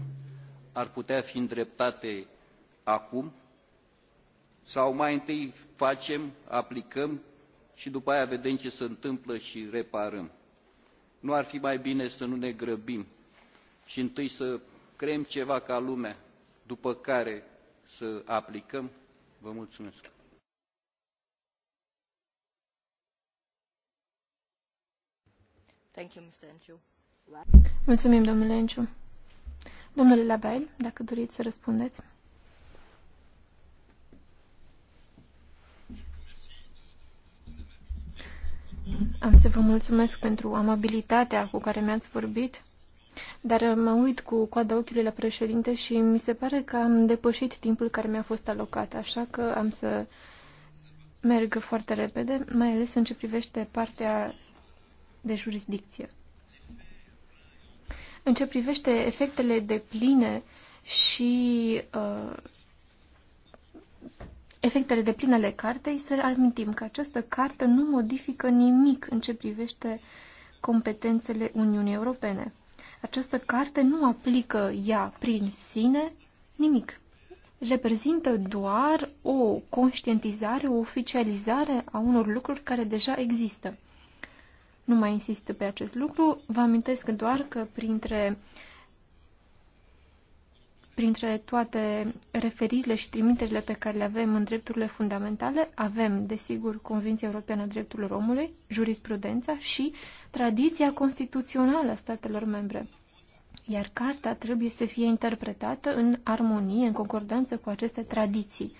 ar putea fi îndreptate acum sau mai întâi facem aplicăm și după aceea vedem ce se întâmplă și reparăm? nu ar fi mai bine să nu ne grăbim și întâi să creăm ceva ca lumea după care să aplicăm? Vă mulțumesc. Thank you, Mr. Mulțumim, domnule Enciu. Domnule Labail, dacă doriți să răspundeți. Am să vă mulțumesc pentru amabilitatea cu care mi-ați vorbit, dar mă uit cu coada ochiului la președinte și mi se pare că am depășit timpul care mi-a fost alocat, așa că am să merg foarte repede, mai ales în ce privește partea de jurisdicție. În ce privește efectele de pline și uh, efectele de plin ale cartei, să amintim că această carte nu modifică nimic în ce privește competențele Uniunii Europene. Această carte nu aplică ea prin sine nimic. Reprezintă doar o conștientizare, o oficializare a unor lucruri care deja există. Nu mai insist pe acest lucru, vă amintesc doar că printre uh, printre toate referirile și trimiterile pe care le avem în drepturile fundamentale, avem, desigur, Convenția Europeană a Drepturilor Omului, jurisprudența și tradiția constituțională a statelor membre. Iar carta trebuie să fie interpretată în armonie, în concordanță cu aceste tradiții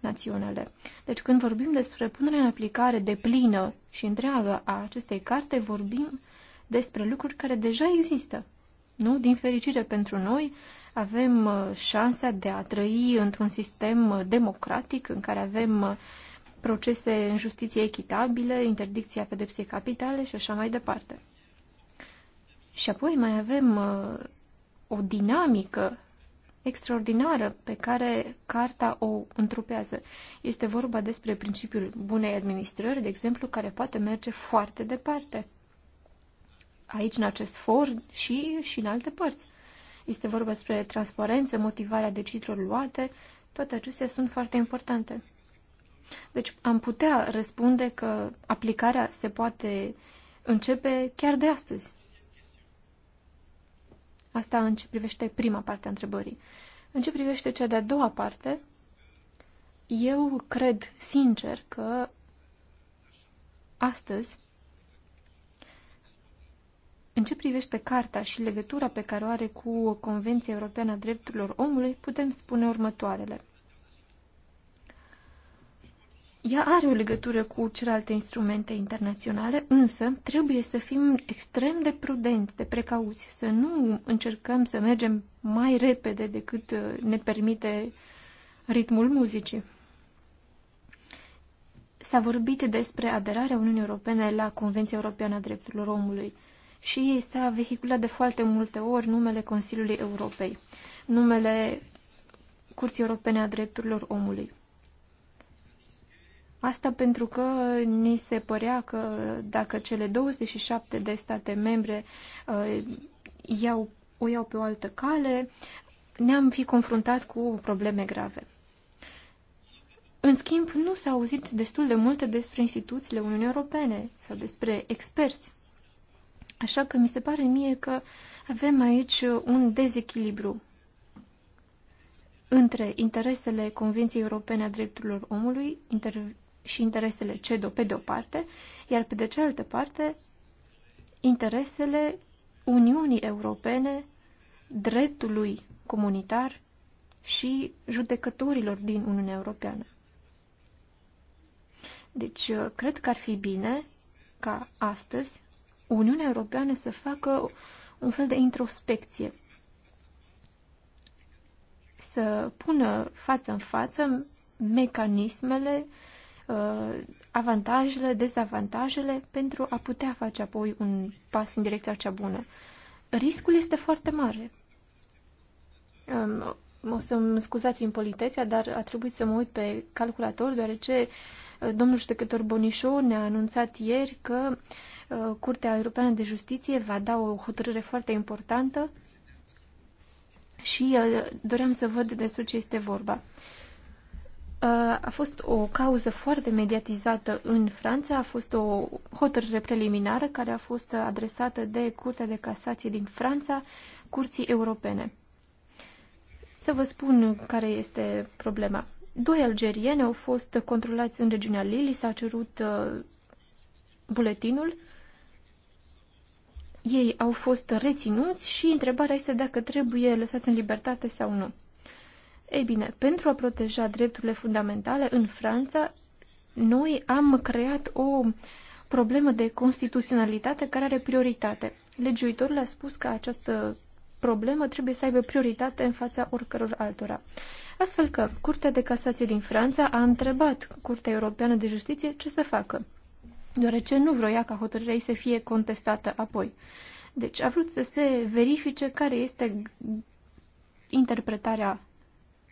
naționale. Deci când vorbim despre punerea în aplicare de plină și întreagă a acestei carte, vorbim despre lucruri care deja există. Nu? Din fericire pentru noi, avem uh, șansa de a trăi într-un sistem uh, democratic în care avem uh, procese în justiție echitabile, interdicția pedepsei capitale și așa mai departe. Și apoi mai avem o dinamică extraordinară pe care carta o întrupează. Este vorba despre principiul bunei administrări, de exemplu, care poate merge foarte departe. Aici, în acest for și, și în alte părți. Este vorba despre transparență, motivarea deciziilor luate. Toate acestea sunt foarte importante. Deci am putea răspunde că aplicarea se poate începe chiar de astăzi. Asta în ce privește prima parte a întrebării. În ce privește cea de-a doua parte, eu cred sincer că astăzi în ce privește carta și legătura pe care o are cu Convenția Europeană a Drepturilor Omului, putem spune următoarele. Ea are o legătură cu celelalte instrumente internaționale, însă trebuie să fim extrem de prudenți, de precauți, să nu încercăm să mergem mai repede decât uh, ne permite ritmul muzicii. S-a vorbit despre aderarea Uniunii Europene la Convenția Europeană a Drepturilor Omului și s-a vehiculat de foarte multe ori numele Consiliului Europei, numele Curții Europene a Drepturilor Omului. Asta pentru că ni se părea că dacă cele 27 de state membre uh, iau, o iau pe o altă cale, ne-am fi confruntat cu probleme grave. În schimb, nu s-a auzit destul de multe despre instituțiile Uniunii Europene sau despre experți. Așa că mi se pare mie că avem aici un dezechilibru între interesele Convenției Europene a Drepturilor Omului inter- și interesele CEDO pe de o parte, iar pe de cealaltă parte interesele Uniunii Europene, dreptului comunitar și judecătorilor din Uniunea Europeană. Deci, cred că ar fi bine ca astăzi Uniunea Europeană să facă un fel de introspecție, să pună față în față mecanismele, uh, avantajele, dezavantajele pentru a putea face apoi un pas în direcția cea bună. Riscul este foarte mare. Um, o să-mi scuzați impolitețea, dar a trebuit să mă uit pe calculator, deoarece Domnul judecător Bonișou ne-a anunțat ieri că uh, Curtea Europeană de Justiție va da o hotărâre foarte importantă și uh, doream să văd despre ce este vorba. Uh, a fost o cauză foarte mediatizată în Franța, a fost o hotărâre preliminară care a fost adresată de Curtea de Casație din Franța, Curții Europene. Să vă spun care este problema. Doi algerieni au fost controlați în regiunea Lili, s-a cerut uh, buletinul. Ei au fost reținuți și întrebarea este dacă trebuie lăsați în libertate sau nu. Ei bine, pentru a proteja drepturile fundamentale în Franța, noi am creat o problemă de constituționalitate care are prioritate. Legiuitorul a spus că această problemă trebuie să aibă prioritate în fața oricăror altora. Astfel că Curtea de Casație din Franța a întrebat Curtea Europeană de Justiție ce să facă, deoarece nu vroia ca hotărârea ei să fie contestată apoi. Deci a vrut să se verifice care este interpretarea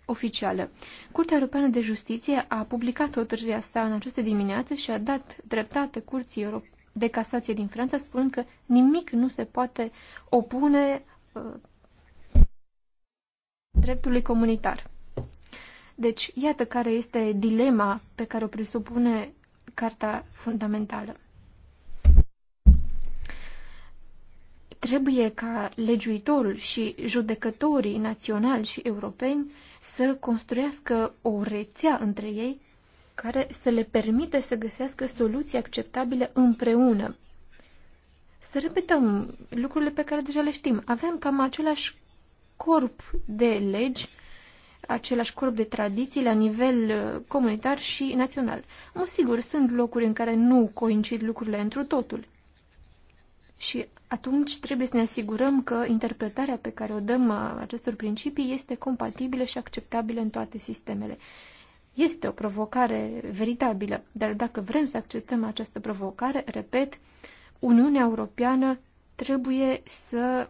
oficială. Curtea Europeană de Justiție a publicat hotărârea sa în această dimineață și a dat dreptate Curții Europene de casație din Franța, spunând că nimic nu se poate opune uh, dreptului comunitar. Deci, iată care este dilema pe care o presupune Carta Fundamentală. Trebuie ca legiuitorul și judecătorii naționali și europeni să construiască o rețea între ei care să le permite să găsească soluții acceptabile împreună. Să repetăm lucrurile pe care deja le știm. Avem cam același corp de legi același corp de tradiții la nivel uh, comunitar și național. Mă, sigur, sunt locuri în care nu coincid lucrurile întru totul. Și atunci trebuie să ne asigurăm că interpretarea pe care o dăm uh, acestor principii este compatibilă și acceptabilă în toate sistemele. Este o provocare veritabilă, dar dacă vrem să acceptăm această provocare, repet, Uniunea Europeană trebuie să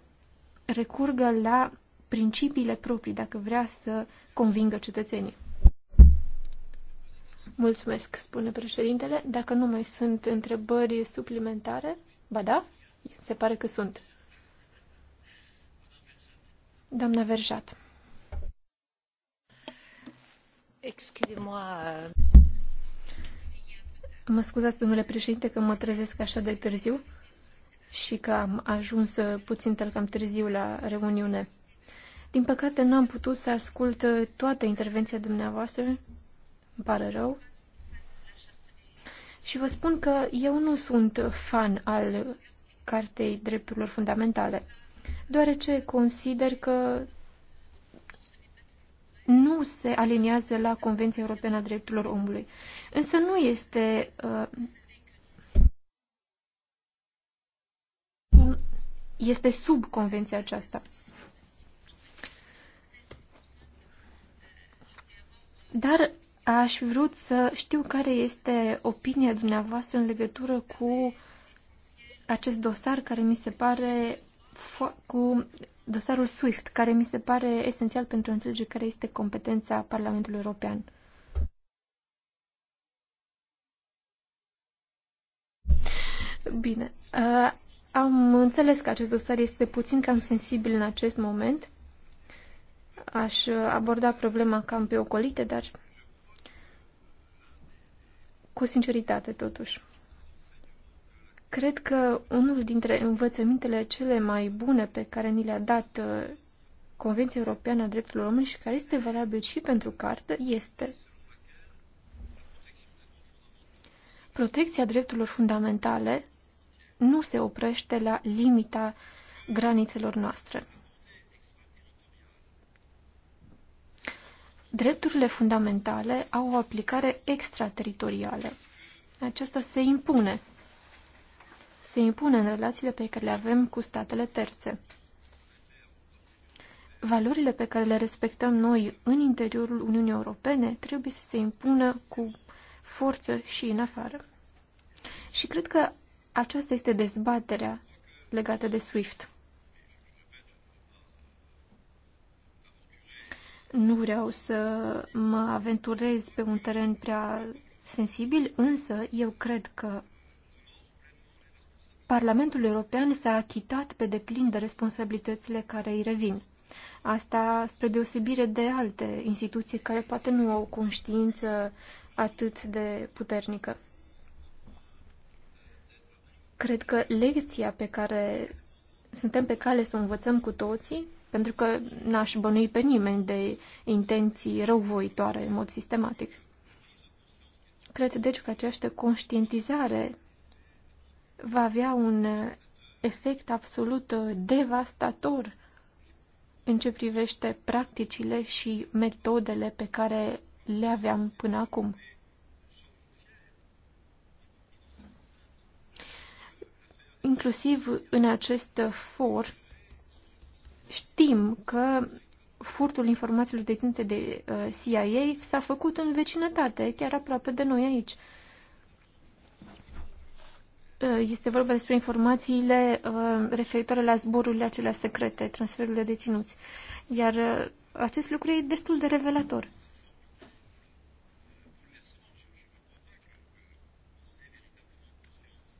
recurgă la principiile proprii, dacă vrea să convingă cetățenii. Mulțumesc, spune președintele. Dacă nu mai sunt întrebări suplimentare, ba da, se pare că sunt. Doamna Verjat. Excuse-moi. Mă scuzați, domnule președinte, că mă trezesc așa de târziu și că am ajuns puțin cam târziu la reuniune. Din păcate, n-am putut să ascult uh, toată intervenția dumneavoastră. Îmi pare rău. Și vă spun că eu nu sunt fan al Cartei Drepturilor Fundamentale, deoarece consider că nu se aliniază la Convenția Europeană a Drepturilor Omului. Însă nu este. Uh, este sub convenția aceasta. Dar aș vrut să știu care este opinia dumneavoastră în legătură cu acest dosar care mi se pare cu dosarul SWIFT, care mi se pare esențial pentru a înțelege care este competența Parlamentului European. Bine. Uh, am înțeles că acest dosar este puțin cam sensibil în acest moment aș aborda problema cam pe ocolite, dar cu sinceritate totuși. Cred că unul dintre învățămintele cele mai bune pe care ni le-a dat uh, Convenția Europeană a Drepturilor Omului și care este valabil și pentru carte este protecția drepturilor fundamentale nu se oprește la limita granițelor noastre. drepturile fundamentale au o aplicare extrateritorială. Aceasta se impune. Se impune în relațiile pe care le avem cu statele terțe. Valorile pe care le respectăm noi în interiorul Uniunii Europene trebuie să se impună cu forță și în afară. Și cred că aceasta este dezbaterea legată de SWIFT. Nu vreau să mă aventurez pe un teren prea sensibil, însă eu cred că Parlamentul European s-a achitat pe deplin de responsabilitățile care îi revin. Asta spre deosebire de alte instituții care poate nu au conștiință atât de puternică. Cred că lecția pe care suntem pe cale să o învățăm cu toții pentru că n-aș bănui pe nimeni de intenții răuvoitoare în mod sistematic. Cred deci că această conștientizare va avea un efect absolut devastator în ce privește practicile și metodele pe care le aveam până acum. Inclusiv în acest for Știm că furtul informațiilor deținute de uh, CIA s-a făcut în vecinătate, chiar aproape de noi aici. Uh, este vorba despre informațiile uh, referitoare la zborurile acelea secrete, transferul deținuți. Iar acest lucru e destul de revelator.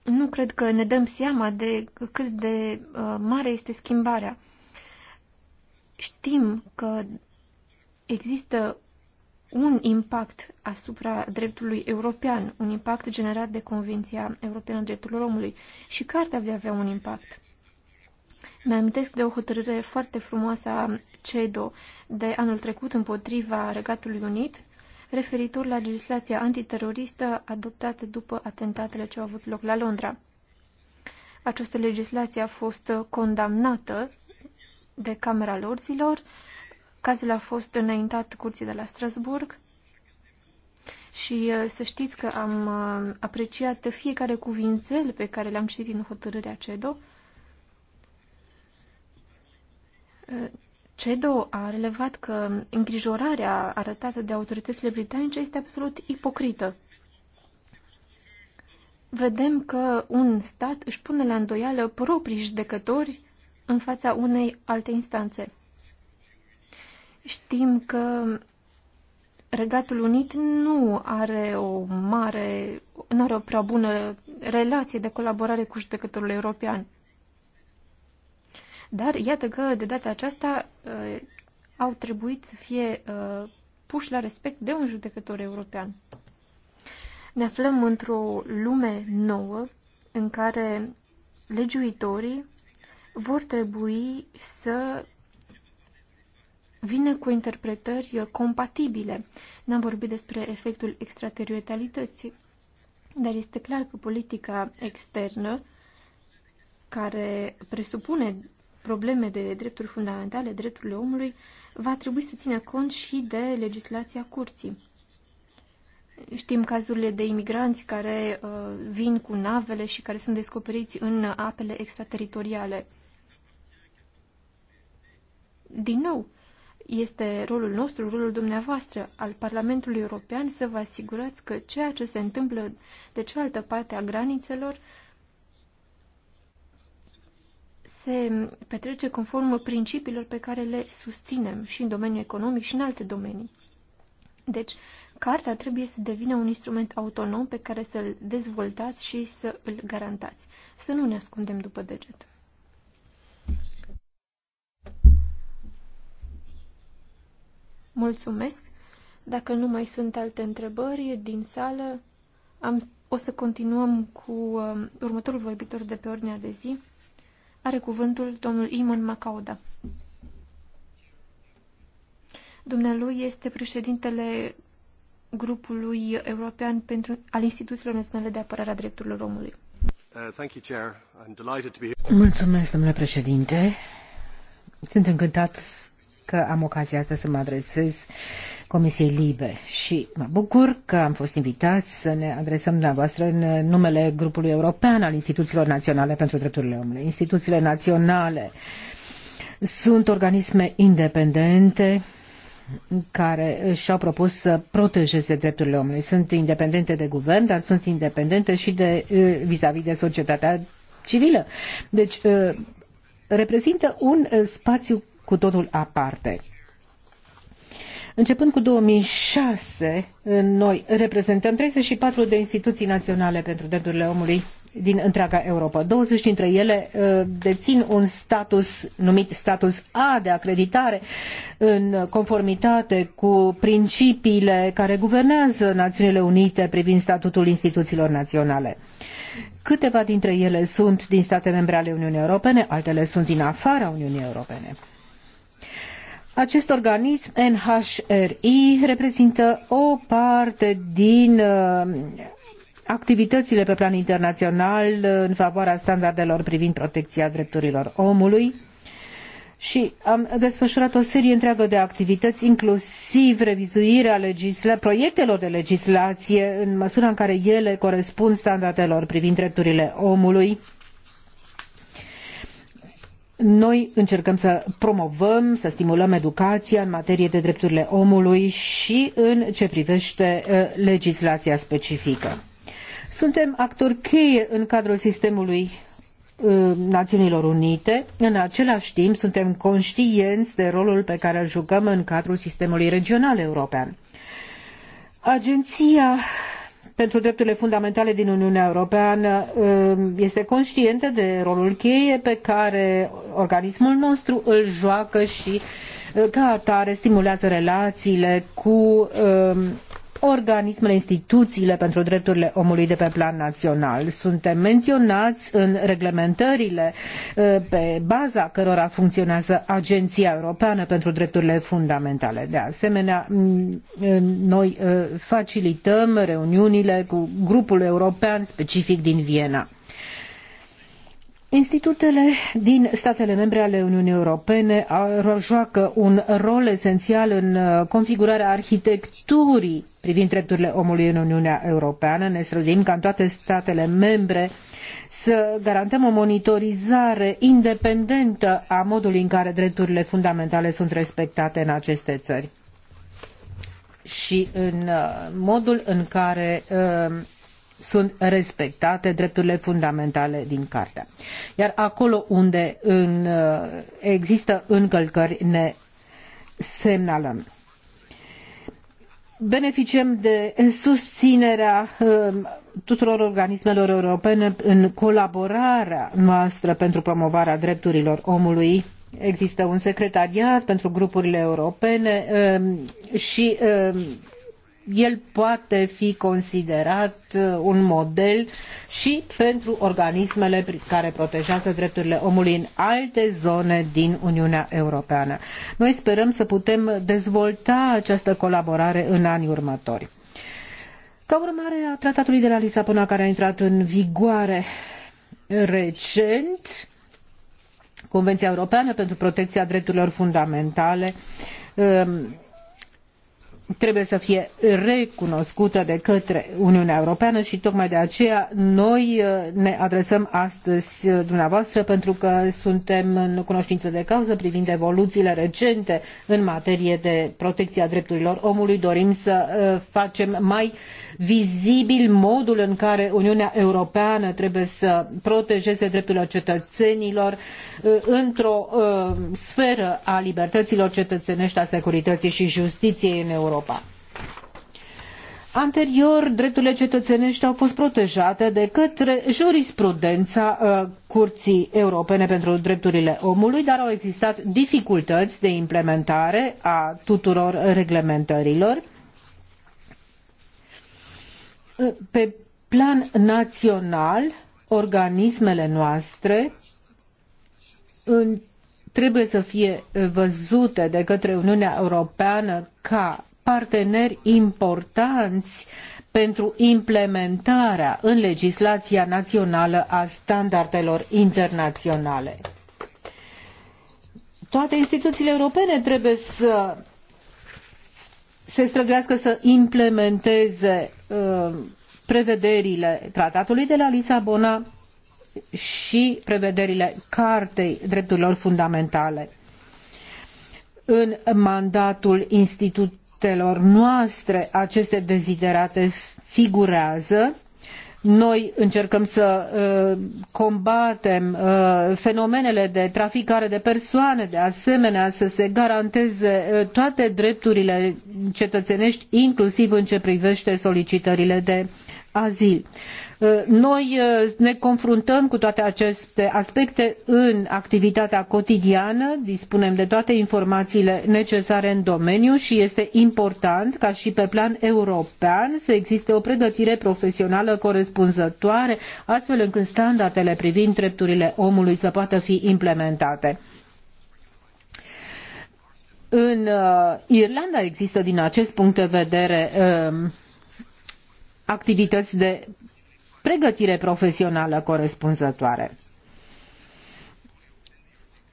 Nu cred că ne dăm seama de cât de mare este schimbarea Știm că există un impact asupra dreptului european, un impact generat de Convenția Europeană a Drepturilor Omului și cartea de avea un impact. Mi-amintesc de o hotărâre foarte frumoasă a CEDO de anul trecut împotriva Regatului Unit, referitor la legislația antiteroristă adoptată după atentatele ce au avut loc la Londra. Această legislație a fost condamnată de Camera Lorzilor. Cazul a fost înaintat curții de la Strasburg și uh, să știți că am uh, apreciat fiecare cuvințel pe care le-am citit din hotărârea CEDO. Uh, CEDO a relevat că îngrijorarea arătată de autoritățile britanice este absolut ipocrită. Vedem că un stat își pune la îndoială proprii judecători în fața unei alte instanțe. Știm că Regatul Unit nu are o mare, nu are o prea bună relație de colaborare cu judecătorul european. Dar iată că de data aceasta uh, au trebuit să fie uh, puși la respect de un judecător european. Ne aflăm într-o lume nouă în care legiuitorii vor trebui să vină cu interpretări compatibile. N-am vorbit despre efectul extraterritorialității, dar este clar că politica externă, care presupune probleme de drepturi fundamentale, drepturile omului, va trebui să țină cont și de legislația curții. Știm cazurile de imigranți care uh, vin cu navele și care sunt descoperiți în apele extrateritoriale. Din nou, este rolul nostru, rolul dumneavoastră al Parlamentului European să vă asigurați că ceea ce se întâmplă de cealaltă parte a granițelor se petrece conform principiilor pe care le susținem și în domeniul economic și în alte domenii. Deci, cartea trebuie să devină un instrument autonom pe care să-l dezvoltați și să îl garantați. Să nu ne ascundem după deget. Mulțumesc. Dacă nu mai sunt alte întrebări din sală, am, o să continuăm cu um, următorul vorbitor de pe ordinea de zi. Are cuvântul domnul Imon Macauda. Dumnealui este președintele grupului european pentru, al instituțiilor naționale de apărare a drepturilor omului. Uh, Mulțumesc, domnule președinte. Sunt încântat că am ocazia asta să mă adresez Comisiei Libe și mă bucur că am fost invitați să ne adresăm dumneavoastră în numele grupului european al instituțiilor naționale pentru drepturile omului. Instituțiile naționale sunt organisme independente care și-au propus să protejeze drepturile omului. Sunt independente de guvern, dar sunt independente și de vis-a-vis -vis de societatea civilă. Deci reprezintă un spațiu cu totul aparte. Începând cu 2006, noi reprezentăm 34 de instituții naționale pentru drepturile omului din întreaga Europa. 20 dintre ele uh, dețin un status numit status A de acreditare în conformitate cu principiile care guvernează Națiunile Unite privind statutul instituțiilor naționale. Câteva dintre ele sunt din state membre ale Uniunii Europene, altele sunt din afara Uniunii Europene. Acest organism, NHRI, reprezintă o parte din uh, activitățile pe plan internațional uh, în favoarea standardelor privind protecția drepturilor omului și am desfășurat o serie întreagă de activități, inclusiv revizuirea legisla- proiectelor de legislație în măsura în care ele corespund standardelor privind drepturile omului noi încercăm să promovăm, să stimulăm educația în materie de drepturile omului și în ce privește uh, legislația specifică. Suntem actori cheie în cadrul sistemului uh, Națiunilor Unite. În același timp, suntem conștienți de rolul pe care îl jucăm în cadrul sistemului regional european. Agenția pentru drepturile fundamentale din Uniunea Europeană um, este conștientă de rolul cheie pe care organismul nostru îl joacă și uh, ca atare stimulează relațiile cu um, organismele, instituțiile pentru drepturile omului de pe plan național. Suntem menționați în reglementările uh, pe baza cărora funcționează Agenția Europeană pentru Drepturile Fundamentale. De asemenea, noi uh, facilităm reuniunile cu grupul european specific din Viena. Institutele din statele membre ale Uniunii Europene joacă un rol esențial în uh, configurarea arhitecturii privind drepturile omului în Uniunea Europeană. Ne străduim ca în toate statele membre să garantăm o monitorizare independentă a modului în care drepturile fundamentale sunt respectate în aceste țări și în uh, modul în care uh, sunt respectate drepturile fundamentale din carte. Iar acolo unde în, uh, există încălcări ne semnalăm. Beneficiem de susținerea uh, tuturor organismelor europene în colaborarea noastră pentru promovarea drepturilor omului Există un secretariat pentru grupurile europene uh, și el poate fi considerat uh, un model și pentru organismele care protejează drepturile omului în alte zone din Uniunea Europeană. Noi sperăm să putem dezvolta această colaborare în anii următori. Ca urmare a tratatului de la Lisabona care a intrat în vigoare recent, Convenția Europeană pentru Protecția Drepturilor Fundamentale um, trebuie să fie recunoscută de către Uniunea Europeană și tocmai de aceea noi uh, ne adresăm astăzi uh, dumneavoastră pentru că suntem în cunoștință de cauză privind evoluțiile recente în materie de protecția drepturilor omului. Dorim să uh, facem mai uh, vizibil modul în care Uniunea Europeană trebuie să protejeze drepturile cetățenilor uh, într-o uh, sferă a libertăților cetățenești, a securității și justiției în Europa. Anterior, drepturile cetățenești au fost protejate de către jurisprudența uh, Curții Europene pentru Drepturile Omului, dar au existat dificultăți de implementare a tuturor reglementărilor pe plan național, organismele noastre în, trebuie să fie văzute de către Uniunea Europeană ca parteneri importanți pentru implementarea în legislația națională a standardelor internaționale. Toate instituțiile europene trebuie să se străduiască să implementeze Uh, prevederile tratatului de la Lisabona și prevederile Cartei Drepturilor Fundamentale. În mandatul institutelor noastre aceste deziderate figurează noi încercăm să uh, combatem uh, fenomenele de traficare de persoane, de asemenea să se garanteze uh, toate drepturile cetățenești, inclusiv în ce privește solicitările de azil. Noi uh, ne confruntăm cu toate aceste aspecte în activitatea cotidiană, dispunem de toate informațiile necesare în domeniu și este important ca și pe plan european să existe o pregătire profesională corespunzătoare, astfel încât standardele privind drepturile omului să poată fi implementate. În uh, Irlanda există din acest punct de vedere uh, activități de pregătire profesională corespunzătoare.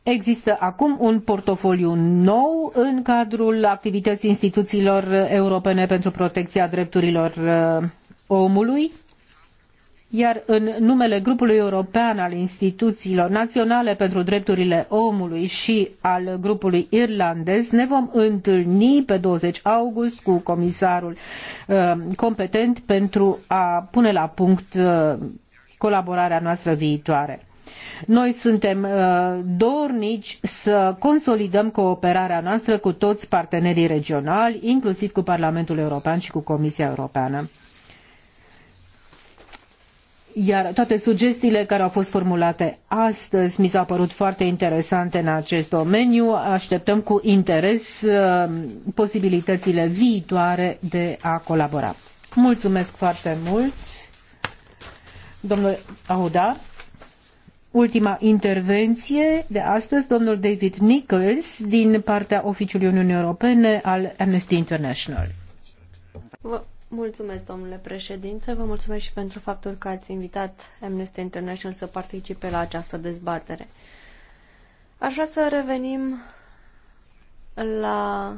Există acum un portofoliu nou în cadrul activității instituțiilor europene pentru protecția drepturilor uh, omului iar în numele grupului european al instituțiilor naționale pentru drepturile omului și al grupului irlandez ne vom întâlni pe 20 august cu comisarul uh, competent pentru a pune la punct uh, colaborarea noastră viitoare. Noi suntem uh, dornici să consolidăm cooperarea noastră cu toți partenerii regionali, inclusiv cu Parlamentul European și cu Comisia Europeană. Iar toate sugestiile care au fost formulate astăzi mi s-au părut foarte interesante în acest domeniu. Așteptăm cu interes uh, posibilitățile viitoare de a colabora. Mulțumesc foarte mult, domnule Auda. Ultima intervenție de astăzi, domnul David Nichols, din partea Oficiului Uniunii Europene al Amnesty International. Mulțumesc, domnule președinte. Vă mulțumesc și pentru faptul că ați invitat Amnesty International să participe la această dezbatere. Aș vrea să revenim la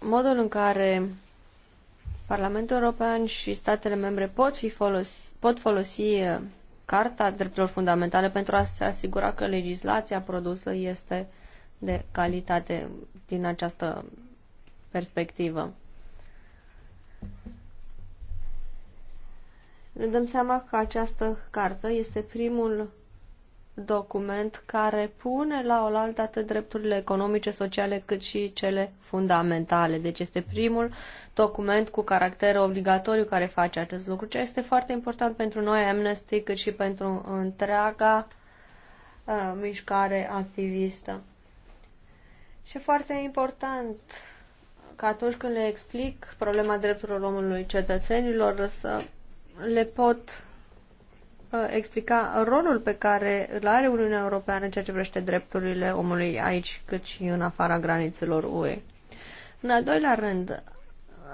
modul în care Parlamentul European și statele membre pot, fi folosi, pot folosi uh, Carta Drepturilor Fundamentale pentru a se asigura că legislația produsă este de calitate din această perspectivă. Ne dăm seama că această cartă este primul document care pune la oaltă atât drepturile economice, sociale, cât și cele fundamentale. Deci este primul document cu caracter obligatoriu care face acest lucru, ceea este foarte important pentru noi, Amnesty, cât și pentru întreaga uh, mișcare activistă. Și foarte important că atunci când le explic problema drepturilor omului cetățenilor, să le pot uh, explica rolul pe care îl are Uniunea Europeană în ceea ce privește drepturile omului aici, cât și în afara granițelor UE. În al doilea rând,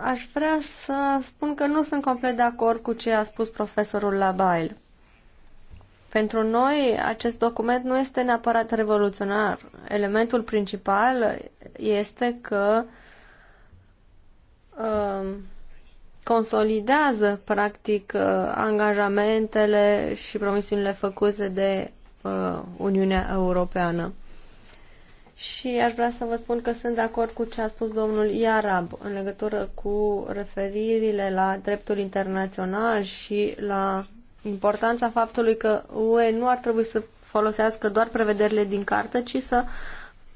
aș vrea să spun că nu sunt complet de acord cu ce a spus profesorul Labail. Pentru noi, acest document nu este neapărat revoluționar. Elementul principal este că uh, Um, consolidează, practic, uh, angajamentele și promisiunile făcute de uh, Uniunea Europeană. Și aș vrea să vă spun că sunt de acord cu ce a spus domnul Iarab în legătură cu referirile la dreptul internațional și la importanța faptului că UE nu ar trebui să folosească doar prevederile din carte ci să uh,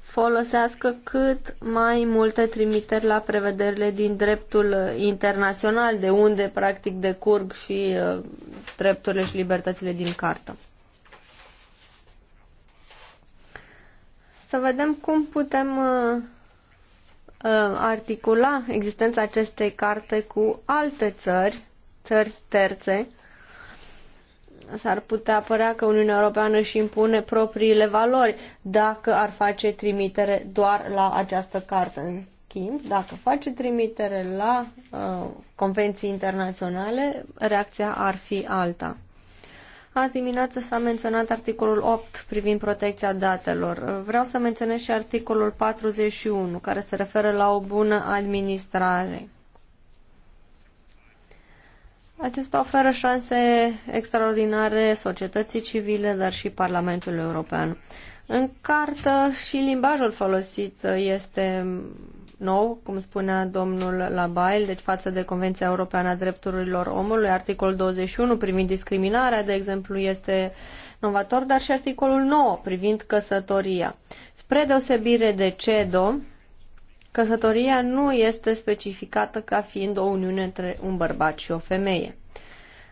folosească cât mai multe trimiteri la prevederile din dreptul internațional, de unde practic decurg și uh, drepturile și libertățile din cartă. Să vedem cum putem uh, uh, articula existența acestei carte cu alte țări, țări terțe, s-ar putea părea că Uniunea Europeană își impune propriile valori dacă ar face trimitere doar la această carte. În schimb, dacă face trimitere la uh, convenții internaționale, reacția ar fi alta. Azi dimineață s-a menționat articolul 8 privind protecția datelor. Vreau să menționez și articolul 41, care se referă la o bună administrare. Acesta oferă șanse extraordinare societății civile, dar și Parlamentul European. În cartă și limbajul folosit este nou, cum spunea domnul Labail, deci față de Convenția Europeană a Drepturilor Omului, articolul 21 privind discriminarea, de exemplu, este novator, dar și articolul 9 privind căsătoria. Spre deosebire de CEDO, Căsătoria nu este specificată ca fiind o uniune între un bărbat și o femeie.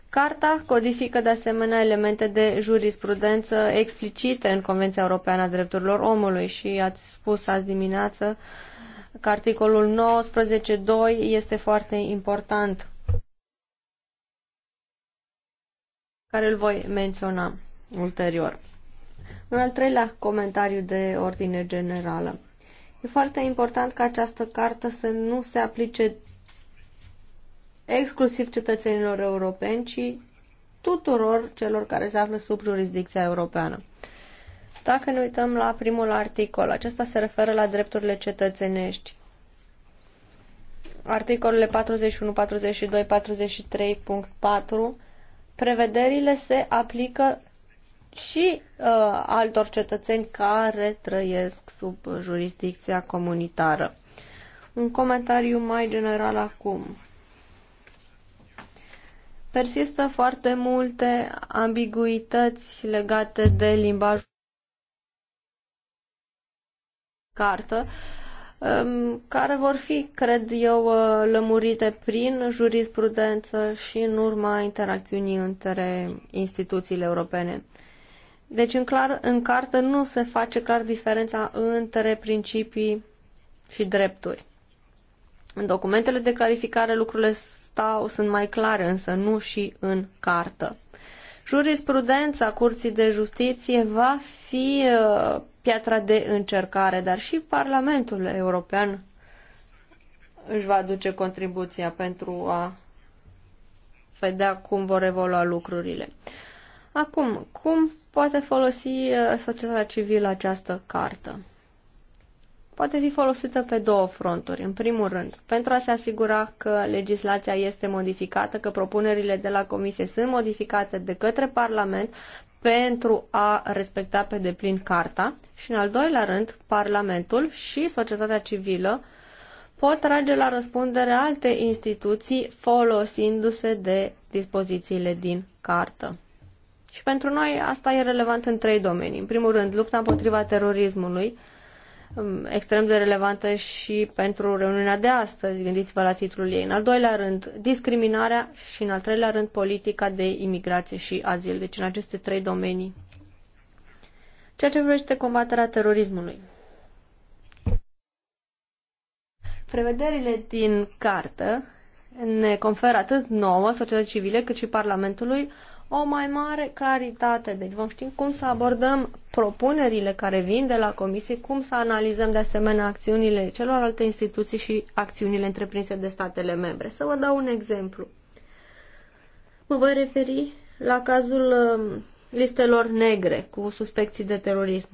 Carta codifică de asemenea elemente de jurisprudență explicite în Convenția Europeană a Drepturilor Omului și ați spus azi dimineață că articolul 19.2 este foarte important, care îl voi menționa ulterior. Un al treilea comentariu de ordine generală. E foarte important ca această cartă să nu se aplice exclusiv cetățenilor europeni, ci tuturor celor care se află sub jurisdicția europeană. Dacă ne uităm la primul articol, acesta se referă la drepturile cetățenești. Articolele 41, 42, 43.4 Prevederile se aplică și uh, altor cetățeni care trăiesc sub jurisdicția comunitară. Un comentariu mai general acum. Persistă foarte multe ambiguități legate de limbajul cartă, um, care vor fi, cred eu, uh, lămurite prin jurisprudență și în urma interacțiunii între instituțiile europene. Deci în, clar, în carte nu se face clar diferența între principii și drepturi. În documentele de clarificare lucrurile stau, sunt mai clare, însă nu și în cartă. Jurisprudența Curții de Justiție va fi uh, piatra de încercare, dar și Parlamentul European își va aduce contribuția pentru a vedea cum vor evolua lucrurile. Acum, cum poate folosi uh, societatea civilă această cartă. Poate fi folosită pe două fronturi. În primul rând, pentru a se asigura că legislația este modificată, că propunerile de la Comisie sunt modificate de către Parlament pentru a respecta pe deplin carta și, în al doilea rând, Parlamentul și societatea civilă pot trage la răspundere alte instituții folosindu-se de dispozițiile din cartă. Și pentru noi asta e relevant în trei domenii. În primul rând, lupta împotriva terorismului, um, extrem de relevantă și pentru reuniunea de astăzi, gândiți-vă la titlul ei. În al doilea rând, discriminarea și în al treilea rând, politica de imigrație și azil. Deci în aceste trei domenii. Ceea ce privește combaterea terorismului. Prevederile din cartă ne conferă atât nouă, societății civile, cât și Parlamentului, o mai mare claritate. Deci vom ști cum să abordăm propunerile care vin de la comisie, cum să analizăm de asemenea acțiunile celorlalte instituții și acțiunile întreprinse de statele membre. Să vă dau un exemplu. Mă voi referi la cazul um, listelor negre cu suspecții de terorism.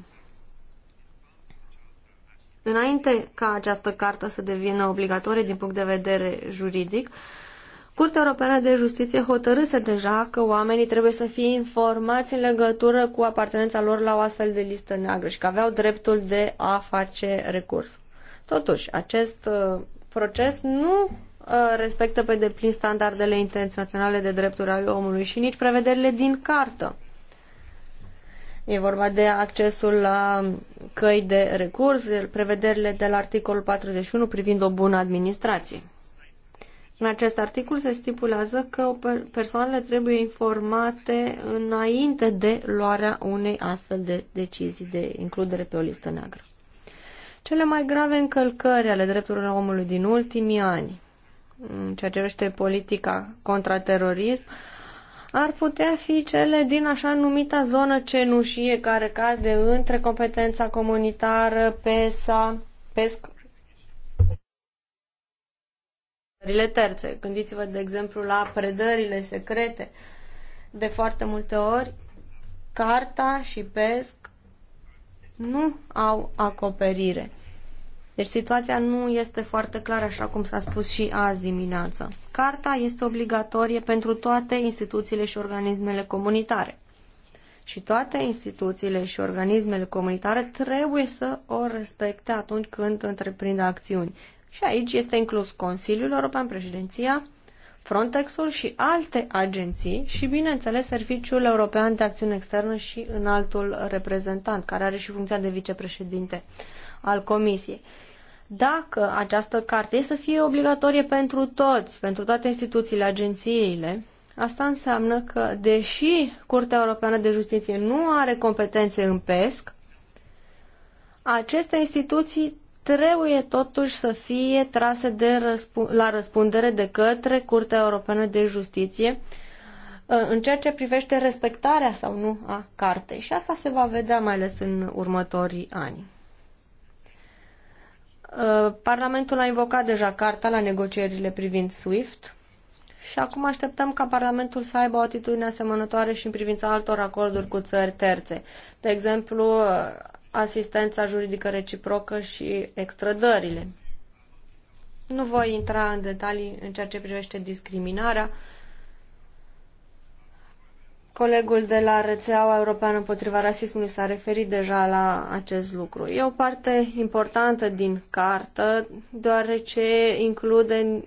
Înainte ca această carte să devină obligatorie din punct de vedere juridic, Curtea Europeană de Justiție hotărâse deja că oamenii trebuie să fie informați în legătură cu apartenența lor la o astfel de listă neagră și că aveau dreptul de a face recurs. Totuși, acest uh, proces nu uh, respectă pe deplin standardele internaționale de drepturi ale omului și nici prevederile din cartă. E vorba de accesul la căi de recurs, prevederile de la articolul 41 privind o bună administrație. În acest articol se stipulează că persoanele trebuie informate înainte de luarea unei astfel de decizii de includere pe o listă neagră. Cele mai grave încălcări ale drepturilor omului din ultimii ani, în ceea ce privește politica contraterorism, ar putea fi cele din așa numita zonă cenușie care cade între competența comunitară, PESA, PESC țările terțe. Gândiți-vă, de exemplu, la predările secrete. De foarte multe ori, carta și pesc nu au acoperire. Deci situația nu este foarte clară, așa cum s-a spus și azi dimineață. Carta este obligatorie pentru toate instituțiile și organismele comunitare. Și toate instituțiile și organismele comunitare trebuie să o respecte atunci când întreprind acțiuni. Și aici este inclus Consiliul European, președinția, Frontexul și alte agenții și, bineînțeles, Serviciul European de Acțiune Externă și în altul reprezentant, care are și funcția de vicepreședinte al Comisiei. Dacă această carte este să fie obligatorie pentru toți, pentru toate instituțiile, agențiile, asta înseamnă că, deși Curtea Europeană de Justiție nu are competențe în PESC, aceste instituții trebuie totuși să fie trase de răsp- la răspundere de către Curtea Europeană de Justiție uh, în ceea ce privește respectarea sau nu a cartei. Și asta se va vedea mai ales în următorii ani. Uh, Parlamentul a invocat deja carta la negocierile privind SWIFT și acum așteptăm ca Parlamentul să aibă o atitudine asemănătoare și în privința altor acorduri cu țări terțe. De exemplu, uh, asistența juridică reciprocă și extrădările. Nu voi intra în detalii în ceea ce privește discriminarea. Colegul de la rețeaua europeană împotriva rasismului s-a referit deja la acest lucru. E o parte importantă din cartă, deoarece include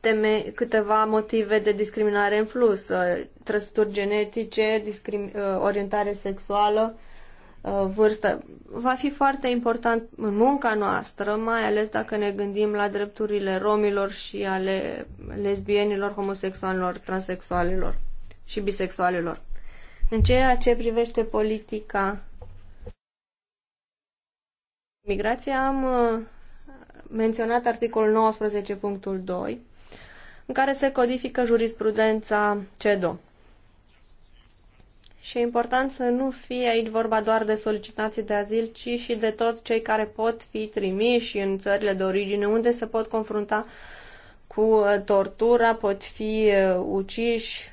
teme, câteva motive de discriminare în plus, ă, trăsături genetice, discrim, ă, orientare sexuală, Uh, vârstă. Va fi foarte important în munca noastră, mai ales dacă ne gândim la drepturile romilor și ale lesbienilor, homosexualilor, transexualilor și bisexualilor. În ceea ce privește politica migrației am uh, menționat articolul 19.2, în care se codifică jurisprudența CEDO și e important să nu fie aici vorba doar de solicitații de azil, ci și de toți cei care pot fi trimiși în țările de origine, unde se pot confrunta cu uh, tortura, pot fi uh, uciși.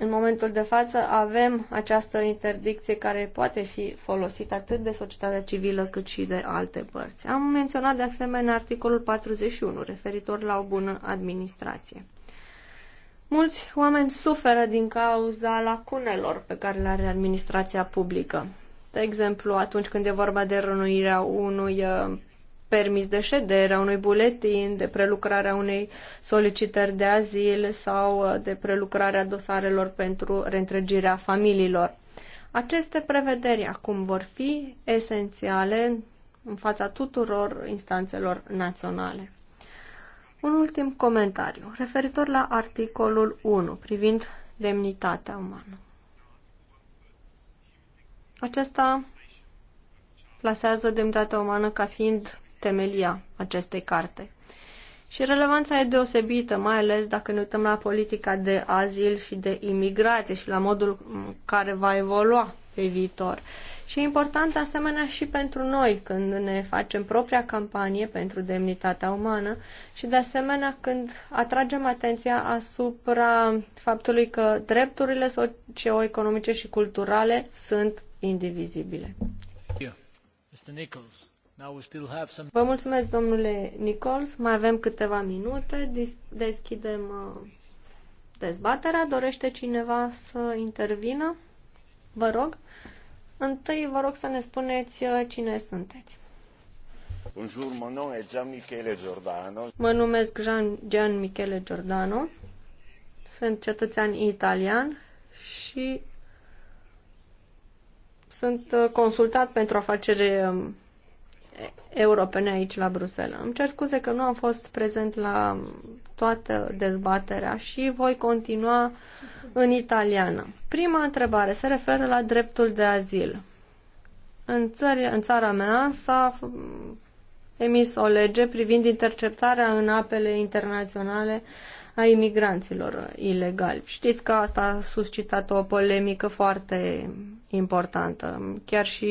În momentul de față avem această interdicție care poate fi folosită atât de societatea civilă cât și de alte părți. Am menționat de asemenea articolul 41 referitor la o bună administrație. Mulți oameni suferă din cauza lacunelor pe care le are administrația publică. De exemplu, atunci când e vorba de rănuirea unui uh, permis de ședere, a unui buletin, de prelucrarea unei solicitări de azil sau uh, de prelucrarea dosarelor pentru reîntregirea familiilor. Aceste prevederi acum vor fi esențiale în fața tuturor instanțelor naționale. Un ultim comentariu referitor la articolul 1 privind demnitatea umană. Acesta plasează demnitatea umană ca fiind temelia acestei carte. Și relevanța e deosebită, mai ales dacă ne uităm la politica de azil și de imigrație și la modul care va evolua pe viitor. Și e important de asemenea și pentru noi când ne facem propria campanie pentru demnitatea umană și de asemenea când atragem atenția asupra faptului că drepturile socioeconomice și culturale sunt indivizibile. Vă mulțumesc, domnule Nichols. Mai avem câteva minute. Deschidem uh, dezbaterea. Dorește cineva să intervină? Vă rog. Întâi vă rog să ne spuneți uh, cine sunteți. Bonjour, mon nom est Gian Michele Giordano. Mă numesc Gian, Gian Michele Giordano. Sunt cetățean italian și sunt uh, consultat pentru afaceri um, europene aici la Bruxelles. Îmi cer scuze că nu am fost prezent la toată dezbaterea și voi continua în italiană. Prima întrebare se referă la dreptul de azil. În, țări, în țara mea s-a emis o lege privind interceptarea în apele internaționale a imigranților ilegali. Știți că asta a suscitat o polemică foarte importantă. Chiar și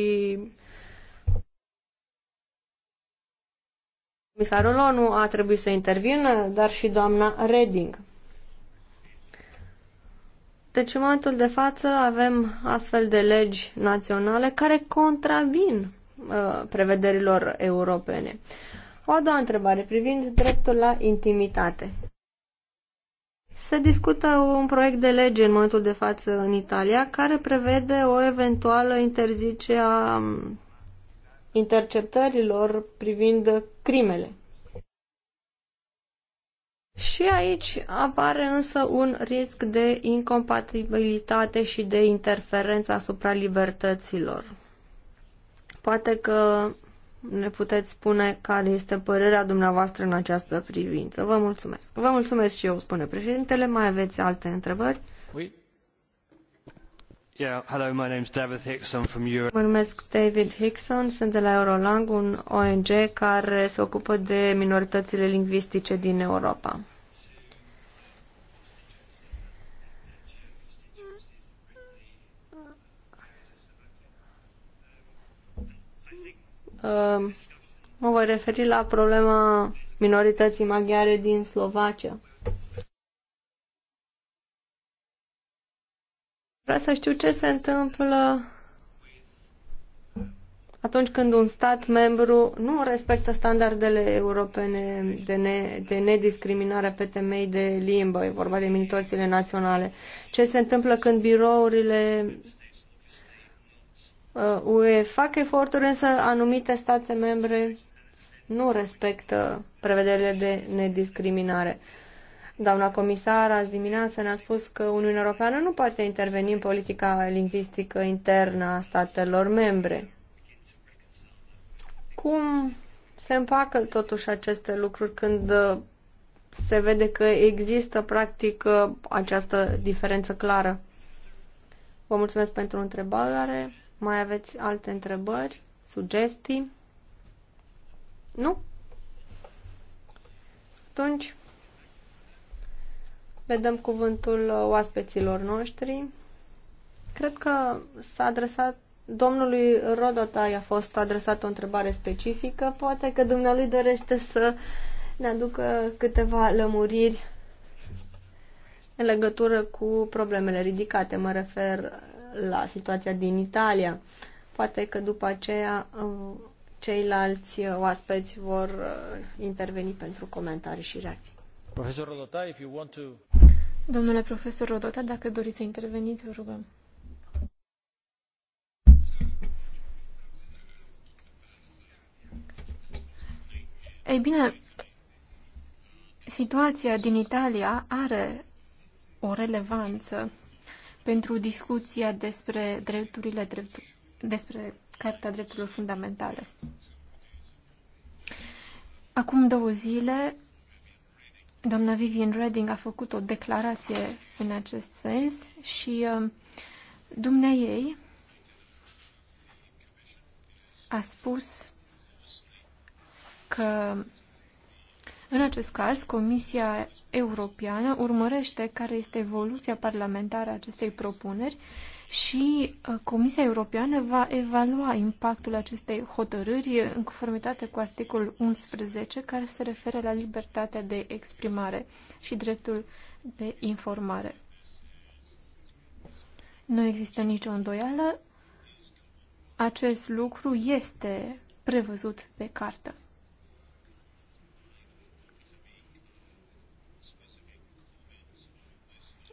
comisarul ONU a trebuit să intervină, dar și doamna Reding. Deci în momentul de față avem astfel de legi naționale care contravin uh, prevederilor europene. O a doua întrebare privind dreptul la intimitate. Se discută un proiect de lege în momentul de față în Italia care prevede o eventuală interzice a um, interceptărilor privind crimele și aici apare însă un risc de incompatibilitate și de interferență asupra libertăților. Poate că ne puteți spune care este părerea dumneavoastră în această privință. Vă mulțumesc. Vă mulțumesc și eu, spune președintele. Mai aveți alte întrebări? Yeah, hello, my David Hickson from Mă numesc David Hickson, sunt de la Eurolang, un ONG care se ocupă de minoritățile lingvistice din Europa. Um, mă voi referi la problema minorității maghiare din Slovacia. vrea să știu ce se întâmplă atunci când un stat membru nu respectă standardele europene de, ne, de nediscriminare pe temei de limbă, e vorba de minoritățile naționale. Ce se întâmplă când birourile uh, UE fac eforturi, însă anumite state membre nu respectă prevederile de nediscriminare. Uh, Doamna comisar azi dimineață ne-a spus că Uniunea Europeană nu poate interveni în politica lingvistică internă a statelor membre. Cum se împacă totuși aceste lucruri când uh, se vede că există practic uh, această diferență clară? Vă mulțumesc pentru întrebare. Mai aveți alte întrebări, sugestii? Nu? Atunci, vedem cuvântul oaspeților noștri. Cred că s-a adresat domnului Rodota a fost adresată o întrebare specifică. Poate că dumnealui dorește să ne aducă câteva lămuriri în legătură cu problemele ridicate. Mă refer la situația din Italia. Poate că după aceea um, ceilalți oaspeți vor uh, interveni pentru comentarii și reacții. Domnule profesor Rodota, dacă doriți să interveniți, vă rugăm. Ei bine, situația din Italia are o relevanță pentru discuția despre drepturile, dreptu- despre Carta Drepturilor Fundamentale. Acum două zile Doamna Vivian Redding a făcut o declarație în acest sens și uh, um, ei a spus că în acest caz Comisia Europeană urmărește care este evoluția parlamentară a acestei propuneri și uh, Comisia Europeană va evalua impactul acestei hotărâri în conformitate cu articolul 11 care se referă la libertatea de exprimare și dreptul de informare. Nu există nicio îndoială, acest lucru este prevăzut pe cartă.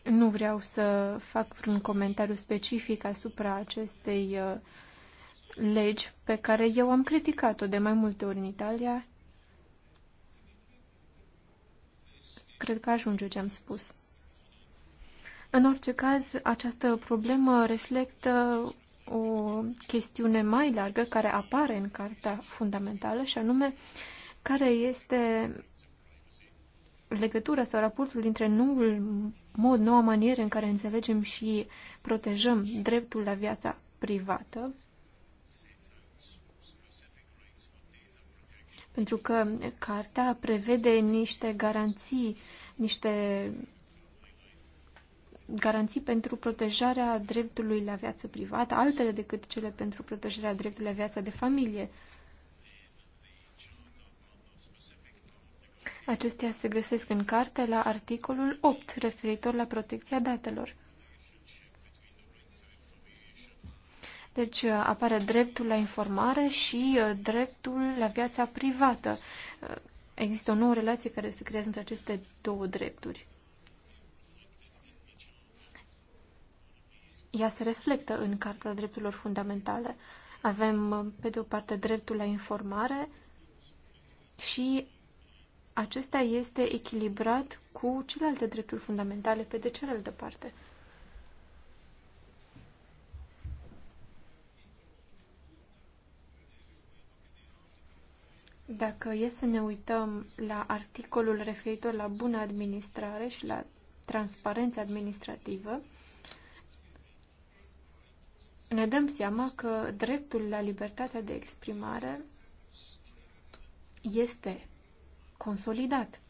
Nu vreau să fac vreun comentariu specific asupra acestei uh, legi pe care eu am criticat-o de mai multe ori în Italia. Cred că ajunge ce am spus. În orice caz, această problemă reflectă o chestiune mai largă care apare în Carta Fundamentală și anume care este legătura sau raportul dintre noul mod, noua manieră în care înțelegem și protejăm dreptul la viața privată. Pentru că cartea prevede niște garanții, niște garanții pentru protejarea dreptului la viață privată, altele decât cele pentru protejarea dreptului la viața de familie. Acestea se găsesc în carte la articolul 8, referitor la protecția datelor. Deci uh, apare dreptul la informare și uh, dreptul la viața privată. Uh, există o nouă relație care se creează între aceste două drepturi. Ea se reflectă în Carta Drepturilor Fundamentale. Avem, pe de o parte, dreptul la informare și acesta este echilibrat cu celelalte drepturi fundamentale pe de cealaltă parte. Dacă e să ne uităm la articolul referitor la bună administrare și la transparență administrativă, ne dăm seama că dreptul la libertatea de exprimare este consolidat.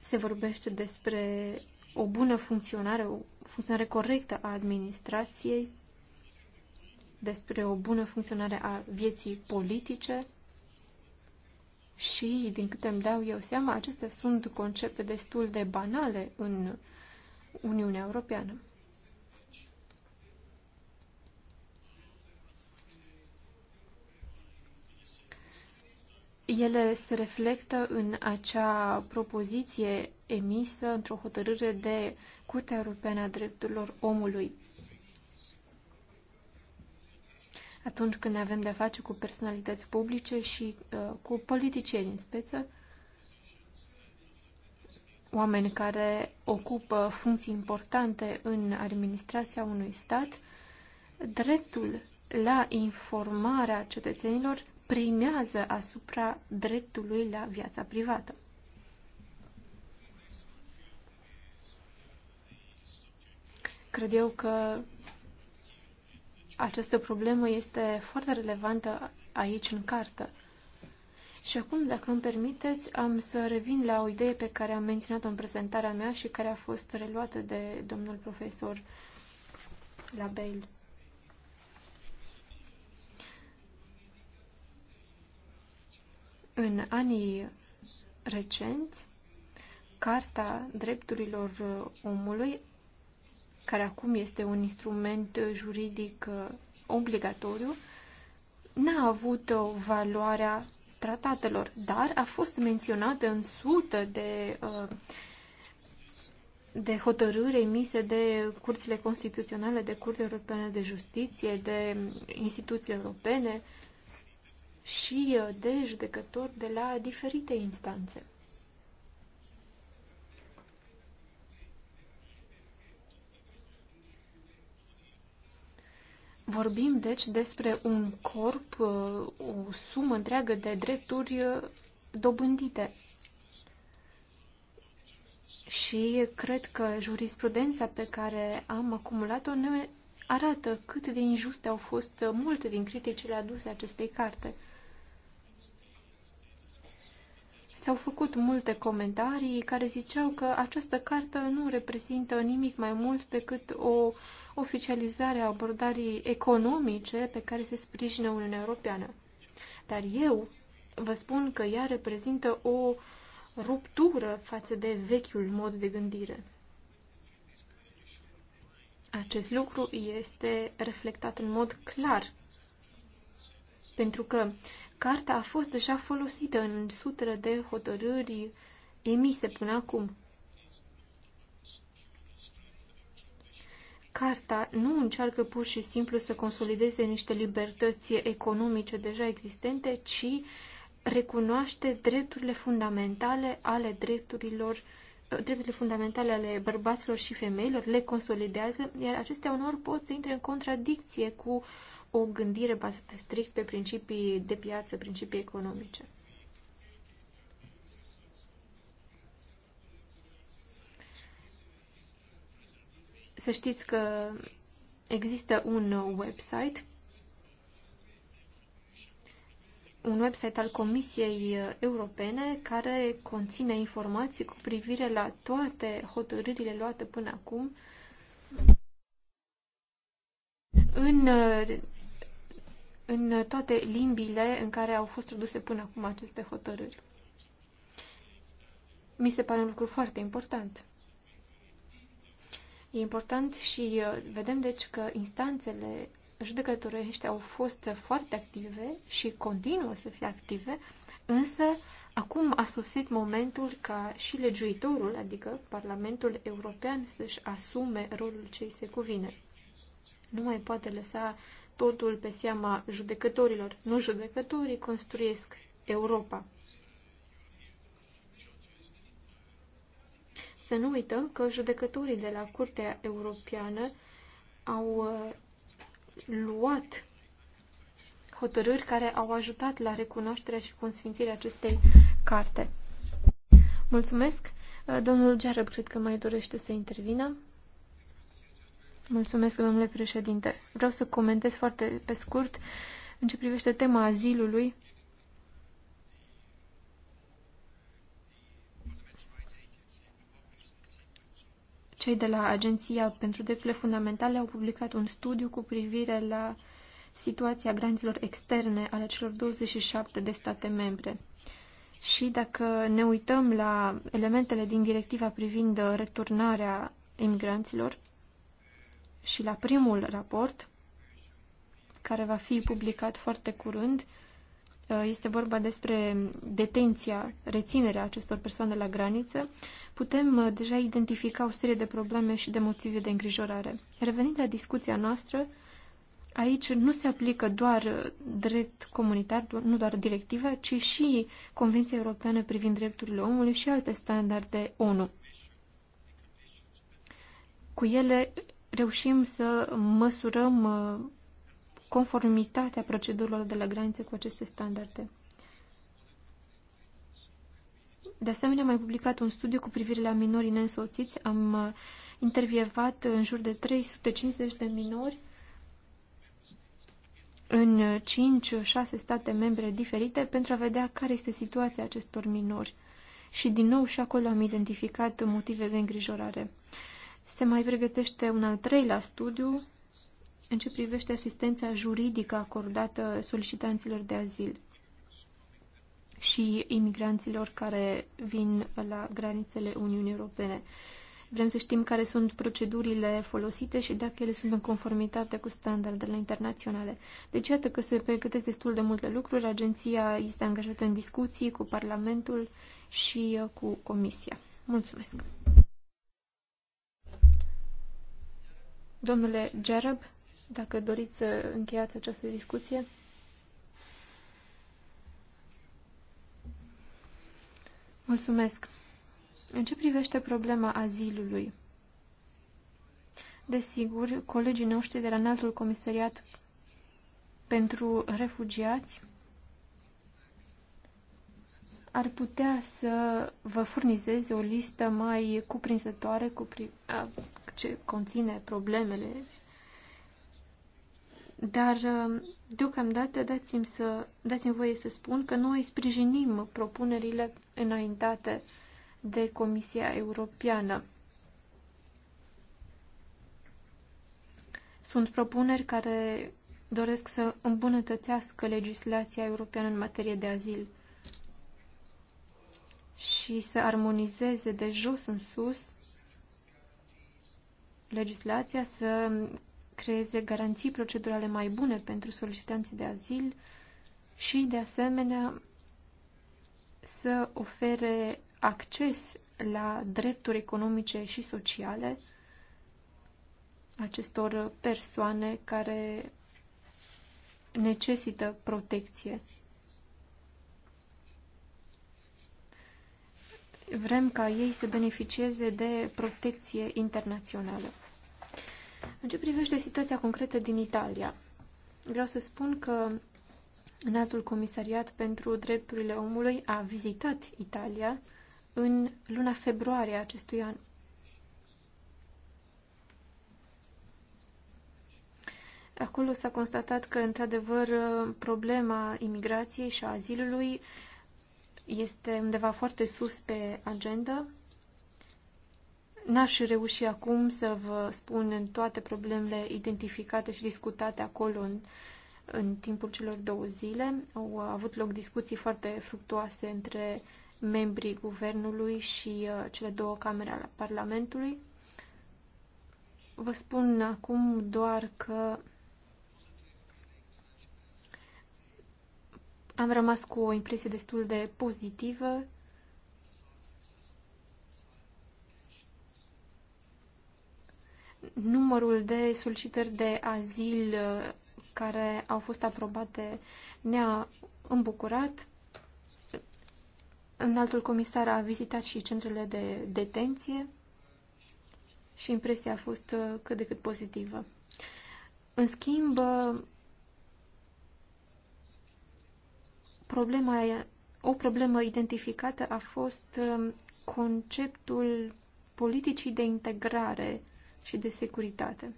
Se vorbește despre o bună funcționare, o funcționare corectă a administrației, despre o bună funcționare a vieții politice și, din câte îmi dau eu seama, acestea sunt concepte destul de banale în Uniunea Europeană. Ele se reflectă în acea propoziție emisă într-o hotărâre de Curtea Europeană a Drepturilor Omului. Atunci când avem de-a face cu personalități publice și uh, cu politicieni în speță, oameni care ocupă funcții importante în administrația unui stat, dreptul la informarea cetățenilor primează asupra dreptului la viața privată. Cred eu că această problemă este foarte relevantă aici în cartă. Și acum, dacă îmi permiteți, am să revin la o idee pe care am menționat-o în prezentarea mea și care a fost reluată de domnul profesor la Bale. În anii recenți, Carta Drepturilor Omului, care acum este un instrument juridic uh, obligatoriu, n-a avut uh, valoarea tratatelor, dar a fost menționată în sute de, uh, de hotărâri emise de curțile constituționale, de Curtea Europeană de Justiție, de instituții europene și uh, de judecători de la diferite instanțe. Vorbim, deci, despre un corp, uh, o sumă întreagă de drepturi uh, dobândite. Și cred că jurisprudența pe care am acumulat-o ne arată cât de injuste au fost multe din criticile aduse acestei carte. S-au făcut multe comentarii care ziceau că această carte nu reprezintă nimic mai mult decât o oficializare a abordării economice pe care se sprijină Uniunea Europeană. Dar eu vă spun că ea reprezintă o ruptură față de vechiul mod de gândire. Acest lucru este reflectat în mod clar, pentru că uh, Carta a fost deja folosită în sutele de hotărâri emise până acum. Carta nu încearcă pur și simplu să consolideze niște libertăți economice deja existente, ci recunoaște drepturile fundamentale ale drepturilor drepturile fundamentale ale bărbaților și femeilor, le consolidează, iar acestea uneori pot să intre în contradicție cu o gândire bazată strict pe principii de piață, principii economice. Să știți că există un website un website al Comisiei Europene care conține informații cu privire la toate hotărârile luate până acum în în toate limbile în care au fost traduse până acum aceste hotărâri. Mi se pare un lucru foarte important. E important și uh, vedem deci că instanțele judecătorești au fost foarte active și continuă să fie active, însă acum a sosit momentul ca și legiuitorul, adică Parlamentul European, să-și asume rolul ce îi se cuvine. Nu mai poate lăsa totul pe seama judecătorilor. Nu judecătorii construiesc Europa. Să nu uităm că judecătorii de la Curtea Europeană au uh, luat hotărâri care au ajutat la recunoașterea și consfințirea acestei carte. Mulțumesc! Uh, domnul Gerab, cred că mai dorește să intervină. Mulțumesc, domnule președinte. Vreau să comentez foarte pe scurt în ce privește tema azilului. Cei de la Agenția pentru Drepturile Fundamentale au publicat un studiu cu privire la situația granților externe ale celor 27 de state membre. Și dacă ne uităm la elementele din directiva privind returnarea imigranților, și la primul raport, care va fi publicat foarte curând, uh, este vorba despre detenția, reținerea acestor persoane la graniță, putem uh, deja identifica o serie de probleme și de motive de îngrijorare. Revenind la discuția noastră, aici nu se aplică doar uh, drept comunitar, nu doar directiva, ci și Convenția Europeană privind drepturile omului și alte standarde ONU. Cu ele reușim să măsurăm uh, conformitatea procedurilor de la graniță cu aceste standarde. De asemenea, am mai publicat un studiu cu privire la minorii neînsoțiți. Am uh, intervievat în jur de 350 de minori în 5-6 state membre diferite pentru a vedea care este situația acestor minori. Și din nou și acolo am identificat motive de îngrijorare. Se mai pregătește un al treilea studiu în ce privește asistența juridică acordată solicitanților de azil și imigranților care vin la granițele Uniunii Europene. Vrem să știm care sunt procedurile folosite și dacă ele sunt în conformitate cu standardele internaționale. Deci, iată că se pregătesc destul de multe lucruri. Agenția este angajată în discuții cu Parlamentul și uh, cu Comisia. Mulțumesc! Domnule Gerab, dacă doriți să încheiați această discuție. Mulțumesc. În ce privește problema azilului? Desigur, colegii noștri de la Înaltul Comisariat pentru Refugiați ar putea să vă furnizeze o listă mai cuprinzătoare cu pri- a, ce conține problemele. Dar, uh, deocamdată, dați-mi, să, dați-mi voie să spun că noi sprijinim propunerile înaintate de Comisia Europeană. Sunt propuneri care doresc să îmbunătățească legislația europeană în materie de azil și să armonizeze de jos în sus legislația să creeze garanții procedurale mai bune pentru solicitanții de azil și, de asemenea, să ofere acces la drepturi economice și sociale acestor persoane care necesită protecție. Vrem ca ei să beneficieze de protecție internațională. În ce privește situația concretă din Italia, vreau să spun că Înaltul Comisariat pentru Drepturile Omului a vizitat Italia în luna februarie acestui an. Acolo s-a constatat că, într-adevăr, problema imigrației și a azilului este undeva foarte sus pe agenda N-aș reuși acum să vă spun toate problemele identificate și discutate acolo în, în timpul celor două zile. Au avut loc discuții foarte fructuoase între membrii guvernului și uh, cele două camere ale Parlamentului. Vă spun acum doar că am rămas cu o impresie destul de pozitivă numărul de solicitări de azil uh, care au fost aprobate ne-a îmbucurat. Înaltul comisar a vizitat și centrele de detenție și impresia a fost uh, cât de cât pozitivă. În schimb, uh, problema, o problemă identificată a fost conceptul politicii de integrare și de securitate.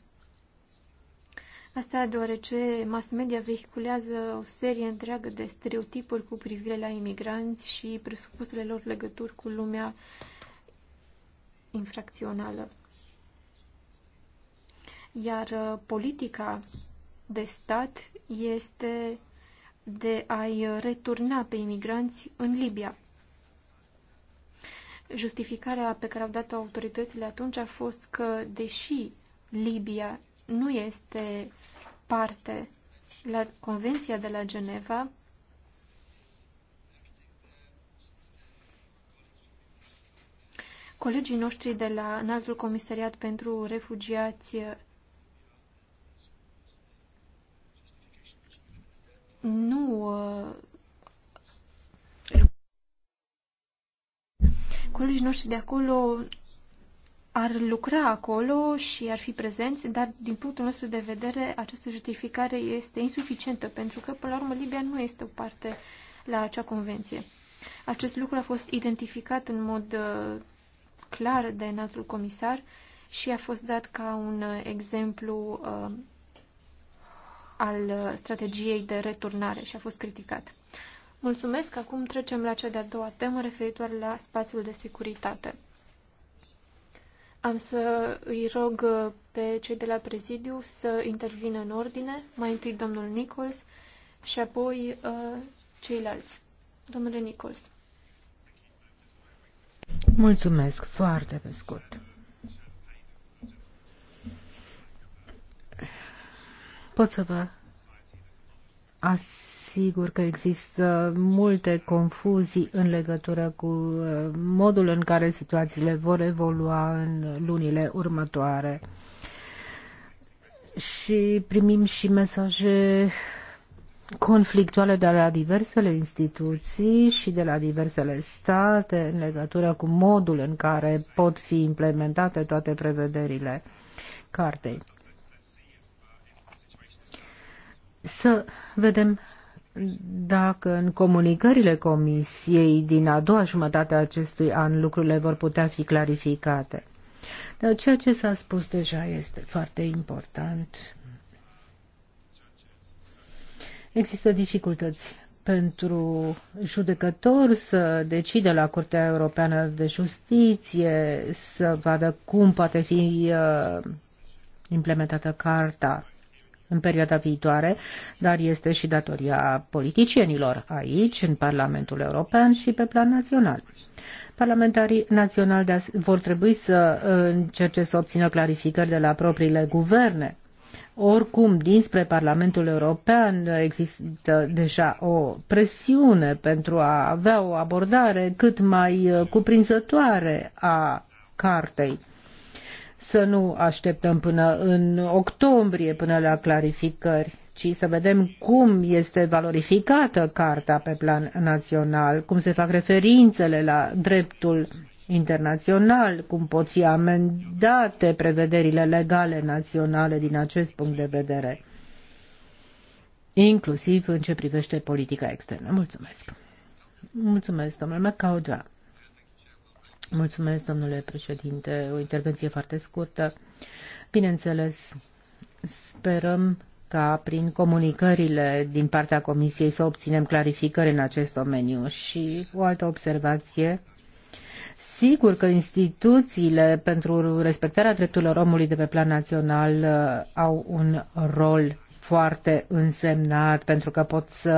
Asta deoarece mass media vehiculează o serie întreagă de stereotipuri cu privire la imigranți și presupusele lor legături cu lumea infracțională. Iar uh, politica de stat este de a-i returna pe imigranți în Libia. Justificarea pe care au dat-o autoritățile atunci a fost că, deși Libia nu este parte la Convenția de la Geneva, colegii noștri de la Înaltul Comisariat pentru Refugiați nu uh, Colegii noștri de acolo ar lucra acolo și ar fi prezenți, dar din punctul nostru de vedere această justificare este insuficientă pentru că, până la urmă, Libia nu este o parte la acea convenție. Acest lucru a fost identificat în mod uh, clar de înaltul comisar și a fost dat ca un uh, exemplu uh, al uh, strategiei de returnare și a fost criticat. Mulțumesc. Acum trecem la cea de-a doua temă referitoare la spațiul de securitate. Am să îi rog uh, pe cei de la prezidiu să intervină în ordine, mai întâi domnul Nichols și apoi uh, ceilalți. Domnule Nichols. Mulțumesc foarte pe scurt. Pot să vă asigur că există multe confuzii în legătură cu uh, modul în care situațiile vor evolua în lunile următoare. Și primim și mesaje conflictuale de la diversele instituții și de la diversele state în legătură cu modul în care pot fi implementate toate prevederile cartei. să vedem dacă în comunicările Comisiei din a doua jumătate a acestui an lucrurile vor putea fi clarificate. Dar ceea ce s-a spus deja este foarte important. Există dificultăți pentru judecător să decide la Curtea Europeană de Justiție, să vadă cum poate fi uh, implementată carta în perioada viitoare, dar este și datoria politicienilor aici, în Parlamentul European și pe plan național. Parlamentarii naționali vor trebui să uh, încerce să obțină clarificări de la propriile guverne. Oricum, dinspre Parlamentul European există deja o presiune pentru a avea o abordare cât mai uh, cuprinzătoare a cartei să nu așteptăm până în octombrie, până la clarificări, ci să vedem cum este valorificată carta pe plan național, cum se fac referințele la dreptul internațional, cum pot fi amendate prevederile legale naționale din acest punct de vedere, inclusiv în ce privește politica externă. Mulțumesc! Mulțumesc, domnule McCauda. Mulțumesc, domnule președinte. O intervenție foarte scurtă. Bineînțeles, sperăm ca prin comunicările din partea Comisiei să obținem clarificări în acest domeniu. Și o altă observație. Sigur că instituțiile pentru respectarea drepturilor omului de pe plan național uh, au un rol foarte însemnat pentru că pot să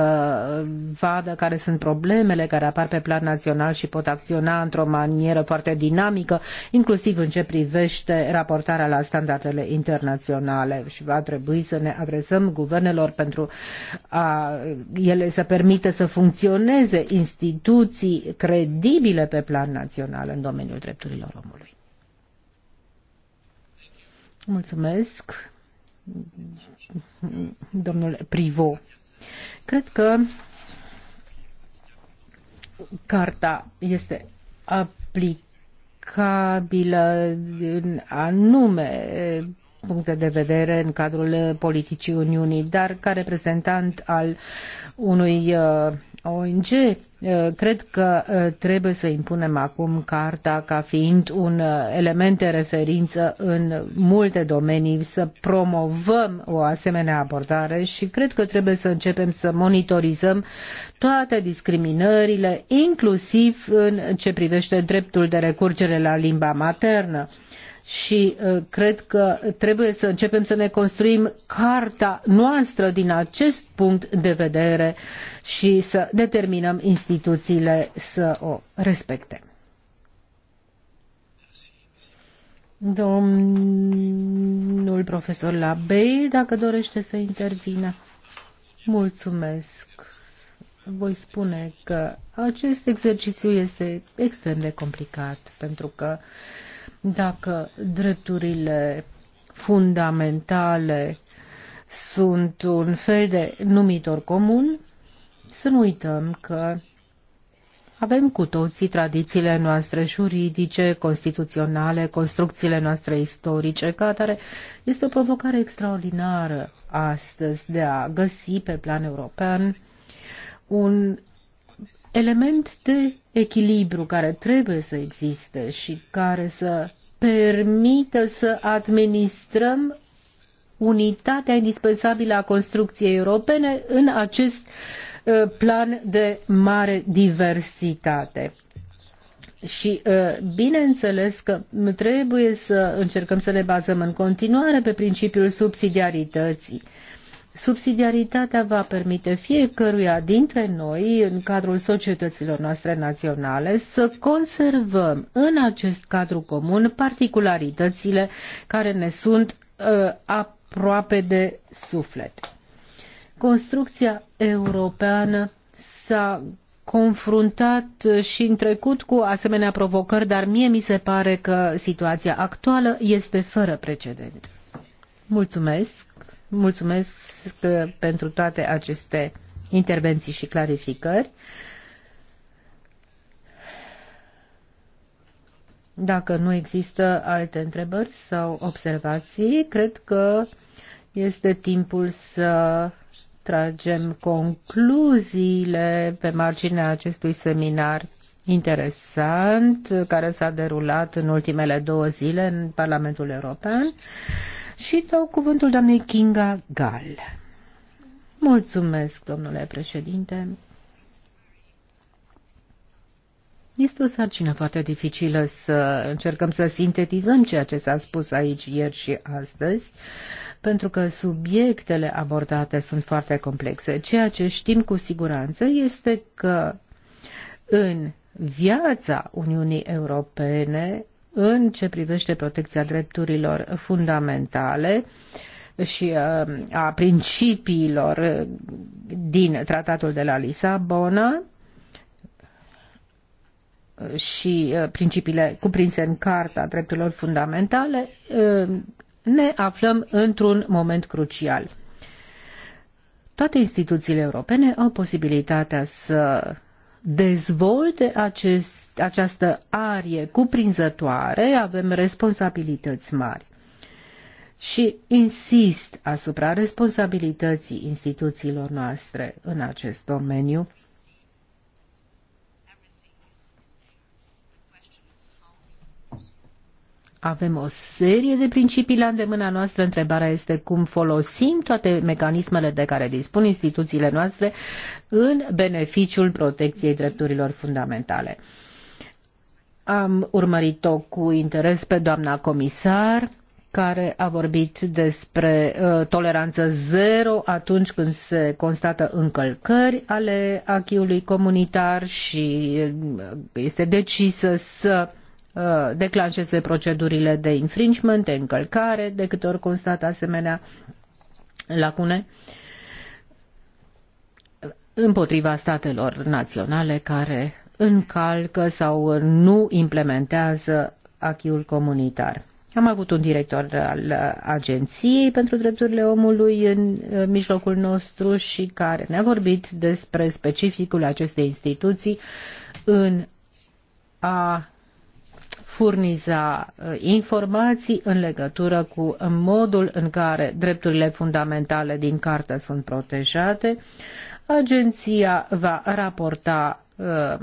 vadă care sunt problemele care apar pe plan național și pot acționa într-o manieră foarte dinamică, inclusiv în ce privește raportarea la standardele internaționale și va trebui să ne adresăm guvernelor pentru a ele să permită să funcționeze instituții credibile pe plan național în domeniul drepturilor omului. Mulțumesc domnul Privo. Cred că carta este aplicabilă în anume puncte de vedere în cadrul politicii Uniunii, dar ca reprezentant al unui uh, ONG. Uh, cred că uh, trebuie să impunem acum carta ca fiind un uh, element de referință în multe domenii, să promovăm o asemenea abordare și cred că trebuie să începem să monitorizăm toate discriminările, inclusiv în ce privește dreptul de recurgere la limba maternă. Uh, și uh, cred că trebuie să începem să ne construim carta noastră din acest punct de vedere și să determinăm instituțiile să o respecte. Domnul profesor Labei, dacă dorește să intervină. Mulțumesc. Voi spune că acest exercițiu este extrem de complicat pentru că uh, dacă drepturile fundamentale sunt un fel de numitor comun, să nu uităm că avem cu toții tradițiile noastre juridice, constituționale, construcțiile noastre istorice, ca atare este o provocare extraordinară astăzi de a găsi pe plan european un element de echilibru care trebuie să existe și care să permită să administrăm unitatea indispensabilă a construcției europene în acest uh, plan de mare diversitate. Și uh, bineînțeles că trebuie să încercăm să ne bazăm în continuare pe principiul subsidiarității Subsidiaritatea va permite fiecăruia dintre noi, în cadrul societăților noastre naționale, să conservăm în acest cadru comun particularitățile care ne sunt uh, aproape de suflet. Construcția europeană s-a confruntat și în trecut cu asemenea provocări, dar mie mi se pare că situația actuală este fără precedent. Mulțumesc! Mulțumesc uh, pentru toate aceste intervenții și clarificări. Dacă nu există alte întrebări sau observații, cred că este timpul să tragem concluziile pe marginea acestui seminar interesant care s-a derulat în ultimele două zile în Parlamentul European și dau cuvântul doamnei Kinga Gal. Mulțumesc, domnule președinte. Este o sarcină foarte dificilă să încercăm să sintetizăm ceea ce s-a spus aici ieri și astăzi, pentru că subiectele abordate sunt foarte complexe. Ceea ce știm cu siguranță este că în viața Uniunii Europene în ce privește protecția drepturilor fundamentale și uh, a principiilor uh, din tratatul de la Lisabona și uh, principiile cuprinse în Carta Drepturilor Fundamentale, ne aflăm într-un moment crucial. Toate instituțiile europene au posibilitatea să dezvolte acest, această arie cuprinzătoare, avem responsabilități mari. Și insist asupra responsabilității instituțiilor noastre în acest domeniu Avem o serie de principii la îndemâna noastră. Întrebarea este cum folosim toate mecanismele de care dispun instituțiile noastre în beneficiul protecției drepturilor fundamentale. Am urmărit-o cu interes pe doamna comisar care a vorbit despre uh, toleranță zero atunci când se constată încălcări ale achiului comunitar și uh, este decisă să uh, Uh, declanșeze procedurile de infringement, de încălcare, de câte ori constată asemenea lacune împotriva statelor naționale care încalcă sau nu implementează achiul comunitar. Am avut un director al Agenției pentru Drepturile Omului în uh, mijlocul nostru și care ne-a vorbit despre specificul acestei instituții în a furniza uh, informații în legătură cu modul în care drepturile fundamentale din carte sunt protejate. Agenția va raporta uh,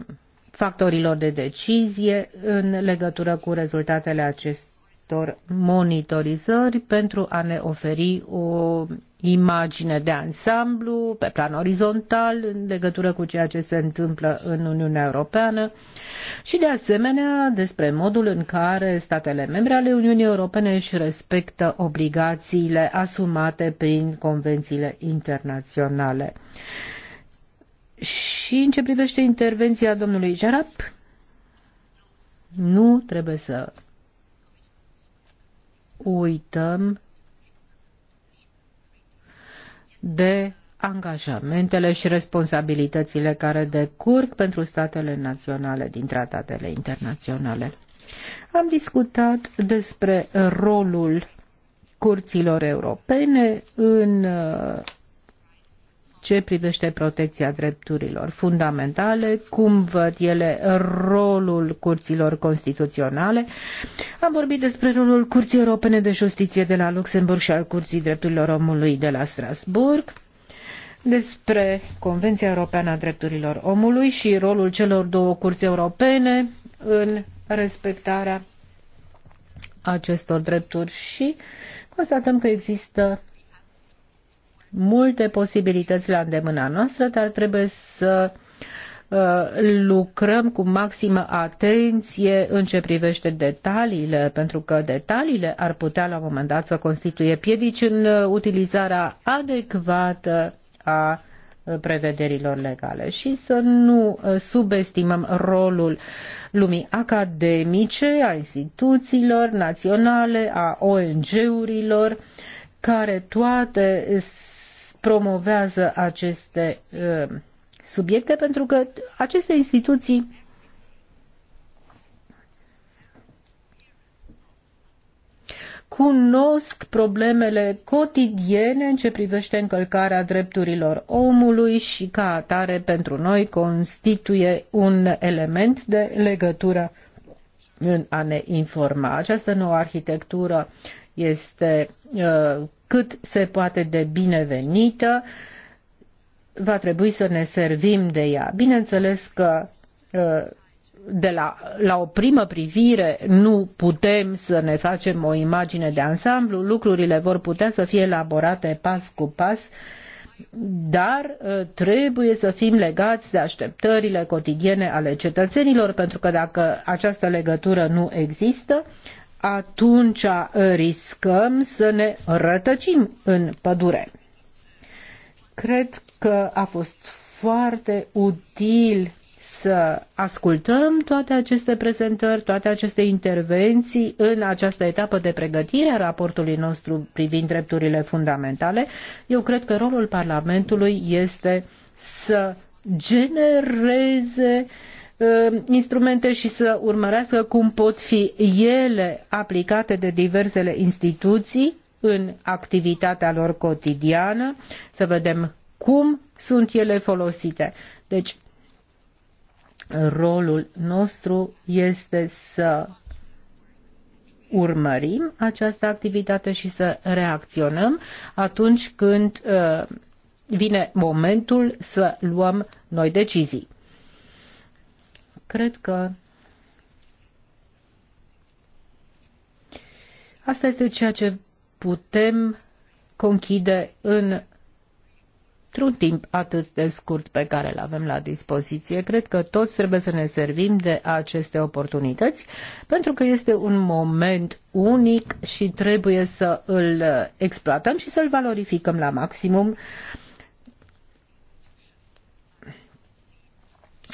factorilor de decizie în legătură cu rezultatele acestor monitorizări pentru a ne oferi o imagine de ansamblu, pe plan orizontal, în legătură cu ceea ce se întâmplă în Uniunea Europeană și, de asemenea, despre modul în care statele membre ale Uniunii Europene își respectă obligațiile asumate prin convențiile internaționale. Și în ce privește intervenția domnului Jarap, nu trebuie să uităm de angajamentele și responsabilitățile care decurg pentru statele naționale din tratatele internaționale. Am discutat despre rolul curților europene în uh, ce privește protecția drepturilor fundamentale, cum văd ele rolul curților constituționale. Am vorbit despre rolul Curții Europene de Justiție de la Luxemburg și al Curții Drepturilor Omului de la Strasburg despre Convenția Europeană a Drepturilor Omului și rolul celor două curți europene în respectarea acestor drepturi și constatăm că există multe posibilități la îndemâna noastră, dar trebuie să uh, lucrăm cu maximă atenție în ce privește detaliile, pentru că detaliile ar putea la un moment dat să constituie piedici în uh, utilizarea adecvată a uh, prevederilor legale și să nu subestimăm rolul lumii academice, a instituțiilor naționale, a ONG-urilor, care toate promovează aceste uh, subiecte, pentru că aceste instituții cunosc problemele cotidiene în ce privește încălcarea drepturilor omului și ca atare pentru noi constituie un element de legătură în a ne informa. Această nouă arhitectură este uh, cât se poate de binevenită, va trebui să ne servim de ea. Bineînțeles că ă, de la, la o primă privire nu putem să ne facem o imagine de ansamblu, lucrurile vor putea să fie elaborate pas cu pas, dar ă, trebuie să fim legați de așteptările cotidiene ale cetățenilor, pentru că dacă această legătură nu există, atunci uh, riscăm să ne rătăcim în pădure. Cred că a fost foarte util să ascultăm toate aceste prezentări, toate aceste intervenții în această etapă de pregătire a raportului nostru privind drepturile fundamentale. Eu cred că rolul Parlamentului este să genereze uh, Uh, instrumente și să urmărească cum pot fi ele aplicate de diversele instituții în activitatea lor cotidiană, să vedem cum sunt ele folosite. Deci, rolul nostru este să urmărim această activitate și să reacționăm atunci când uh, vine momentul să luăm noi decizii. Cred că asta este ceea ce putem conchide în într-un timp atât de scurt pe care îl avem la dispoziție. Cred că toți trebuie să ne servim de aceste oportunități, pentru că este un moment unic și trebuie să îl exploatăm și să-l valorificăm la maximum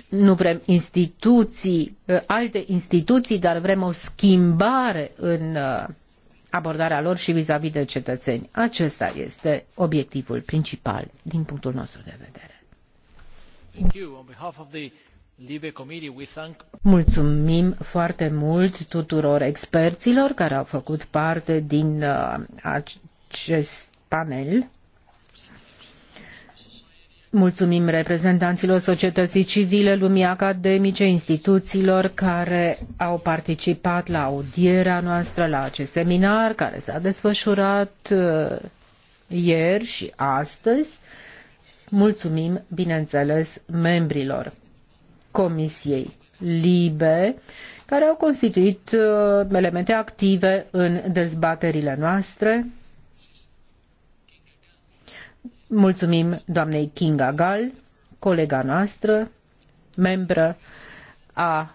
nu vrem instituții, ă, alte instituții, dar vrem o schimbare în ă, abordarea lor și vis-a-vis de cetățeni. Acesta este obiectivul principal din punctul nostru de vedere. Mulțumim foarte mult tuturor experților care au făcut parte din ă, acest panel. Mulțumim reprezentanților societății civile, lumii academice, instituțiilor care au participat la audierea noastră, la acest seminar care s-a desfășurat uh, ieri și astăzi. Mulțumim, bineînțeles, membrilor Comisiei Libe, care au constituit uh, elemente active în dezbaterile noastre. Mulțumim doamnei Kinga Gal, colega noastră, membră a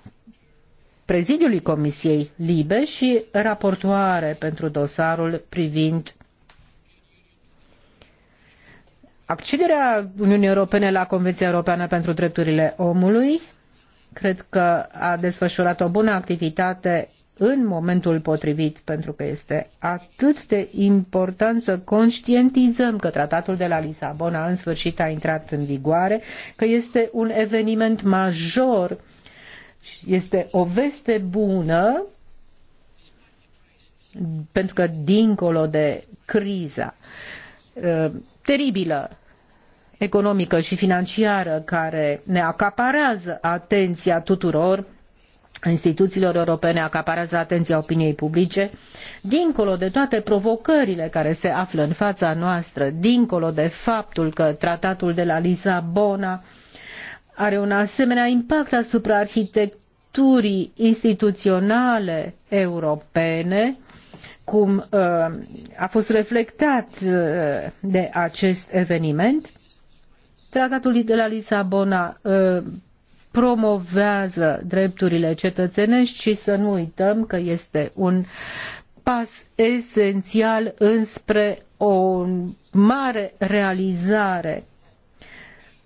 prezidiului Comisiei Libe și raportoare pentru dosarul privind accederea Uniunii Europene la Convenția Europeană pentru Drepturile Omului. Cred că a desfășurat o bună activitate în momentul potrivit, pentru că este atât de important să conștientizăm că tratatul de la Lisabona în sfârșit a intrat în vigoare, că este un eveniment major, este o veste bună, pentru că dincolo de criza ă, teribilă economică și financiară care ne acaparează atenția tuturor, instituțiilor europene acaparează atenția opiniei publice, dincolo de toate provocările care se află în fața noastră, dincolo de faptul că tratatul de la Lisabona are un asemenea impact asupra arhitecturii instituționale europene, cum uh, a fost reflectat uh, de acest eveniment, Tratatul de la Lisabona uh, promovează drepturile cetățenești și să nu uităm că este un pas esențial înspre o mare realizare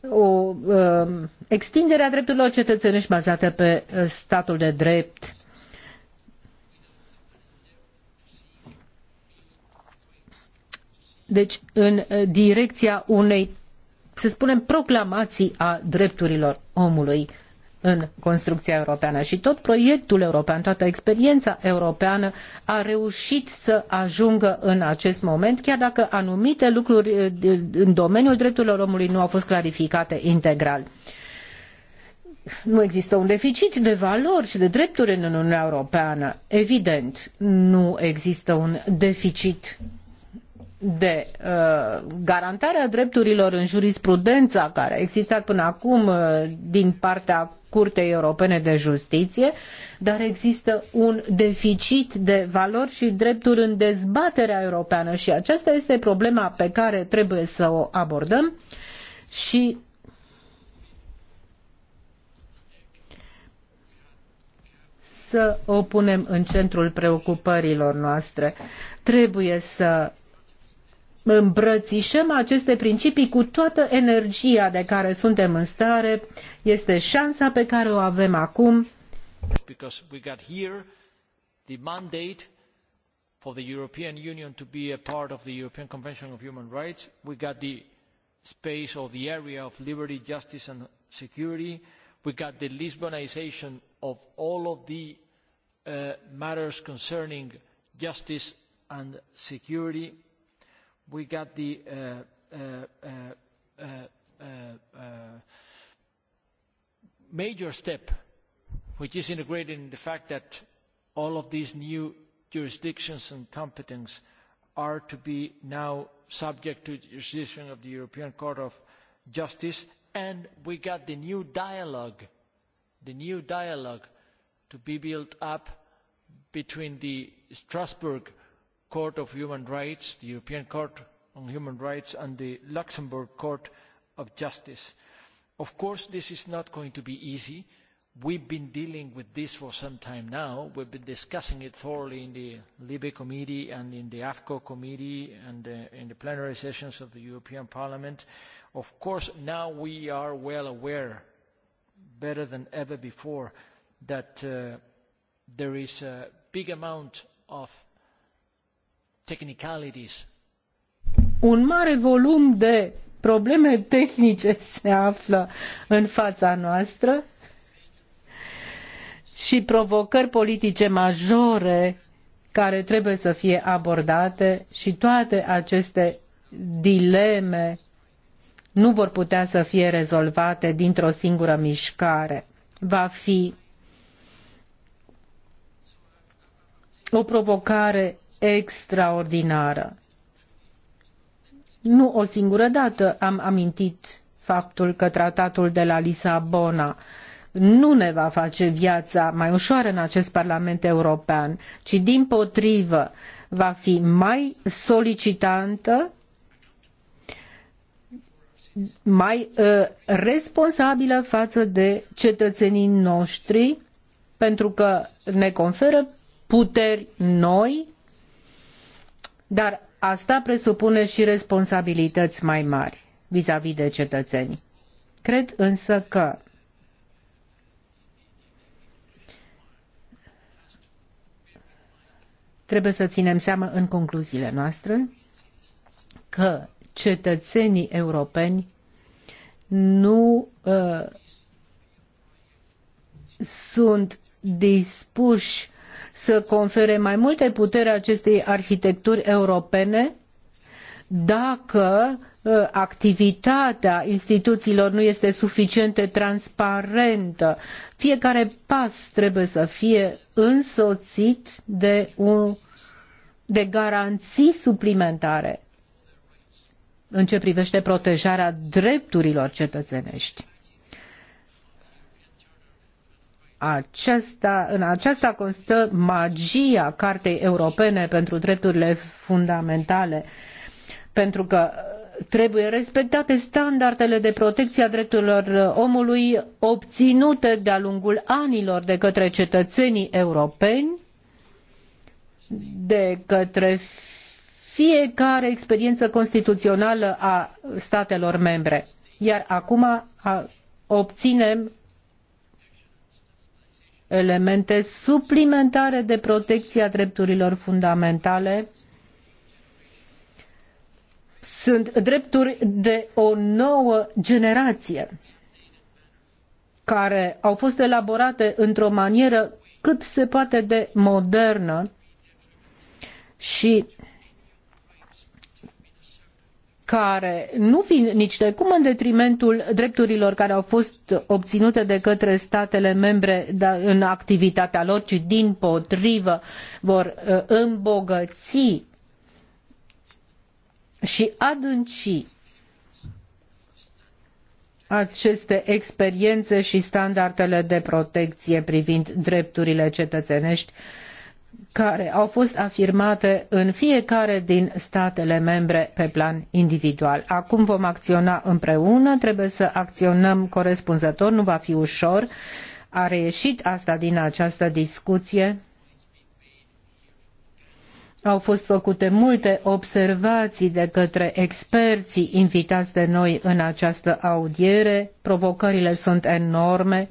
o uh, extindere a drepturilor cetățenești bazată pe uh, statul de drept. Deci, în uh, direcția unei, să spunem, proclamații a drepturilor omului în construcția europeană și tot proiectul european, toată experiența europeană a reușit să ajungă în acest moment, chiar dacă anumite lucruri eh, în domeniul drepturilor omului nu au fost clarificate integral. Nu există un deficit de valori și de drepturi în Uniunea Europeană. Evident, nu există un deficit de uh, garantarea drepturilor în jurisprudența care a existat până acum uh, din partea Curtei Europene de Justiție, dar există un deficit de valori și drepturi în dezbaterea europeană și aceasta este problema pe care trebuie să o abordăm și să o punem în centrul preocupărilor noastre. Trebuie să îmbrățișăm aceste principii cu toată energia de care suntem în stare, este șansa pe care o avem acum. Because we got here the mandate for the European Union to be a part of the European Convention of Human Rights. We got the space or the area of liberty, justice and security. We got the Lisbonization of all of the uh, matters concerning justice and security we got the uh, uh, uh, major step, which is integrated in the fact that all of these new jurisdictions and competence are to be now subject to the jurisdiction of the European Court of Justice, and we got the new dialogue, the new dialogue to be built up between the Strasbourg Court of Human Rights, the European Court on Human Rights and the Luxembourg Court of Justice. Of course, this is not going to be easy. We've been dealing with this for some time now. We've been discussing it thoroughly in the Libe Committee and in the AFCO Committee and uh, in the plenary sessions of the European Parliament. Of course, now we are well aware, better than ever before, that uh, there is a big amount of un mare volum de probleme tehnice *laughs* se află în fața noastră și provocări politice majore care trebuie să fie abordate și toate aceste dileme nu vor putea să fie rezolvate dintr-o singură mișcare. Va fi o provocare extraordinară. Nu o singură dată am amintit faptul că tratatul de la Lisabona nu ne va face viața mai ușoară în acest Parlament European, ci din potrivă va fi mai solicitantă, mai uh, responsabilă față de cetățenii noștri, pentru că ne conferă puteri noi dar asta presupune și responsabilități mai mari vis-a-vis de cetățeni. Cred însă că trebuie să ținem seama în concluziile noastre că cetățenii europeni nu uh, sunt dispuși să confere mai multe putere acestei arhitecturi europene dacă uh, activitatea instituțiilor nu este suficient de transparentă. Fiecare pas trebuie să fie însoțit de, un, de garanții suplimentare în ce privește protejarea drepturilor cetățenești. aceasta, în aceasta constă magia Cartei Europene pentru Drepturile Fundamentale, pentru că trebuie respectate standardele de protecție a drepturilor omului obținute de-a lungul anilor de către cetățenii europeni, de către fiecare experiență constituțională a statelor membre. Iar acum obținem elemente suplimentare de protecție a drepturilor fundamentale sunt drepturi de o nouă generație care au fost elaborate într-o manieră cât se poate de modernă și care nu vin nici de cum în detrimentul drepturilor care au fost obținute de către statele membre în activitatea lor, ci din potrivă vor uh, îmbogăți și adânci aceste experiențe și standardele de protecție privind drepturile cetățenești uh, care au fost afirmate în fiecare din statele membre pe plan individual. Acum vom acționa împreună, trebuie să acționăm corespunzător, nu va fi ușor. A reieșit asta din această discuție. Au fost făcute multe observații de către experții invitați de noi în această audiere. Provocările sunt enorme,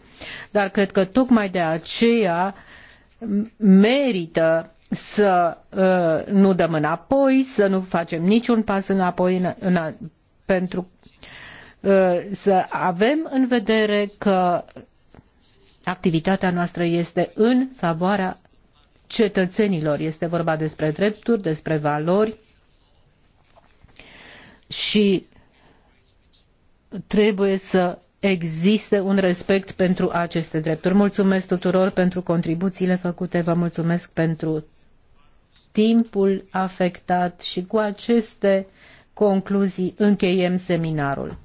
dar cred că tocmai de aceea merită să uh, nu dăm înapoi, să nu facem niciun pas înapoi în, în, pentru uh, să avem în vedere că activitatea noastră este în favoarea cetățenilor. Este vorba despre drepturi, despre valori și trebuie să existe un respect pentru aceste drepturi. Mulțumesc tuturor pentru contribuțiile făcute, vă mulțumesc pentru timpul afectat și cu aceste concluzii încheiem seminarul.